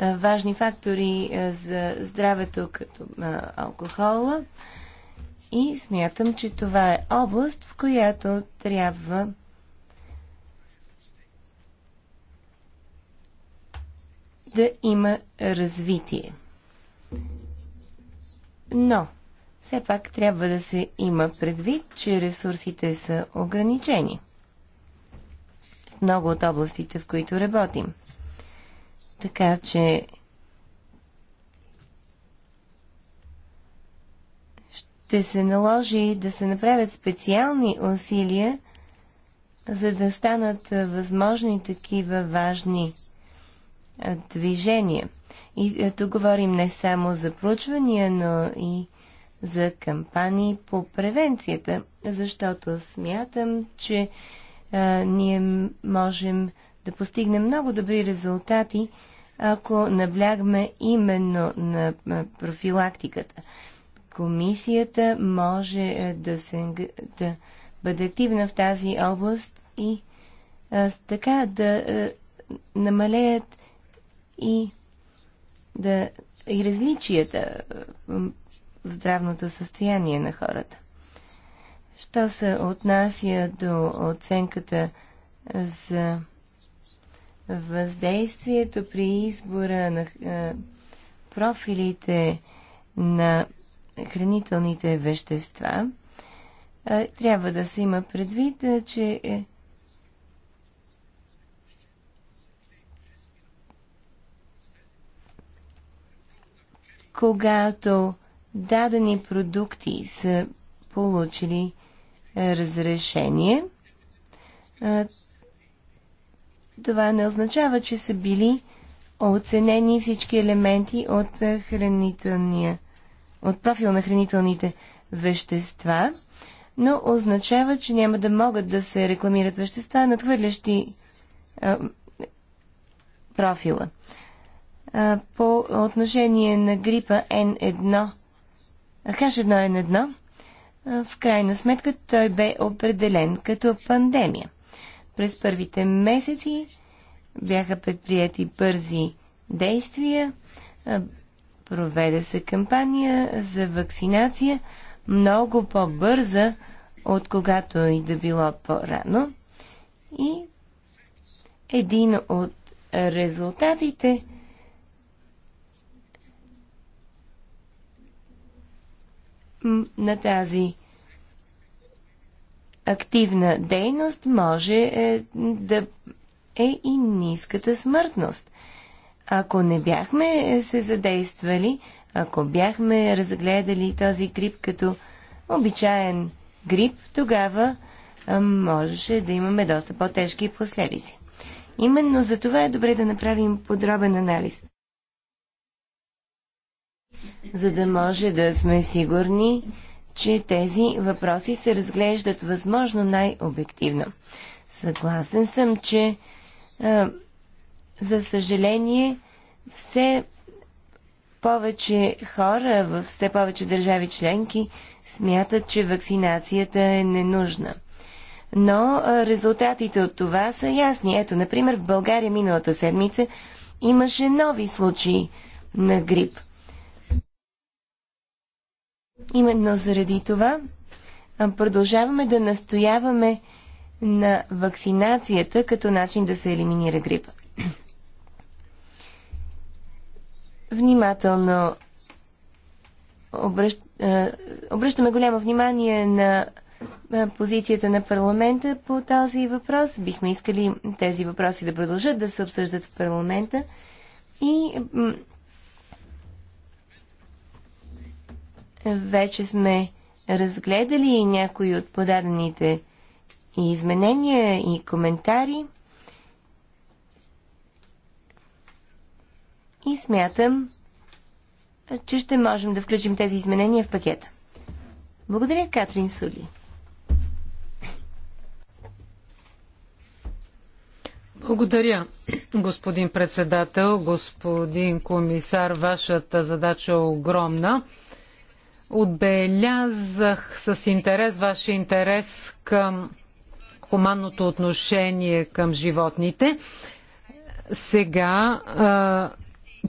важни фактори за здравето, като алкохола. И смятам, че това е област, в която трябва да има развитие. Но, все пак трябва да се има предвид, че ресурсите са ограничени. В много от областите, в които работим. Така че ще се наложи да се направят специални усилия, за да станат възможни такива важни движение. И тук говорим не само за проучвания, но и за кампании по превенцията, защото смятам, че а, ние можем да постигнем много добри резултати, ако наблягме именно на профилактиката. Комисията може да, се, да бъде активна в тази област и а, така да а, намалеят и, да, и различията в здравното състояние на хората. Що се отнася до оценката за въздействието при избора на е, профилите на хранителните вещества, е, трябва да се има предвид, е, че когато дадени продукти са получили е, разрешение, е, това не означава, че са били оценени всички елементи от, е, хранителния, от профил на хранителните вещества, но означава, че няма да могат да се рекламират вещества, надхвърлящи а, профила по отношение на грипа N1, H1N1, в крайна сметка той бе определен като пандемия. През първите месеци бяха предприяти бързи действия, проведе се кампания за вакцинация, много по-бърза от когато и да било по-рано. И един от резултатите – на тази активна дейност може е, да е и ниската смъртност. Ако не бяхме е, се задействали, ако бяхме разгледали този грип като обичаен грип, тогава е, можеше да имаме доста по-тежки последици. Именно за това е добре да направим подробен анализ за да може да сме сигурни, че тези въпроси се разглеждат възможно най-обективно. Съгласен съм, че а, за съжаление все повече хора в все повече държави членки смятат, че вакцинацията е ненужна. Но а, резултатите от това са ясни. Ето, например, в България миналата седмица имаше нови случаи на грип – Именно заради това продължаваме да настояваме на вакцинацията като начин да се елиминира грипа. Внимателно обръщ... обръщаме голямо внимание на позицията на парламента по този въпрос. Бихме искали тези въпроси да продължат да се обсъждат в парламента и вече сме разгледали някои от подадените и изменения и коментари. И смятам, че ще можем да включим тези изменения в пакета. Благодаря, Катрин Сули. Благодаря, господин председател, господин комисар. Вашата задача е огромна. Отбелязах с интерес вашия интерес към хуманното отношение към животните. Сега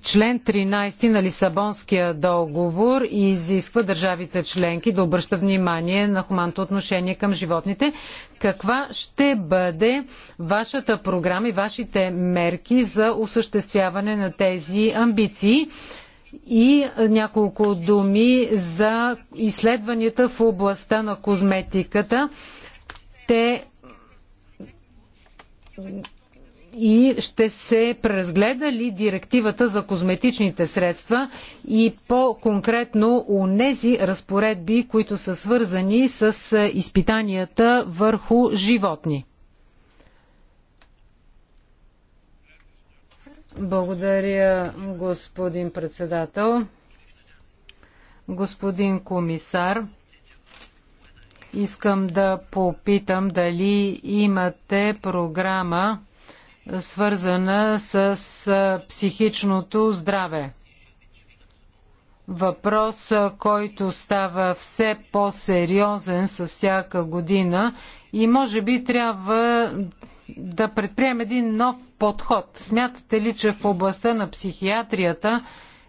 член 13 на Лисабонския договор изисква държавите членки да обръща внимание на хуманното отношение към животните. Каква ще бъде вашата програма и вашите мерки за осъществяване на тези амбиции? И няколко думи за изследванията в областта на козметиката. Те и ще се преразгледа ли директивата за козметичните средства и по-конкретно у нези разпоредби, които са свързани с изпитанията върху животни. Благодаря, господин председател. Господин комисар, искам да попитам дали имате програма свързана с психичното здраве. Въпрос, който става все по-сериозен с всяка година и може би трябва да предприем един нов подход. Смятате ли, че в областта на психиатрията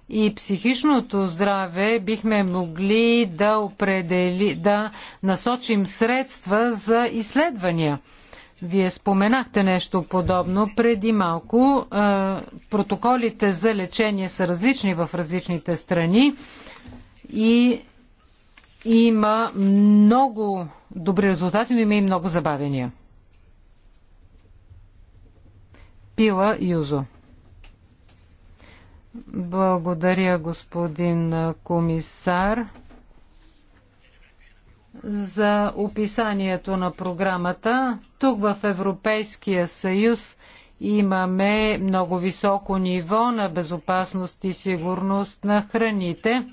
и психичното здраве бихме могли да, определи, да насочим средства за изследвания? Вие споменахте нещо подобно преди малко. Е, протоколите за лечение са различни в различните страни и има много добри резултати, но има и много забавения. Пила Юзо. Благодаря, господин комисар, за описанието на програмата. Тук в Европейския съюз имаме много високо ниво на безопасност и сигурност на храните.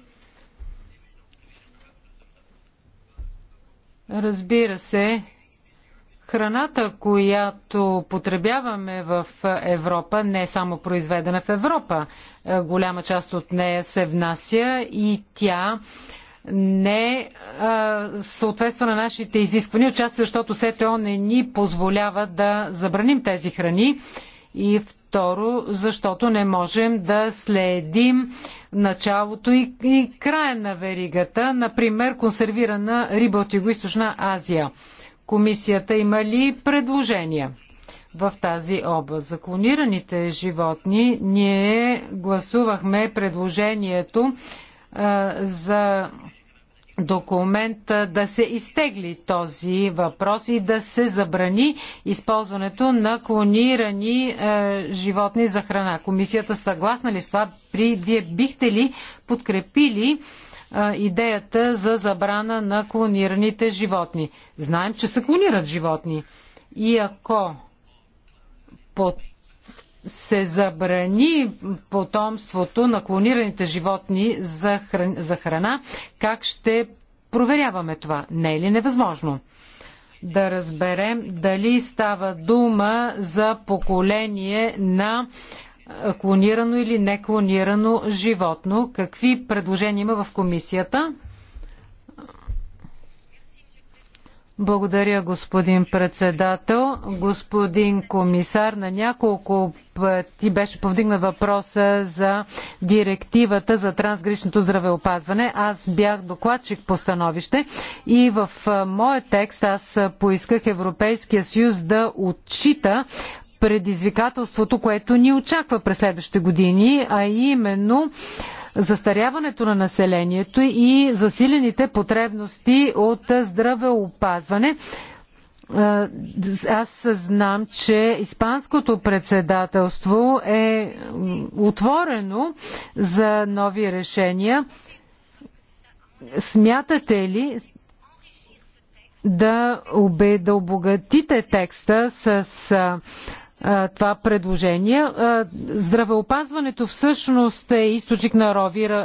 Разбира се, Храната, която потребяваме в Европа, не е само произведена в Европа. Е, голяма част от нея се внася и тя не е, съответства на нашите изисквания, отчасти защото СТО не ни позволява да забраним тези храни и второ, защото не можем да следим началото и, и края на веригата, например консервирана риба от Юго-Источна Азия. Комисията има ли предложения в тази област? За клонираните животни ние гласувахме предложението а, за документ да се изтегли този въпрос и да се забрани използването на клонирани е, животни за храна. Комисията съгласна ли с това? При, вие бихте ли подкрепили идеята за забрана на клонираните животни. Знаем, че се клонират животни. И ако под се забрани потомството на клонираните животни за, хран... за храна, как ще проверяваме това? Не е ли невъзможно? Да разберем дали става дума за поколение на клонирано или неклонирано животно. Какви предложения има в комисията? Благодаря, господин председател. Господин комисар, на няколко пъти беше повдигна въпроса за директивата за трансграничното здравеопазване. Аз бях докладчик по становище и в моя текст аз поисках Европейския съюз да отчита предизвикателството, което ни очаква през следващите години, а именно застаряването на населението и засилените потребности от здравеопазване. Аз знам, че Испанското председателство е отворено за нови решения. Смятате ли да, обогатите текста с това предложение. Здравеопазването всъщност е източник на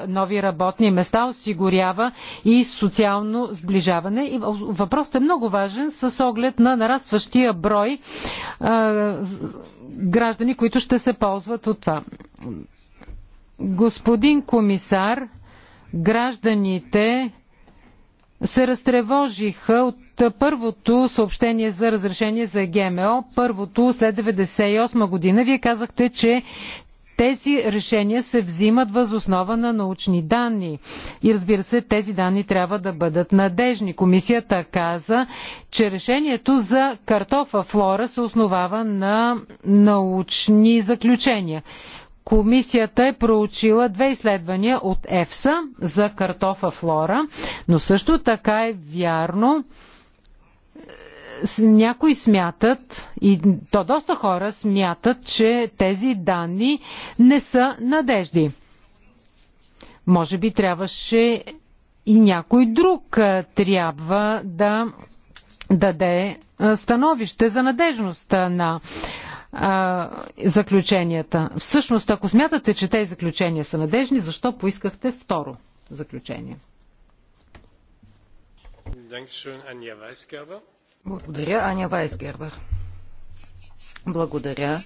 нови, работни места, осигурява и социално сближаване. И въпросът е много важен с оглед на нарастващия брой а, граждани, които ще се ползват от това. Господин комисар, гражданите се разтревожиха от първото съобщение за разрешение за ГМО, първото след 1998 година. Вие казахте, че тези решения се взимат въз основа на научни данни. И разбира се, тези данни трябва да бъдат надежни. Комисията каза, че решението за картофа флора се основава на научни заключения. Комисията е проучила две изследвания от ЕФСА за картофа флора, но също така е вярно, някои смятат, и то доста хора смятат, че тези данни не са надежди. Може би трябваше и някой друг трябва да даде становище за надежността на а, заключенията. Всъщност, ако смятате, че тези заключения са надежни, защо поискахте второ заключение? Dankeschön, Anja Weisgerber. Благодаря, Аня Вайсгербър. Благодаря.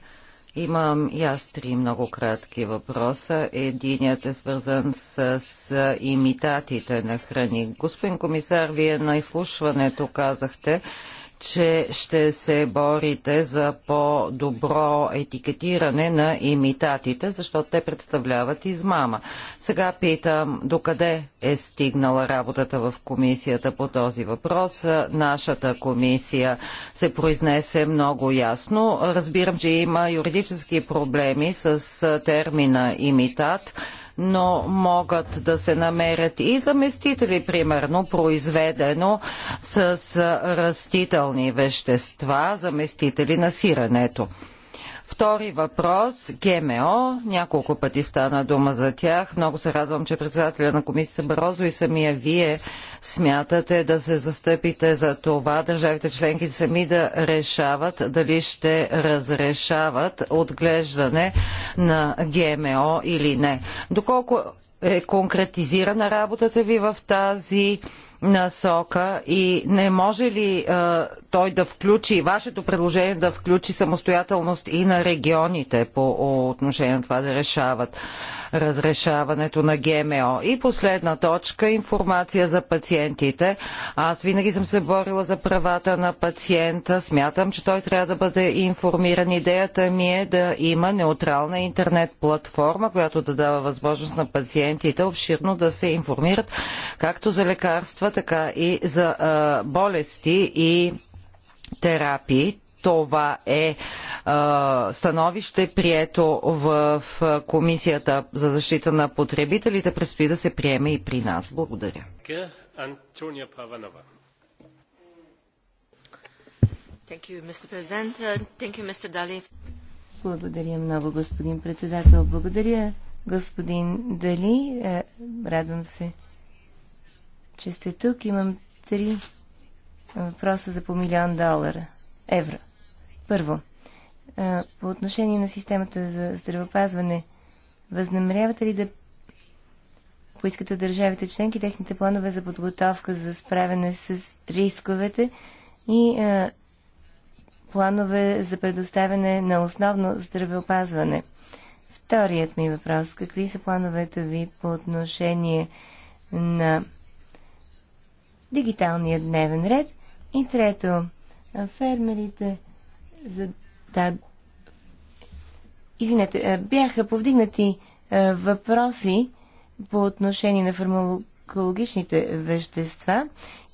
Имам и аз три много кратки въпроса. Единият е свързан с, с имитатите на храни. Господин комисар, вие на изслушването казахте, че ще се борите за по-добро етикетиране на имитатите, защото те представляват измама. Сега питам, докъде е стигнала работата в комисията по този въпрос. Нашата комисия се произнесе много ясно. Разбирам, че има юридически проблеми с термина имитат но могат да се намерят и заместители, примерно произведено с растителни вещества, заместители на сиренето. Втори въпрос – ГМО. Няколко пъти стана дума за тях. Много се радвам, че председателя на комисията Барозо и самия вие смятате да се застъпите за това държавите членки сами да решават дали ще разрешават отглеждане на ГМО или не. Доколко е конкретизирана работата ви в тази насока и не може ли а, той да включи, вашето предложение да включи самостоятелност и на регионите по отношение на това да решават разрешаването на ГМО. И последна точка информация за пациентите. Аз винаги съм се борила за правата на пациента. Смятам, че той трябва да бъде информиран. Идеята ми е да има неутрална интернет платформа, която да дава възможност на пациентите обширно да се информират както за лекарства, средства, така и за а, болести и терапии. Това е а, становище прието в Комисията за защита на потребителите. Предстои да се приеме и при нас. Благодаря. Uh, Благодаря много, господин председател. Благодаря, господин Дали. Е, радвам се, че сте тук. Имам три въпроса за по милион долара, евро. Първо, по отношение на системата за здравеопазване, възнамерявате ли да поискате от държавите членки техните планове за подготовка за справяне с рисковете и а, планове за предоставяне на основно здравеопазване? Вторият ми въпрос. Какви са плановете ви по отношение на дигиталния дневен ред. И трето, фермерите за да, Извинете, бяха повдигнати въпроси по отношение на фармакологичните вещества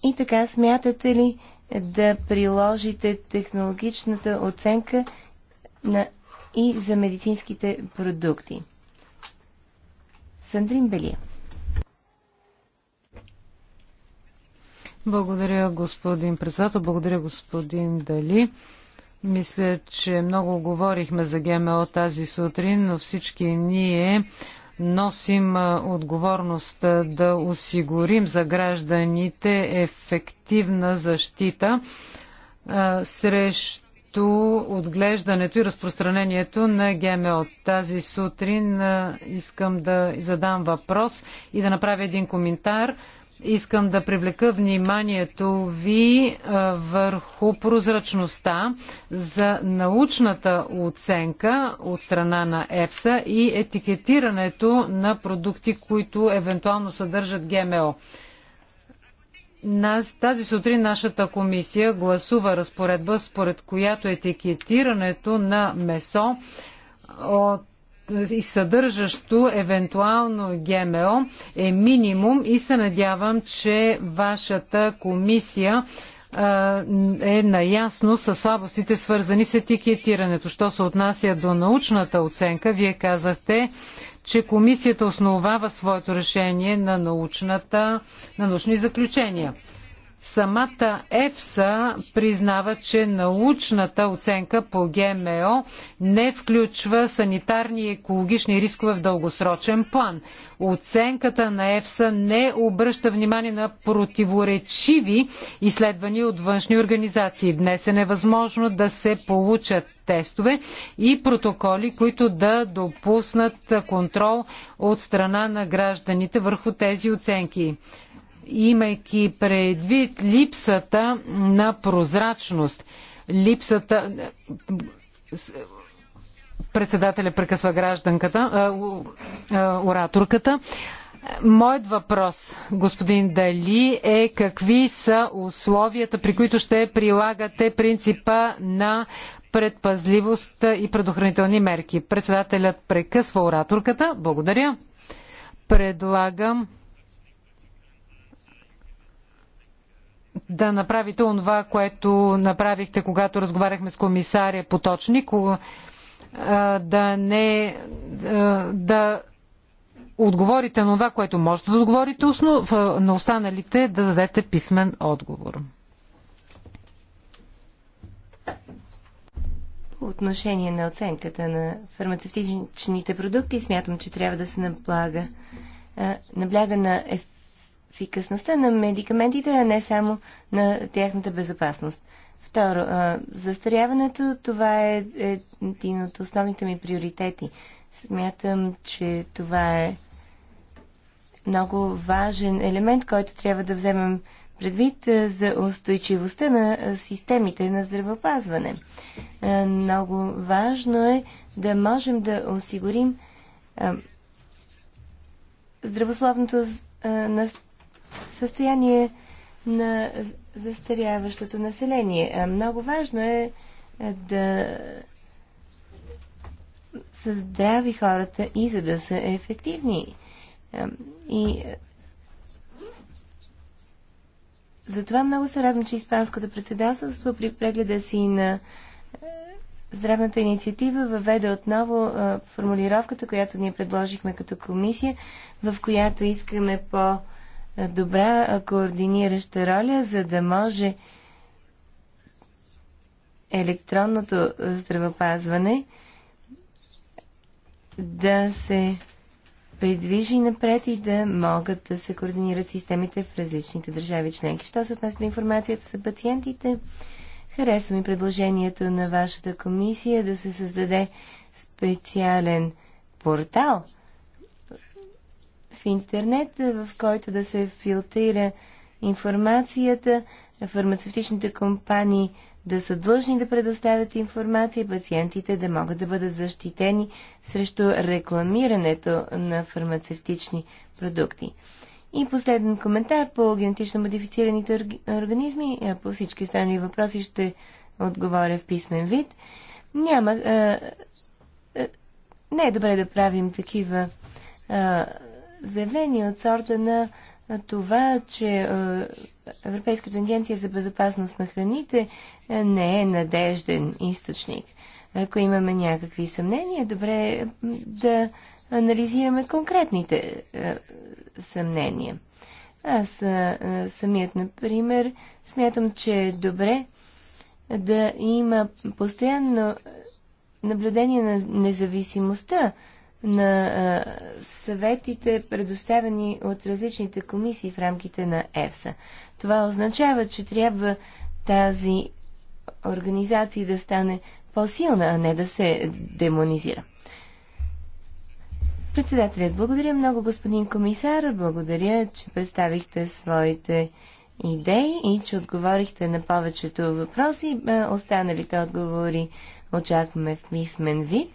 и така смятате ли да приложите технологичната оценка на и за медицинските продукти. Сандрин Белия. Благодаря, господин председател. Благодаря, господин Дали. Мисля, че много говорихме за ГМО тази сутрин, но всички ние носим отговорност да осигурим за гражданите ефективна защита срещу отглеждането и разпространението на ГМО. Тази сутрин искам да задам въпрос и да направя един коментар Искам да привлека вниманието ви върху прозрачността за научната оценка от страна на Ефса и етикетирането на продукти, които евентуално съдържат ГМО. тази сутрин нашата комисия гласува разпоредба, според която етикетирането на месо от и съдържащо евентуално ГМО е минимум и се надявам, че вашата комисия е наясно с слабостите, свързани с етикетирането. Що се отнася до научната оценка, вие казахте, че комисията основава своето решение на, научната, на научни заключения. Самата ЕФСА признава, че научната оценка по ГМО не включва санитарни и екологични рискове в дългосрочен план. Оценката на ЕФСА не обръща внимание на противоречиви изследвания от външни организации. Днес е невъзможно да се получат тестове и протоколи, които да допуснат контрол от страна на гражданите върху тези оценки имайки предвид липсата на прозрачност, липсата. Председателя прекъсва гражданката, ораторката. Моят въпрос, господин Дали, е какви са условията, при които ще прилагате принципа на предпазливост и предохранителни мерки. Председателят прекъсва ораторката. Благодаря. Предлагам да направите онова, което направихте, когато разговаряхме с комисаря Поточник, да не да отговорите на това, което можете да отговорите устно, на останалите да дадете писмен отговор. По отношение на оценката на фармацевтичните продукти, смятам, че трябва да се наблага, набляга на еф ефикасността на медикаментите, а не само на тяхната безопасност. Второ, застаряването, това е един от основните ми приоритети. Смятам, че това е много важен елемент, който трябва да вземем предвид за устойчивостта на системите на здравеопазване. Много важно е да можем да осигурим здравословното състояние на застаряващото население. Много важно е, е да са здрави хората и за да са ефективни. И е, затова много се радвам, че Испанското председателство при прегледа си на е, здравната инициатива въведе отново формулировката, която ние предложихме като комисия, в която искаме по- добра координираща роля, за да може електронното здравеопазване да се придвижи напред и да могат да се координират системите в различните държави членки. Що се отнася до информацията за пациентите, харесва ми предложението на вашата комисия да се създаде специален портал – интернет, е, в който да се филтрира информацията, фармацевтичните компании да са длъжни да предоставят информация, пациентите да могат да бъдат защитени срещу рекламирането на фармацевтични продукти. И последен коментар по генетично модифицираните организми. Е, по всички останали въпроси ще отговоря в писмен вид. Няма. Е, не е добре да правим такива а, заявление от сорта на това, че е, Европейската агенция за безопасност на храните е, не е надежден източник. Ако имаме някакви съмнения, добре е, да анализираме конкретните съмнения. Аз самият, например, смятам, че е добре да има постоянно наблюдение на независимостта на съветите, предоставени от различните комисии в рамките на ЕФСА. Това означава, че трябва тази организация да стане по-силна, а не да се демонизира. Председателят, благодаря много, господин комисар. Благодаря, че представихте своите идеи и че отговорихте на повечето въпроси. Е, останалите отговори очакваме в писмен вид.